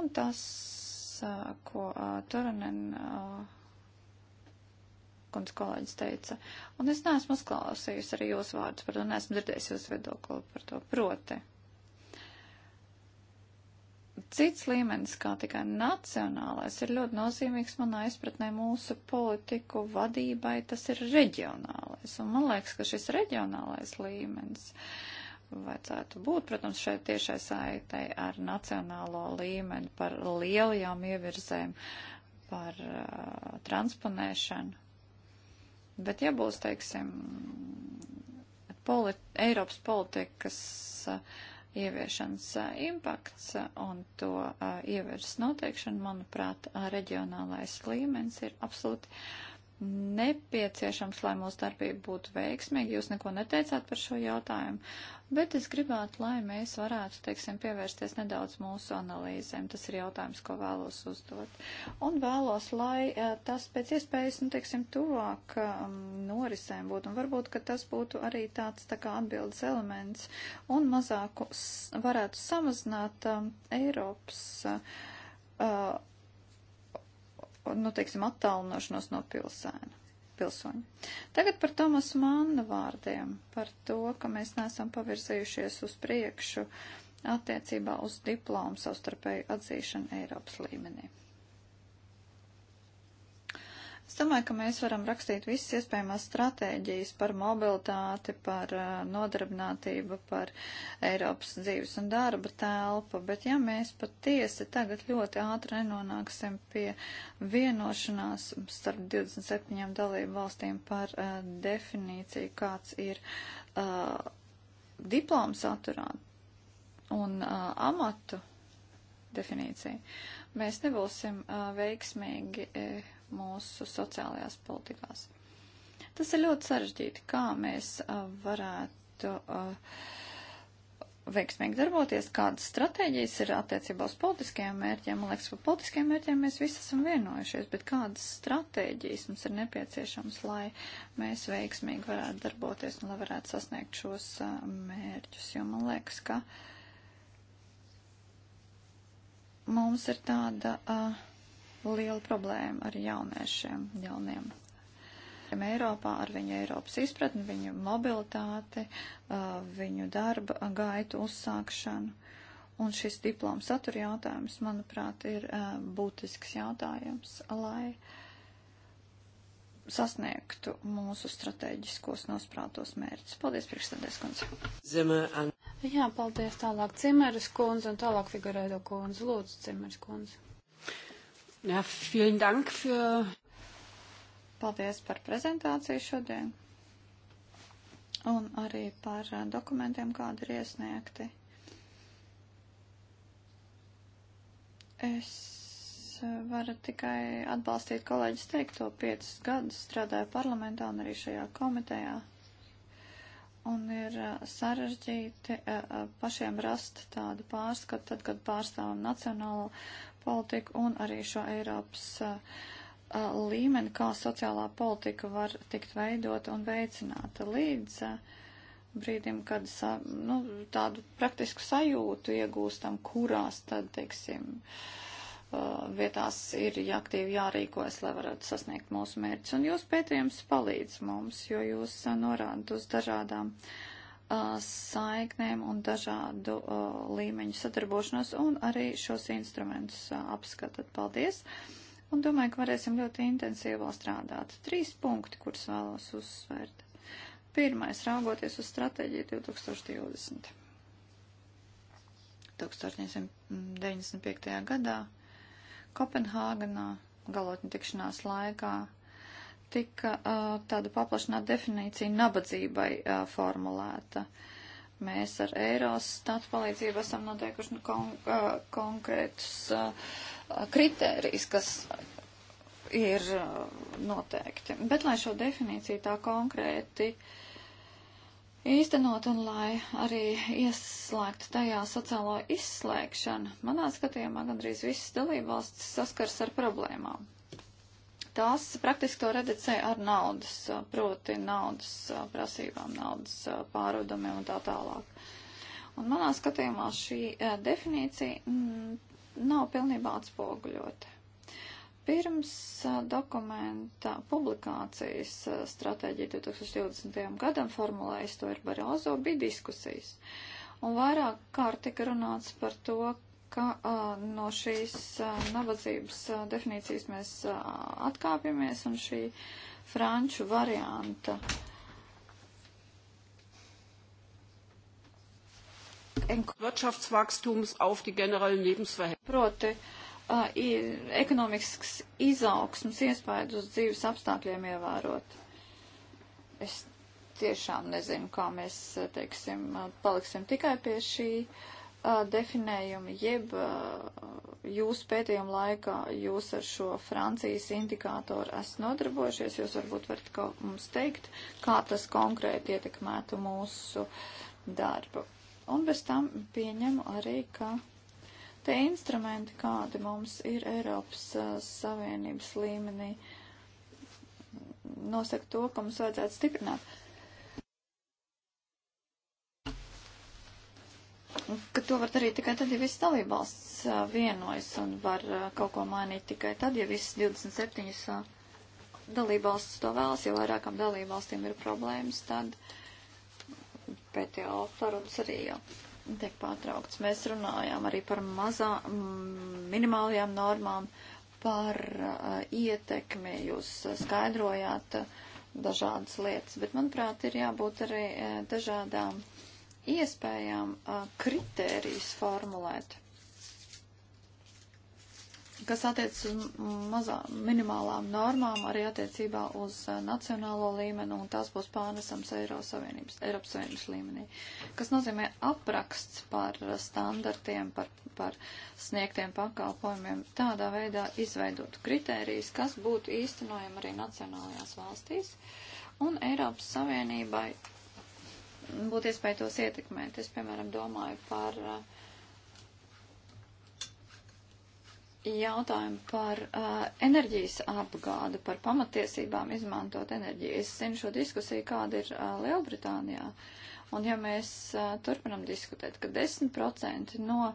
S3: Un tas, uh, ko uh, Toranen. Uh, kundz kolēģis teica. Un es neesmu uzklausījusi arī jūsu vārdus par to, neesmu dzirdējusi jūsu viedokli par to. Proti, cits līmenis kā tikai nacionālais ir ļoti nozīmīgs manā izpratnē mūsu politiku vadībai, tas ir reģionālais. Un man liekas, ka šis reģionālais līmenis vajadzētu būt, protams, šeit tiešai saitei ar nacionālo līmeni par lielajām ievirzēm, par uh, transponēšanu. Bet ja būs, teiksim, polit Eiropas politikas uh, ieviešanas uh, impakts uh, un to uh, ieviešanas noteikšana, manuprāt, uh, reģionālais līmenis ir absolūti nepieciešams, lai mūsu darbība būtu veiksmīga. Jūs neko neteicāt par šo jautājumu, bet es gribētu, lai mēs varētu, teiksim, pievērsties nedaudz mūsu analīzēm. Tas ir jautājums, ko vēlos uzdot. Un vēlos, lai eh, tas pēc iespējas, nu, teiksim, tuvāk um, norisēm būtu. Un varbūt, ka tas būtu arī tāds tā kā atbildes elements un mazāk varētu samazināt um, Eiropas. Uh, nu, teiksim, attālinošanos no pilsēna. Pilsoņi. Tagad par Tomas Manna vārdiem, par to, ka mēs neesam pavirzējušies uz priekšu attiecībā uz diplomu savstarpēju atzīšanu Eiropas līmenī. Es domāju, ka mēs varam rakstīt visas iespējamās stratēģijas par mobilitāti, par uh, nodarbinātību, par Eiropas dzīves un darba telpu, bet ja mēs patiesi tagad ļoti ātri nenonāksim pie vienošanās starp 27 dalību valstīm par uh, definīciju, kāds ir uh, diploms saturā un uh, amatu definīcija, mēs nebūsim uh, veiksmīgi. Uh, mūsu sociālajās politikās. Tas ir ļoti sarežģīti, kā mēs varētu uh, veiksmīgi darboties, kādas stratēģijas ir attiecībā uz politiskajiem mērķiem. Man liekas, par politiskajiem mērķiem mēs visi esam vienojušies, bet kādas stratēģijas mums ir nepieciešams, lai mēs veiksmīgi varētu darboties un lai varētu sasniegt šos mērķus. Jo man liekas, ka mums ir tāda. Uh, liela problēma ar jauniešiem, jauniem. Eiropā ar viņu Eiropas izpratni, viņu mobilitāti, viņu darba gaitu uzsākšanu. Un šis diplomu satura jautājums, manuprāt, ir būtisks jautājums, lai sasniegtu mūsu strateģiskos nosprātos mērķus. Paldies, priekšstādēs kundze. Zimmer. Jā, paldies tālāk Cimeres kundze un tālāk figurēto kundze. Lūdzu, Cimeres kundze.
S2: Ja, vielen Dank für.
S3: Paldies par prezentāciju šodien un arī par eh, dokumentiem, kādi ir iesniegti. Es eh, varu tikai atbalstīt kolēģis teikto piecus gadus strādāju parlamentā un arī šajā komitejā. Un ir eh, sarežģīti pašiem rast tādu pārskatu, tad, kad pārstāvam nacionālo politiku un arī šo Eiropas uh, līmeni, kā sociālā politika var tikt veidot un veicināta līdz uh, brīdim, kad sa, nu, tādu praktisku sajūtu iegūstam, kurās tad, teiksim, vietās ir aktīvi jārīkojas, lai varētu sasniegt mūsu mērķus. Un jūs pētījums palīdz mums, jo jūs norādat uz dažādām uh, uh, saiknēm un dažādu uh, līmeņu sadarbošanos un arī šos instrumentus uh, apskatat. Paldies! Un domāju, ka varēsim ļoti intensīvi vēl strādāt. Trīs punkti, kurus vēlos uzsvērt. Pirmais, raugoties uz stratēģiju 2020. 1995. gadā Kopenhāganā galotņu tikšanās laikā tika uh, tāda paplašināta definīcija nabadzībai uh, formulēta. Mēs ar Eiros stātu palīdzību esam noteikuši nu, kon uh, konkrētus uh, kritērijus, kas ir uh, noteikti. Bet, lai šo definīciju tā konkrēti īstenot un lai arī ieslēgt tajā sociālo izslēgšanu, manā skatījumā gandrīz visas dalībvalstis saskars ar problēmām tās praktiski to reducē ar naudas, proti naudas prasībām, naudas pārvedumiem un tā tālāk. Un manā skatījumā šī definīcija m, mm, nav pilnībā atspoguļota. Pirms dokumenta publikācijas stratēģija 2020. gadam formulējas to ir Barozo, bija diskusijas. Un vairāk kārt tika runāts par to, ka no šīs nabadzības definīcijas mēs atkāpjamies un šī franču varianta
S2: Wirtschaftswachstums auf die generellen Lebensverhältnisse. Proti,
S3: uh, ekonomisks izaugsmas iespējas uz dzīves apstākļiem ievērot. Es tiešām nezinu, kā mēs, teiksim, paliksim tikai pie šī uh, definējumu, jeb jūsu pētījuma laikā jūs ar šo Francijas indikātoru esat nodarbojušies, jūs varbūt varat kaut mums teikt, kā tas konkrēti ietekmētu mūsu darbu. Un bez tam pieņemu arī, ka tie instrumenti, kādi mums ir Eiropas Savienības līmenī, nosaka to, ka mums vajadzētu stiprināt ka to var darīt tikai tad, ja visas dalībvalsts vienojas un var kaut ko mainīt tikai tad, ja visas 27 dalībvalstis to vēlas, ja vairākam dalībvalstīm ir problēmas, tad PTO sarunas arī jau tiek pārtraukts. Mēs runājām arī par mazā, minimālajām normām, par uh, ietekmi, jūs skaidrojāt dažādas lietas, bet manuprāt ir jābūt arī dažādām iespējām kritērijus formulēt, kas attiecas uz mazā, minimālām normām arī attiecībā uz nacionālo līmeni, un tās būs pārnesams Eiropas Savienības, Eiropas Savienības līmenī, kas nozīmē apraksts par standartiem, par, par sniegtiem pakalpojumiem, tādā veidā izveidot kritērijas, kas būtu īstenojami arī nacionālajās valstīs, un Eiropas Savienībai būtu iespēja tos ietekmēt. Es, piemēram, domāju par uh, jautājumu par uh, enerģijas apgādu, par pamatiesībām izmantot enerģiju. Es zinu šo diskusiju, kāda ir uh, Lielbritānijā. Un ja mēs turpinam diskutēt, ka 10% no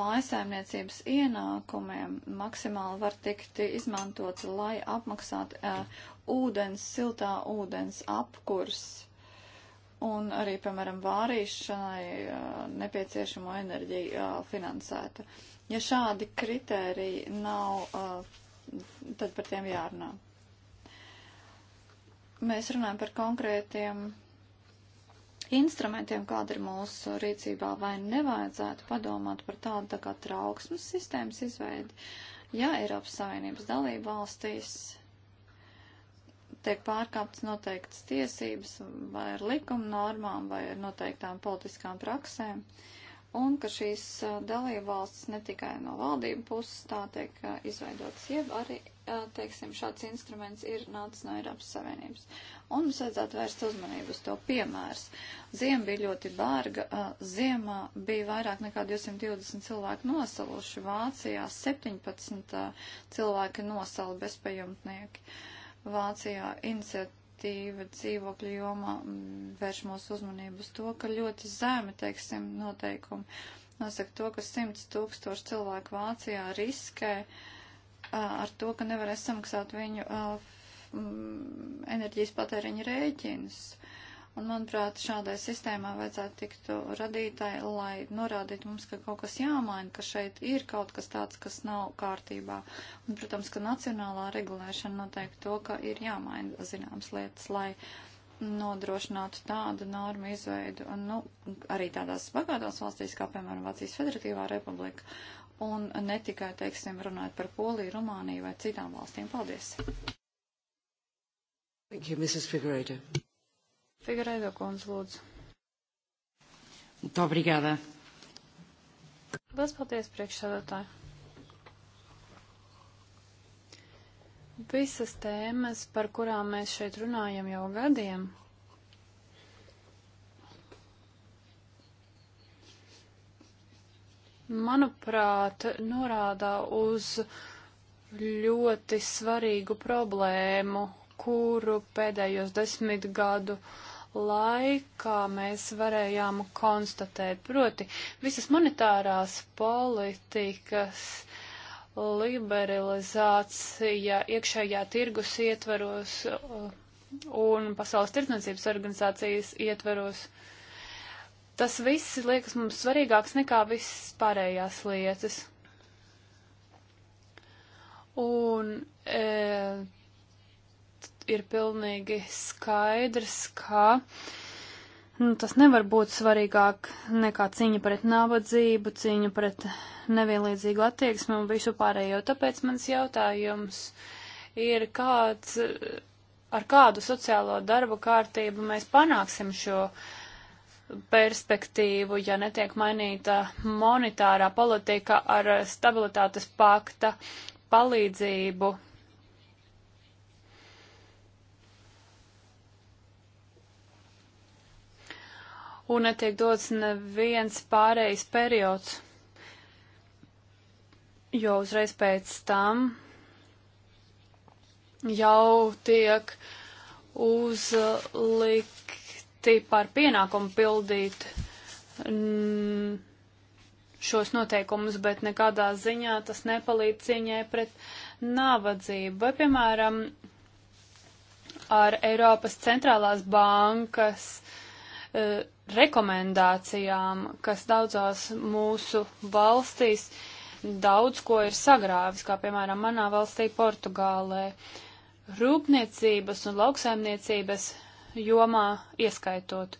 S3: mājasēmniecības ienākumiem maksimāli var tikt izmantots, lai apmaksātu ūdens, siltā ūdens apkurs un arī, piemēram, vārīšanai eh, nepieciešamo enerģiju eh, finansētu. Ja šādi kritēriji nav, eh, tad par tiem jārunā. Mēs runājam par konkrētiem instrumentiem, kāda ir mūsu rīcībā, vai nevajadzētu padomāt par tādu tā kā trauksmes sistēmas izveidi, ja Eiropas Savienības dalība valstīs tiek pārkāptas noteiktas tiesības vai ar likuma normām vai ar noteiktām politiskām praksēm, un ka šīs dalībvalstis ne tikai no valdību puses tā tiek izveidotas, jeb arī, teiksim, šāds instruments ir nācis no Eiropas Savienības. Un mums vajadzētu vērst uzmanību uz to piemērs. Ziema bija ļoti bārga, ziemā bija vairāk nekā 220 cilvēku nosaluši, Vācijā 17 cilvēki nosali bezpajumtnieki. Uh, Vācijā iniciatīva dzīvokļu jomā mm, vērš mūsu uzmanību uz to, ka ļoti zemi, teiksim, noteikumi nosaka to, ka 100 tūkstoši cilvēku Vācijā riskē ar to, ka nevarēs samaksāt viņu enerģijas patēriņa rēķinus. Uh, Un, manuprāt, šādai sistēmai vajadzētu tikt radītai, lai norādītu mums, ka kaut kas jāmaina, ka šeit ir kaut kas tāds, kas nav kārtībā. Un, protams, ka nacionālā regulēšana noteikti to, ka ir jāmaina zināmas lietas, lai nodrošinātu tādu normu izveidu, un, nu, arī tādās bagātās valstīs, kā, piemēram, Vācijas Federatīvā republika, un ne tikai, teiksim, runājot par Poliju, Rumāniju vai citām valstīm. Paldies!
S2: Thank you, Mrs. Figueiredo.
S3: Figueiredo kundze, lūdzu.
S2: Muito obrigada.
S1: Liels paldies, priekšsēdētāji. Visas tēmas, par kurām mēs šeit runājam jau gadiem, manuprāt, norāda uz ļoti svarīgu problēmu, kuru pēdējos desmit gadu uh, laikā mēs varējām konstatēt, proti visas monetārās politikas liberalizācija iekšējā tirgus ietveros uh, un Pasaules tirdzniecības organizācijas ietveros. Tas viss liekas mums svarīgāks nekā viss pārējās lietas. Un e, ir pilnīgi skaidrs, ka nu, tas nevar būt svarīgāk nekā cīņa pret nabadzību, cīņa pret nevienlīdzīgu attieksmi un visu pārējo. Tāpēc mans jautājums ir, kāds, ar kādu sociālo darba kārtību mēs panāksim šo perspektīvu, ja netiek mainīta monetārā politika ar stabilitātes pakta palīdzību un netiek dots neviens pārējais periods, jo uzreiz pēc tam jau tiek uzlikti par pienākumu pildīt šos noteikumus, bet nekādā ziņā tas nepalīdz cīņai pret nabadzību. Vai, piemēram, ar Eiropas centrālās bankas uh, rekomendācijām, kas daudzās mūsu valstīs daudz ko ir sagrāvis, kā piemēram manā valstī Portugālē. Rūpniecības un lauksaimniecības jomā ieskaitot.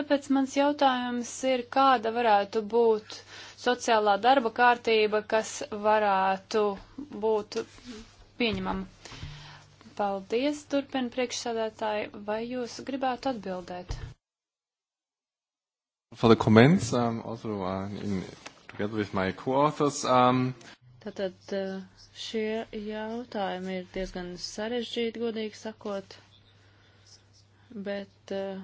S1: Tāpēc mans jautājums ir, kāda varētu būt sociālā darba kārtība, kas varētu būt pieņemama. Paldies, turpina priekšsādātāji, vai jūs gribētu atbildēt?
S2: for the comments, um, also uh, in, together with my co-authors. Um, Tātad uh, šie jautājumi ir diezgan sarežģīti, godīgi sakot, bet uh,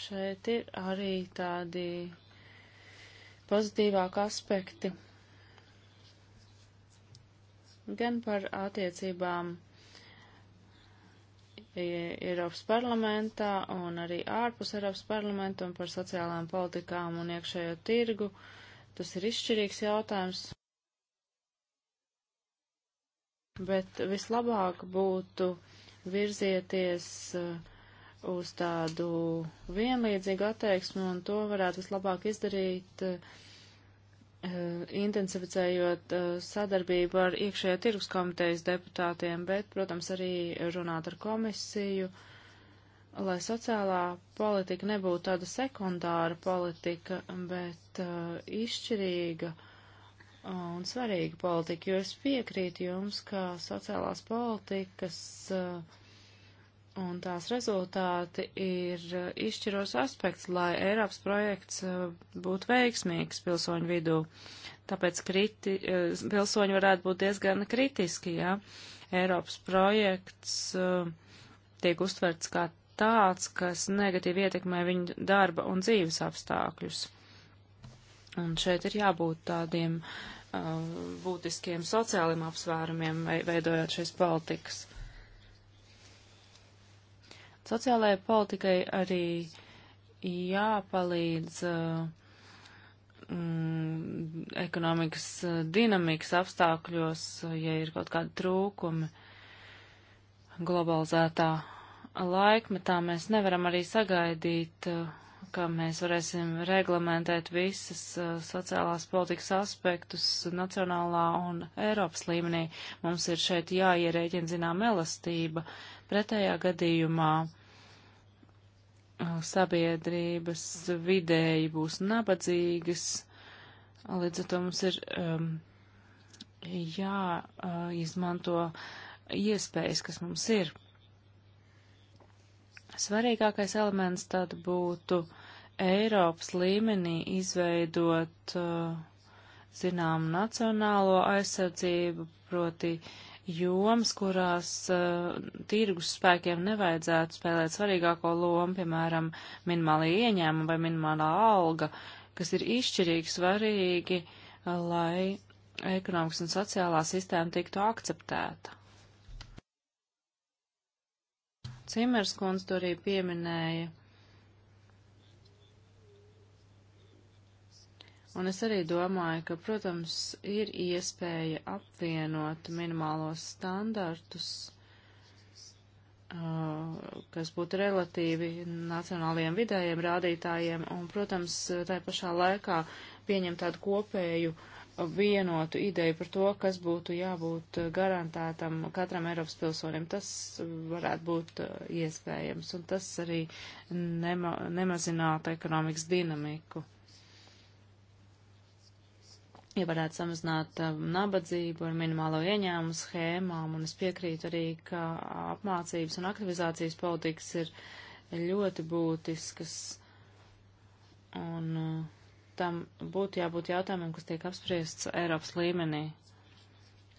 S2: šeit ir arī tādi pozitīvāki aspekti. Gan par attiecībām Eiropas parlamentā un arī ārpus Eiropas parlamenta un par sociālām politikām un iekšējo tirgu. Tas ir izšķirīgs jautājums. Bet vislabāk būtu virzieties uh, uz tādu vienlīdzīgu attieksmi, un to varētu vislabāk izdarīt uh, Uh, intensificējot uh, sadarbību ar iekšējā tirgus komitejas deputātiem, bet, protams, arī runāt ar komisiju, lai sociālā politika nebūtu tāda sekundāra politika, bet uh, izšķirīga uh, un svarīga politika, jo es piekrītu jums, ka sociālās politikas uh, un tās rezultāti ir e, izšķiros aspekts, lai Eiropas projekts e, būtu veiksmīgs pilsoņu vidū. Tāpēc kriti, e, pilsoņi varētu būt diezgan kritiski, ja Eiropas projekts tiek uztverts kā tāds, kas negatīvi ietekmē viņu darba un dzīves apstākļus. Un šeit ir jābūt tādiem uh, būtiskiem sociāliem apsvērumiem, veidojot šīs politikas. Sociālajai politikai arī jāpalīdz eh, mm, ekonomikas eh, dinamikas apstākļos, ja ir kaut kādi trūkumi globalizētā laikmetā. Mēs nevaram arī sagaidīt, eh, ka mēs varēsim reglamentēt visas sociālās politikas aspektus nacionālā un Eiropas līmenī. Mums ir šeit jāierēķina zinām elastība. Pretējā gadījumā sabiedrības vidēji būs nabadzīgas, līdz ar to mums ir um, jāizmanto uh, iespējas, kas mums ir. Svarīgākais elements tad būtu Eiropas līmenī izveidot uh, zinām nacionālo aizsardzību, proti uh, joms, kurās uh, tirgus spēkiem nevajadzētu spēlēt svarīgāko lomu, piemēram, minimālī ieņēmuma vai minimālā alga, kas ir izšķirīgi svarīgi, eh, lai ekonomikas un sociālā sistēma tiktu akceptēta. Cimers kundze to arī pieminēja Un es arī domāju, ka, protams, ir iespēja apvienot minimālos standartus, kas būtu relatīvi nacionālajiem vidējiem rādītājiem, un, protams, tā pašā laikā pieņemt tādu kopēju vienotu ideju par to, kas būtu jābūt garantētam katram Eiropas pilsonim. Tas varētu būt iespējams, un tas arī nema, nemazinātu ekonomikas dinamiku ja varētu samazināt um, nabadzību ar minimālo ieņēmumu schēmām, un es piekrītu arī, ka apmācības un aktivizācijas politikas ir ļoti būtiskas, un uh, tam būtu jābūt jautājumam, kas tiek apspriests Eiropas līmenī.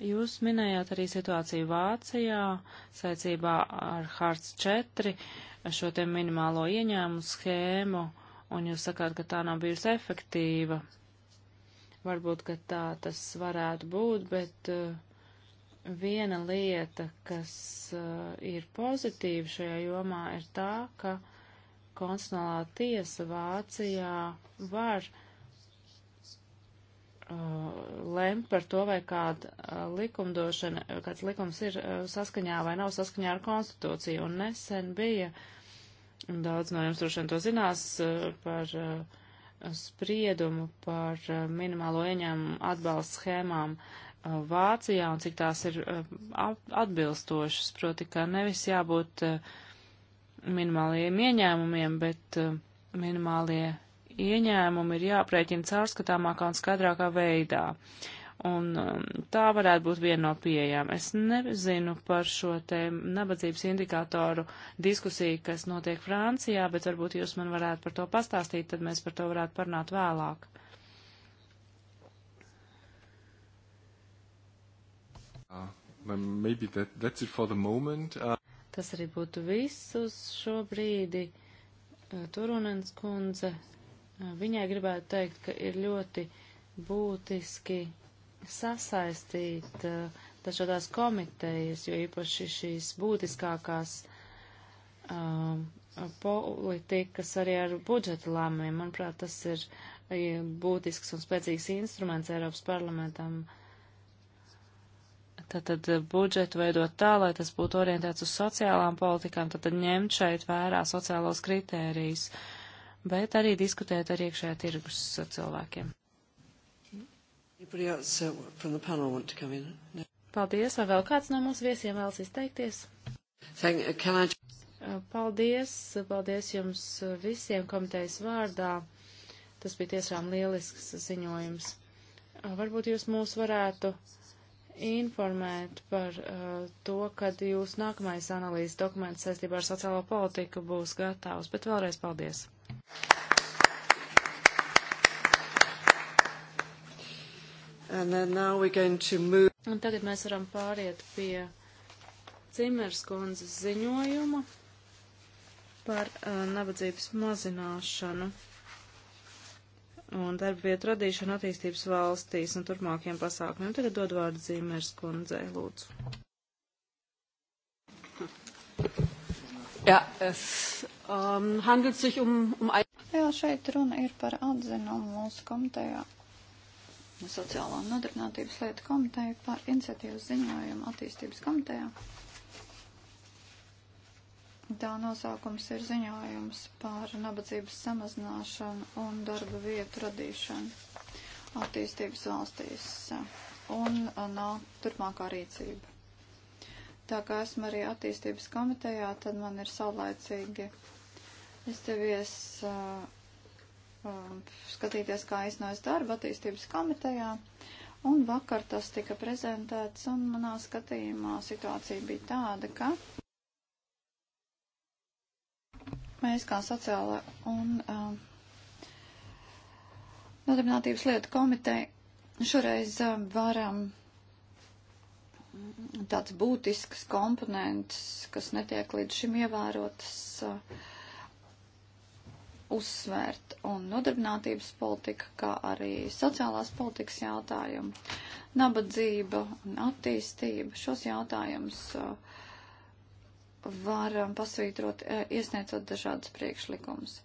S2: Jūs minējāt arī situāciju Vācijā saistībā ar Hartz 4, šo te minimālo ieņēmumu schēmu, un jūs sakāt, ka tā nav bijusi efektīva Varbūt, ka tā tas varētu būt, bet uh, viena lieta, kas uh, ir pozitīva šajā jomā, ir tā, ka konstitucionālā tiesa Vācijā var uh, lemt par to, vai kāda uh, likumdošana, kāds likums ir uh, saskaņā vai nav saskaņā ar konstitūciju. Un nesen bija, un daudz no jums droši vien to zinās, uh, par spriedumu par eh, minimālo ieņēmumu atbalstu schēmām eh, Vācijā un cik tās ir eh, atbilstošas, proti, ka nevis jābūt minimālajiem ieņēmumiem, bet minimālie ieņēmumi ir jāprēķina caurskatāmākā un skaidrākā veidā. Uh, Un um, tā varētu būt viena no pieejām. Es nezinu par šo te nabadzības indikātoru diskusiju, kas notiek Francijā, bet varbūt jūs man varētu par to pastāstīt, tad mēs par to varētu parunāt vēlāk. Uh, maybe that, that's it for the moment. Uh... Tas arī būtu viss uz šo brīdi. Uh, Turunens kundze, uh, viņai gribētu teikt, ka ir ļoti būtiski sasaistīt uh, dažādās komitejas, jo īpaši šīs būtiskākās uh, politikas arī ar budžeta lēmumiem. Manuprāt, tas ir eh, būtisks un spēcīgs instruments Eiropas parlamentam. Tātad eh, budžetu veidot tā, lai tas būtu orientēts uz sociālām politikām, tātad ņemt šeit vērā sociālos kritērijus, bet arī diskutēt ar iekšējā tirgus cilvēkiem. Uh, paldies, vai vēl kāds no mūsu viesiem vēlas izteikties? Uh, uh, paldies, paldies jums visiem komitejas vārdā. Tas bija tiešām lielisks ziņojums. Varbūt jūs mūs varētu informēt par uh, to, kad jūs nākamais analīzes dokuments saistībā ar sociālo politiku būs gatavs, bet vēlreiz paldies! Un tagad mēs varam pāriet pie Cimers kundzes ziņojuma par uh, nabadzības mazināšanu un darba vietu radīšanu attīstības valstīs un turpmākiem pasākumiem. Tagad dod vārdu Zīmērs kundzei, lūdzu.
S3: Jā, es, um, handelt sich um, um... Jā, šeit runa ir par atzinumu mūsu komitejā Sociālā un nodarbinātības lieta komiteja par iniciatīvas ziņojumu attīstības komitejā. Tā nosaukums ir ziņojums par nabadzības samazināšanu un darba vietu radīšanu attīstības valstīs un no turpmākā rīcība. Tā kā esmu arī attīstības komitejā, tad man ir saulaicīgi izdevies uh, skatīties, kā iznojas darba attīstības komitejā. Un vakar tas tika prezentēts, un manā skatījumā situācija bija tāda, ka mēs kā sociāla un uh, nodarbinātības lieta komiteja šoreiz uh, varam tāds būtisks komponents, kas netiek līdz šim ievērotas. Uh, uzsvērt un nodarbinātības politika, kā arī sociālās politikas jautājumu, nabadzība un attīstība. Šos jautājumus uh, varam pasvītrot, uh, iesniedzot dažādas priekšlikumus.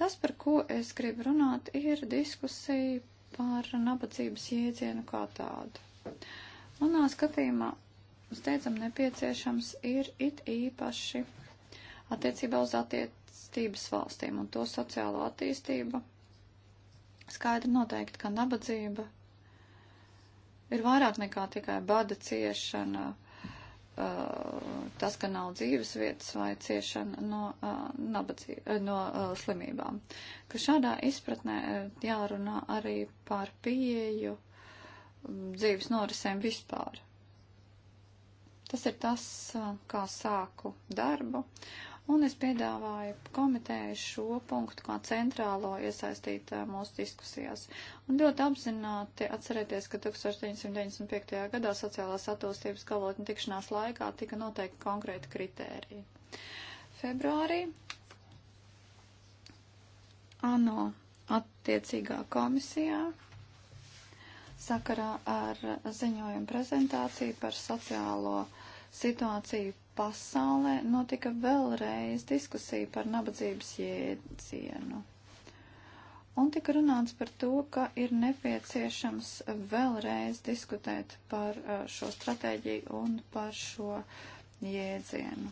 S3: Tas, par ko es gribu runāt, ir diskusija par nabadzības jēdzienu kā tādu. Manā skatījumā steidzam nepieciešams ir it īpaši attiecībā uz attiec attīstības valstīm un to sociālo attīstību. Skaidri noteikti, ka nabadzība ir vairāk nekā tikai bada ciešana, uh, tas, ka nav dzīves vietas vai ciešana no, uh, nabadzī, uh, no slimībām. Ka šādā izpratnē jārunā arī par pieeju um, dzīves norisēm vispār. Tas ir tas, kā sāku darbu, Un es piedāvāju komiteju šo punktu kā centrālo iesaistīt eh, mūsu diskusijās. Un ļoti apzināti atcerēties, ka 1995. gadā sociālās attīstības galotņu tikšanās laikā tika noteikti konkrēti kritēriji. Februārī ANO attiecīgā komisijā sakarā ar ziņojumu prezentāciju par sociālo situāciju pasaulē notika vēlreiz diskusija par nabadzības jēdzienu. Un tika runāts par to, ka ir nepieciešams vēlreiz diskutēt par uh, šo stratēģiju un par šo jēdzienu.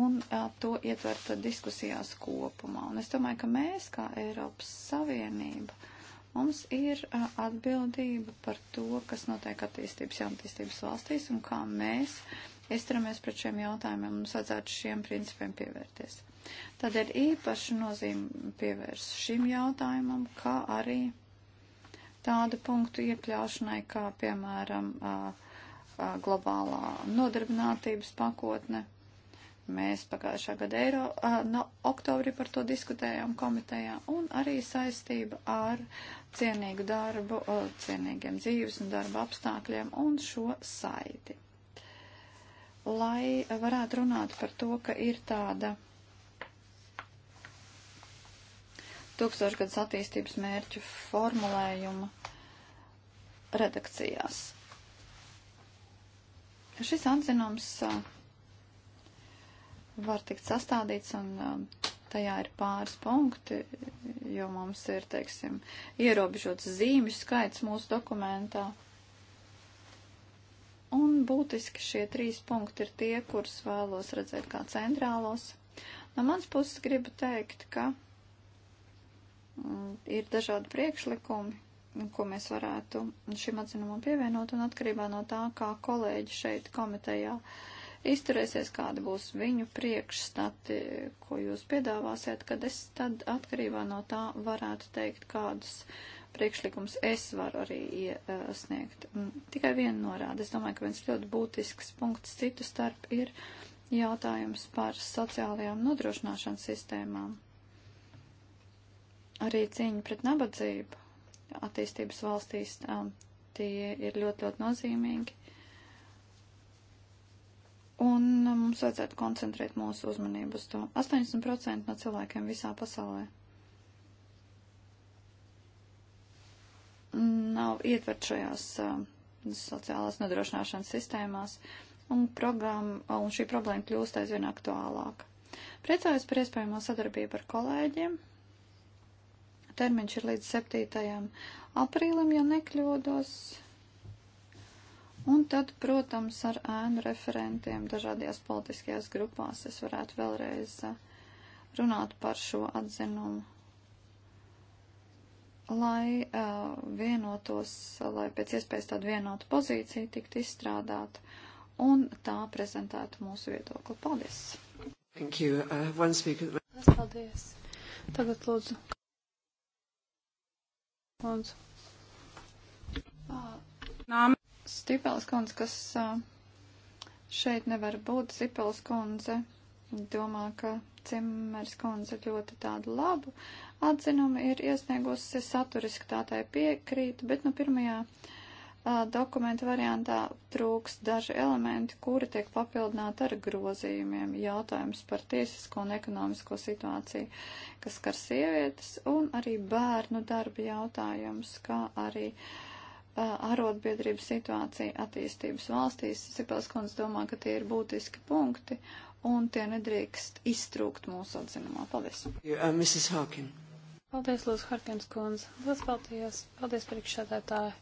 S3: Un a, uh, to ietvert diskusijās kopumā. Un es domāju, ka mēs, kā Eiropas Savienība, mums ir a, uh, atbildība par to, kas notiek attīstības jaunatīstības valstīs un kā mēs uh, izturamies pret šiem jautājumiem, mums vajadzētu šiem principiem pievērties. Tad ir īpaši nozīme pievērst šim jautājumam, kā arī tādu punktu iekļaušanai, kā piemēram a, a, globālā nodarbinātības pakotne. Mēs pagājušā gada eiro, a, no oktobrī par to diskutējām komitejā un arī saistība ar cienīgu darbu, cienīgiem dzīves un darba apstākļiem un šo saiti lai varētu runāt par to, ka ir tāda tūkstošgadus attīstības mērķu formulējuma redakcijās. Šis atzinums uh, var tikt sastādīts un uh, tajā ir pāris punkti, jo mums ir, teiksim, ierobežots zīmju skaits mūsu dokumentā. Un būtiski šie trīs punkti ir tie, kurus vēlos redzēt kā centrālos. No mans puses gribu teikt, ka mm, ir dažādi priekšlikumi, ko mēs varētu šim atzinumam pievienot, un atkarībā no tā, kā kolēģi šeit komitejā izturēsies, kādi būs viņu priekšstati, ko jūs piedāvāsiet, kad es tad atkarībā no tā varētu teikt, kādus priekšlikums es varu arī iesniegt. Tikai vienu norādu. Es domāju, ka viens ļoti būtisks punkts citu starp ir jautājums par sociālajām nodrošināšanas sistēmām. Arī cīņa pret nabadzību attīstības valstīs um, tie ir ļoti, ļoti nozīmīgi. Un um, mums vajadzētu koncentrēt mūsu uzmanību uz to. 80% no cilvēkiem visā pasaulē nav ietvert šajās uh, sociālās nodrošināšanas sistēmās, un, programma, eh, un šī problēma kļūst aizvien aktuālāka. Priecājos par iespējamo sadarbību ar kolēģiem. Termiņš ir līdz 7. aprīlim, ja nekļūdos. Un tad, protams, ar ēnu referentiem dažādajās politiskajās grupās es varētu vēlreiz eh, runāt par šo atzinumu lai uh, vienotos, lai pēc iespējas tāda vienota pozīcija tiktu izstrādāta un tā prezentētu mūsu viedokli. Paldies! Thank you. Uh, one speaker. Paldies. Tagad lūdzu. Lūdzu. Nām. Stipelis kundze, kas šeit nevar būt, Stipelis kundze domā, ka Cimers kundze ļoti tādu labu atzinumu ir iesniegusi saturiski tā tai piekrīt, bet nu pirmajā a, dokumenta variantā trūks daži elementi, kuri tiek papildināti ar grozījumiem. Jautājums par tiesisko un ekonomisko situāciju, kas skar sievietes, un arī bērnu darba jautājums, kā arī a, arotbiedrību situācija attīstības valstīs. Sipels kundze domā, ka tie ir būtiski punkti un tie nedrīkst iztrūkt mūsu atzinumā. Paldies!
S2: Yeah, uh, Mrs. Harkin.
S1: Paldies, Lūdzu, Harkins kundze. Lielas paldies. Paldies, priekšsēdētāji.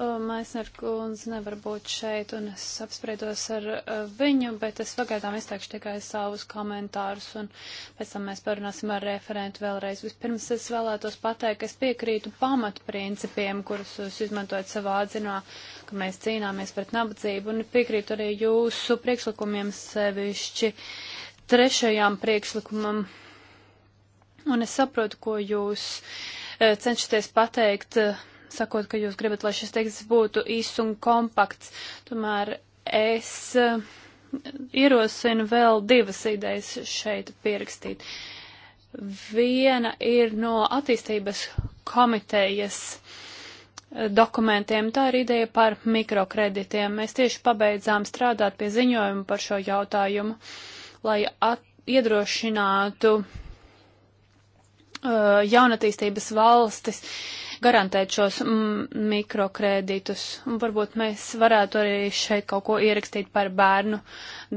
S1: Maisner kundze nevar būt šeit, un es apspriedos ar e, viņu, bet es pagaidām izteikšu tikai savus komentārus, un pēc tam mēs parunāsim ar referentu vēlreiz. Vispirms es vēlētos pateikt, ka es piekrītu pamatprincipiem, kurus jūs izmantojat savā atzinā, ka mēs cīnāmies pret nabadzību, un piekrītu arī jūsu priekšlikumiem sevišķi trešajām priekšlikumam. Un es saprotu, ko jūs e, cenšaties pateikt. Uh, sakot, ka jūs gribat, lai šis teksts būtu īss un kompakts. Tomēr es eh, ierosinu vēl divas idejas šeit pierakstīt. Viena ir no attīstības komitejas eh, dokumentiem. Tā ir ideja par mikrokreditiem. Mēs tieši pabeidzām strādāt pie ziņojuma par šo jautājumu, lai iedrošinātu uh, jaunatīstības valstis uh, garantēt šos mm, mikrokrēdītus. Un varbūt mēs varētu arī šeit kaut ko ierakstīt par bērnu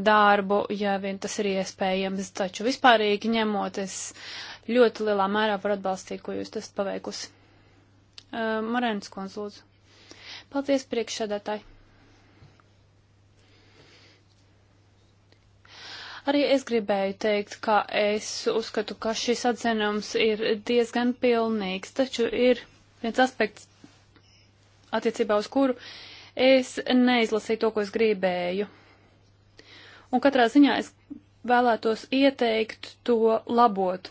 S1: darbu, ja vien tas ir iespējams. Taču vispārīgi ņemot, es ļoti lielā mērā varu atbalstīt, ko jūs esat paveikusi. Uh, Marēnas kundze, lūdzu. Paldies priekšsēdētāji. Arī es gribēju teikt, ka es uzskatu, ka šis atzinums ir diezgan pilnīgs, taču ir viens aspekts, attiecībā uz kuru es neizlasīju to, ko es gribēju. Un katrā ziņā es vēlētos ieteikt to labot.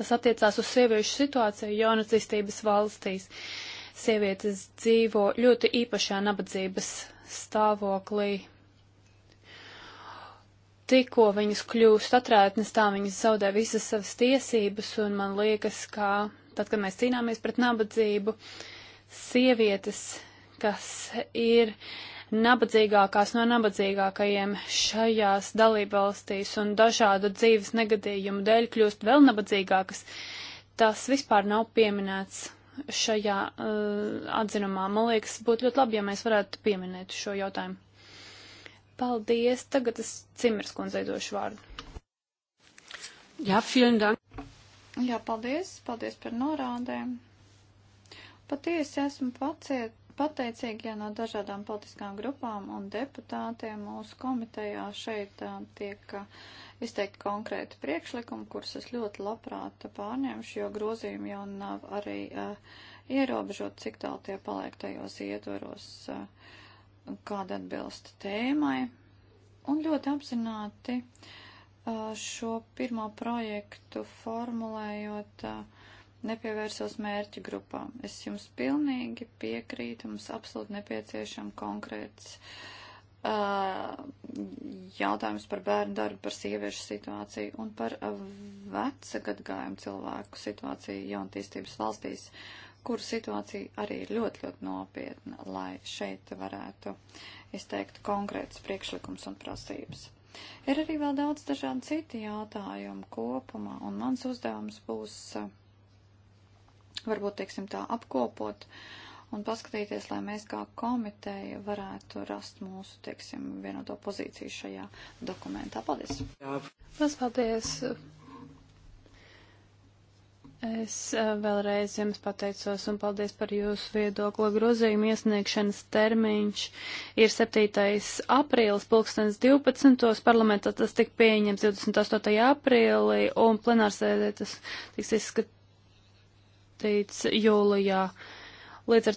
S1: Tas attiecās uz sieviešu situāciju jaunacistības valstīs. Sievietes dzīvo ļoti īpašā nabadzības stāvoklī. Tikko viņas kļūst atrētnes, tā viņas zaudē visas savas tiesības, un man liekas, ka tad, kad mēs cīnāmies pret nabadzību, sievietes, kas ir nabadzīgākās no nabadzīgākajiem šajās dalībvalstīs un dažādu dzīves negadījumu dēļ kļūst vēl nabadzīgākas, tas vispār nav pieminēts šajā uh, atzinumā. Man liekas, būtu ļoti labi, ja mēs varētu pieminēt šo jautājumu. Paldies. Tagad es Cimers kundzei došu vārdu. Jā, ja, vielen dank.
S3: Jā, paldies, paldies par norādēm. Patiesi esmu paciet, pateicīgi, ja no dažādām politiskām grupām un deputātiem mūsu komitejā šeit tiek izteikti konkrēti priekšlikumi, kurus es ļoti labprāt pārņemšu, jo grozījumi jau nav arī uh, ierobežot, cik tālu tie paliek tajos ietvaros, uh, kāda atbilst tēmai. Un ļoti apzināti. Uh, šo pirmo projektu formulējot nepievērsos mērķu grupām. Es jums pilnīgi piekrītu, mums absolūti nepieciešama konkrēts uh, jautājums par bērnu darbu, par sieviešu situāciju un par veca gadgājumu cilvēku situāciju jaunatīstības valstīs, kur situācija arī ir ļoti, ļoti nopietna, lai šeit varētu izteikt konkrētas priekšlikums un prasības. Ir arī vēl daudz dažādu citu jautājumu kopumā, un mans uzdevums būs, eh, varbūt, teiksim, tā apkopot un paskatīties, lai mēs kā komiteja varētu rast mūsu, teiksim, vienoto pozīciju šajā dokumentā. Paldies! Jā. Paldies! Es eh, vēlreiz
S1: jums pateicos un paldies par jūsu viedoklo grozījumu. Iesniegšanas termiņš ir 7. aprīlis, pulkstens 12. parlamentā tas tika pieņems 28. aprīlī un plenārsēdē tas tiks izskatīts jūlijā. Līdz ar